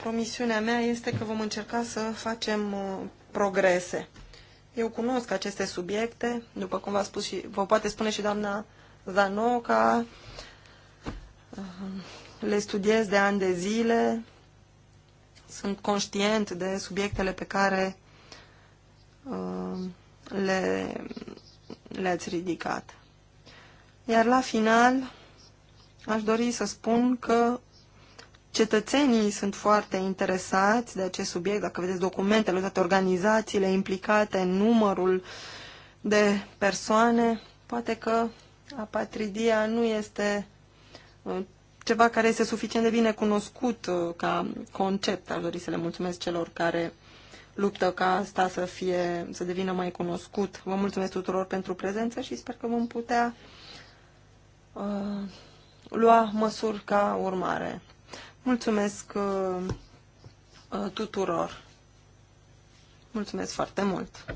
Promisiunea mea este că vom încerca să facem uh, progrese. Eu cunosc aceste subiecte, după cum v-a spus și, vă poate spune și doamna Zanoca, le studiez de ani de zile, sunt conștient de subiectele pe care uh, le, le-ați ridicat. Iar la final aș dori să spun că cetățenii sunt foarte interesați de acest subiect, dacă vedeți documentele, toate organizațiile implicate, numărul de persoane, poate că apatridia nu este Uh, ceva care este suficient de bine cunoscut uh, ca concept. Aș dori să le mulțumesc celor care luptă ca asta să, fie, să devină mai cunoscut. Vă mulțumesc tuturor pentru prezență și sper că vom putea uh, lua măsuri ca urmare. Mulțumesc uh, uh, tuturor! Mulțumesc foarte mult!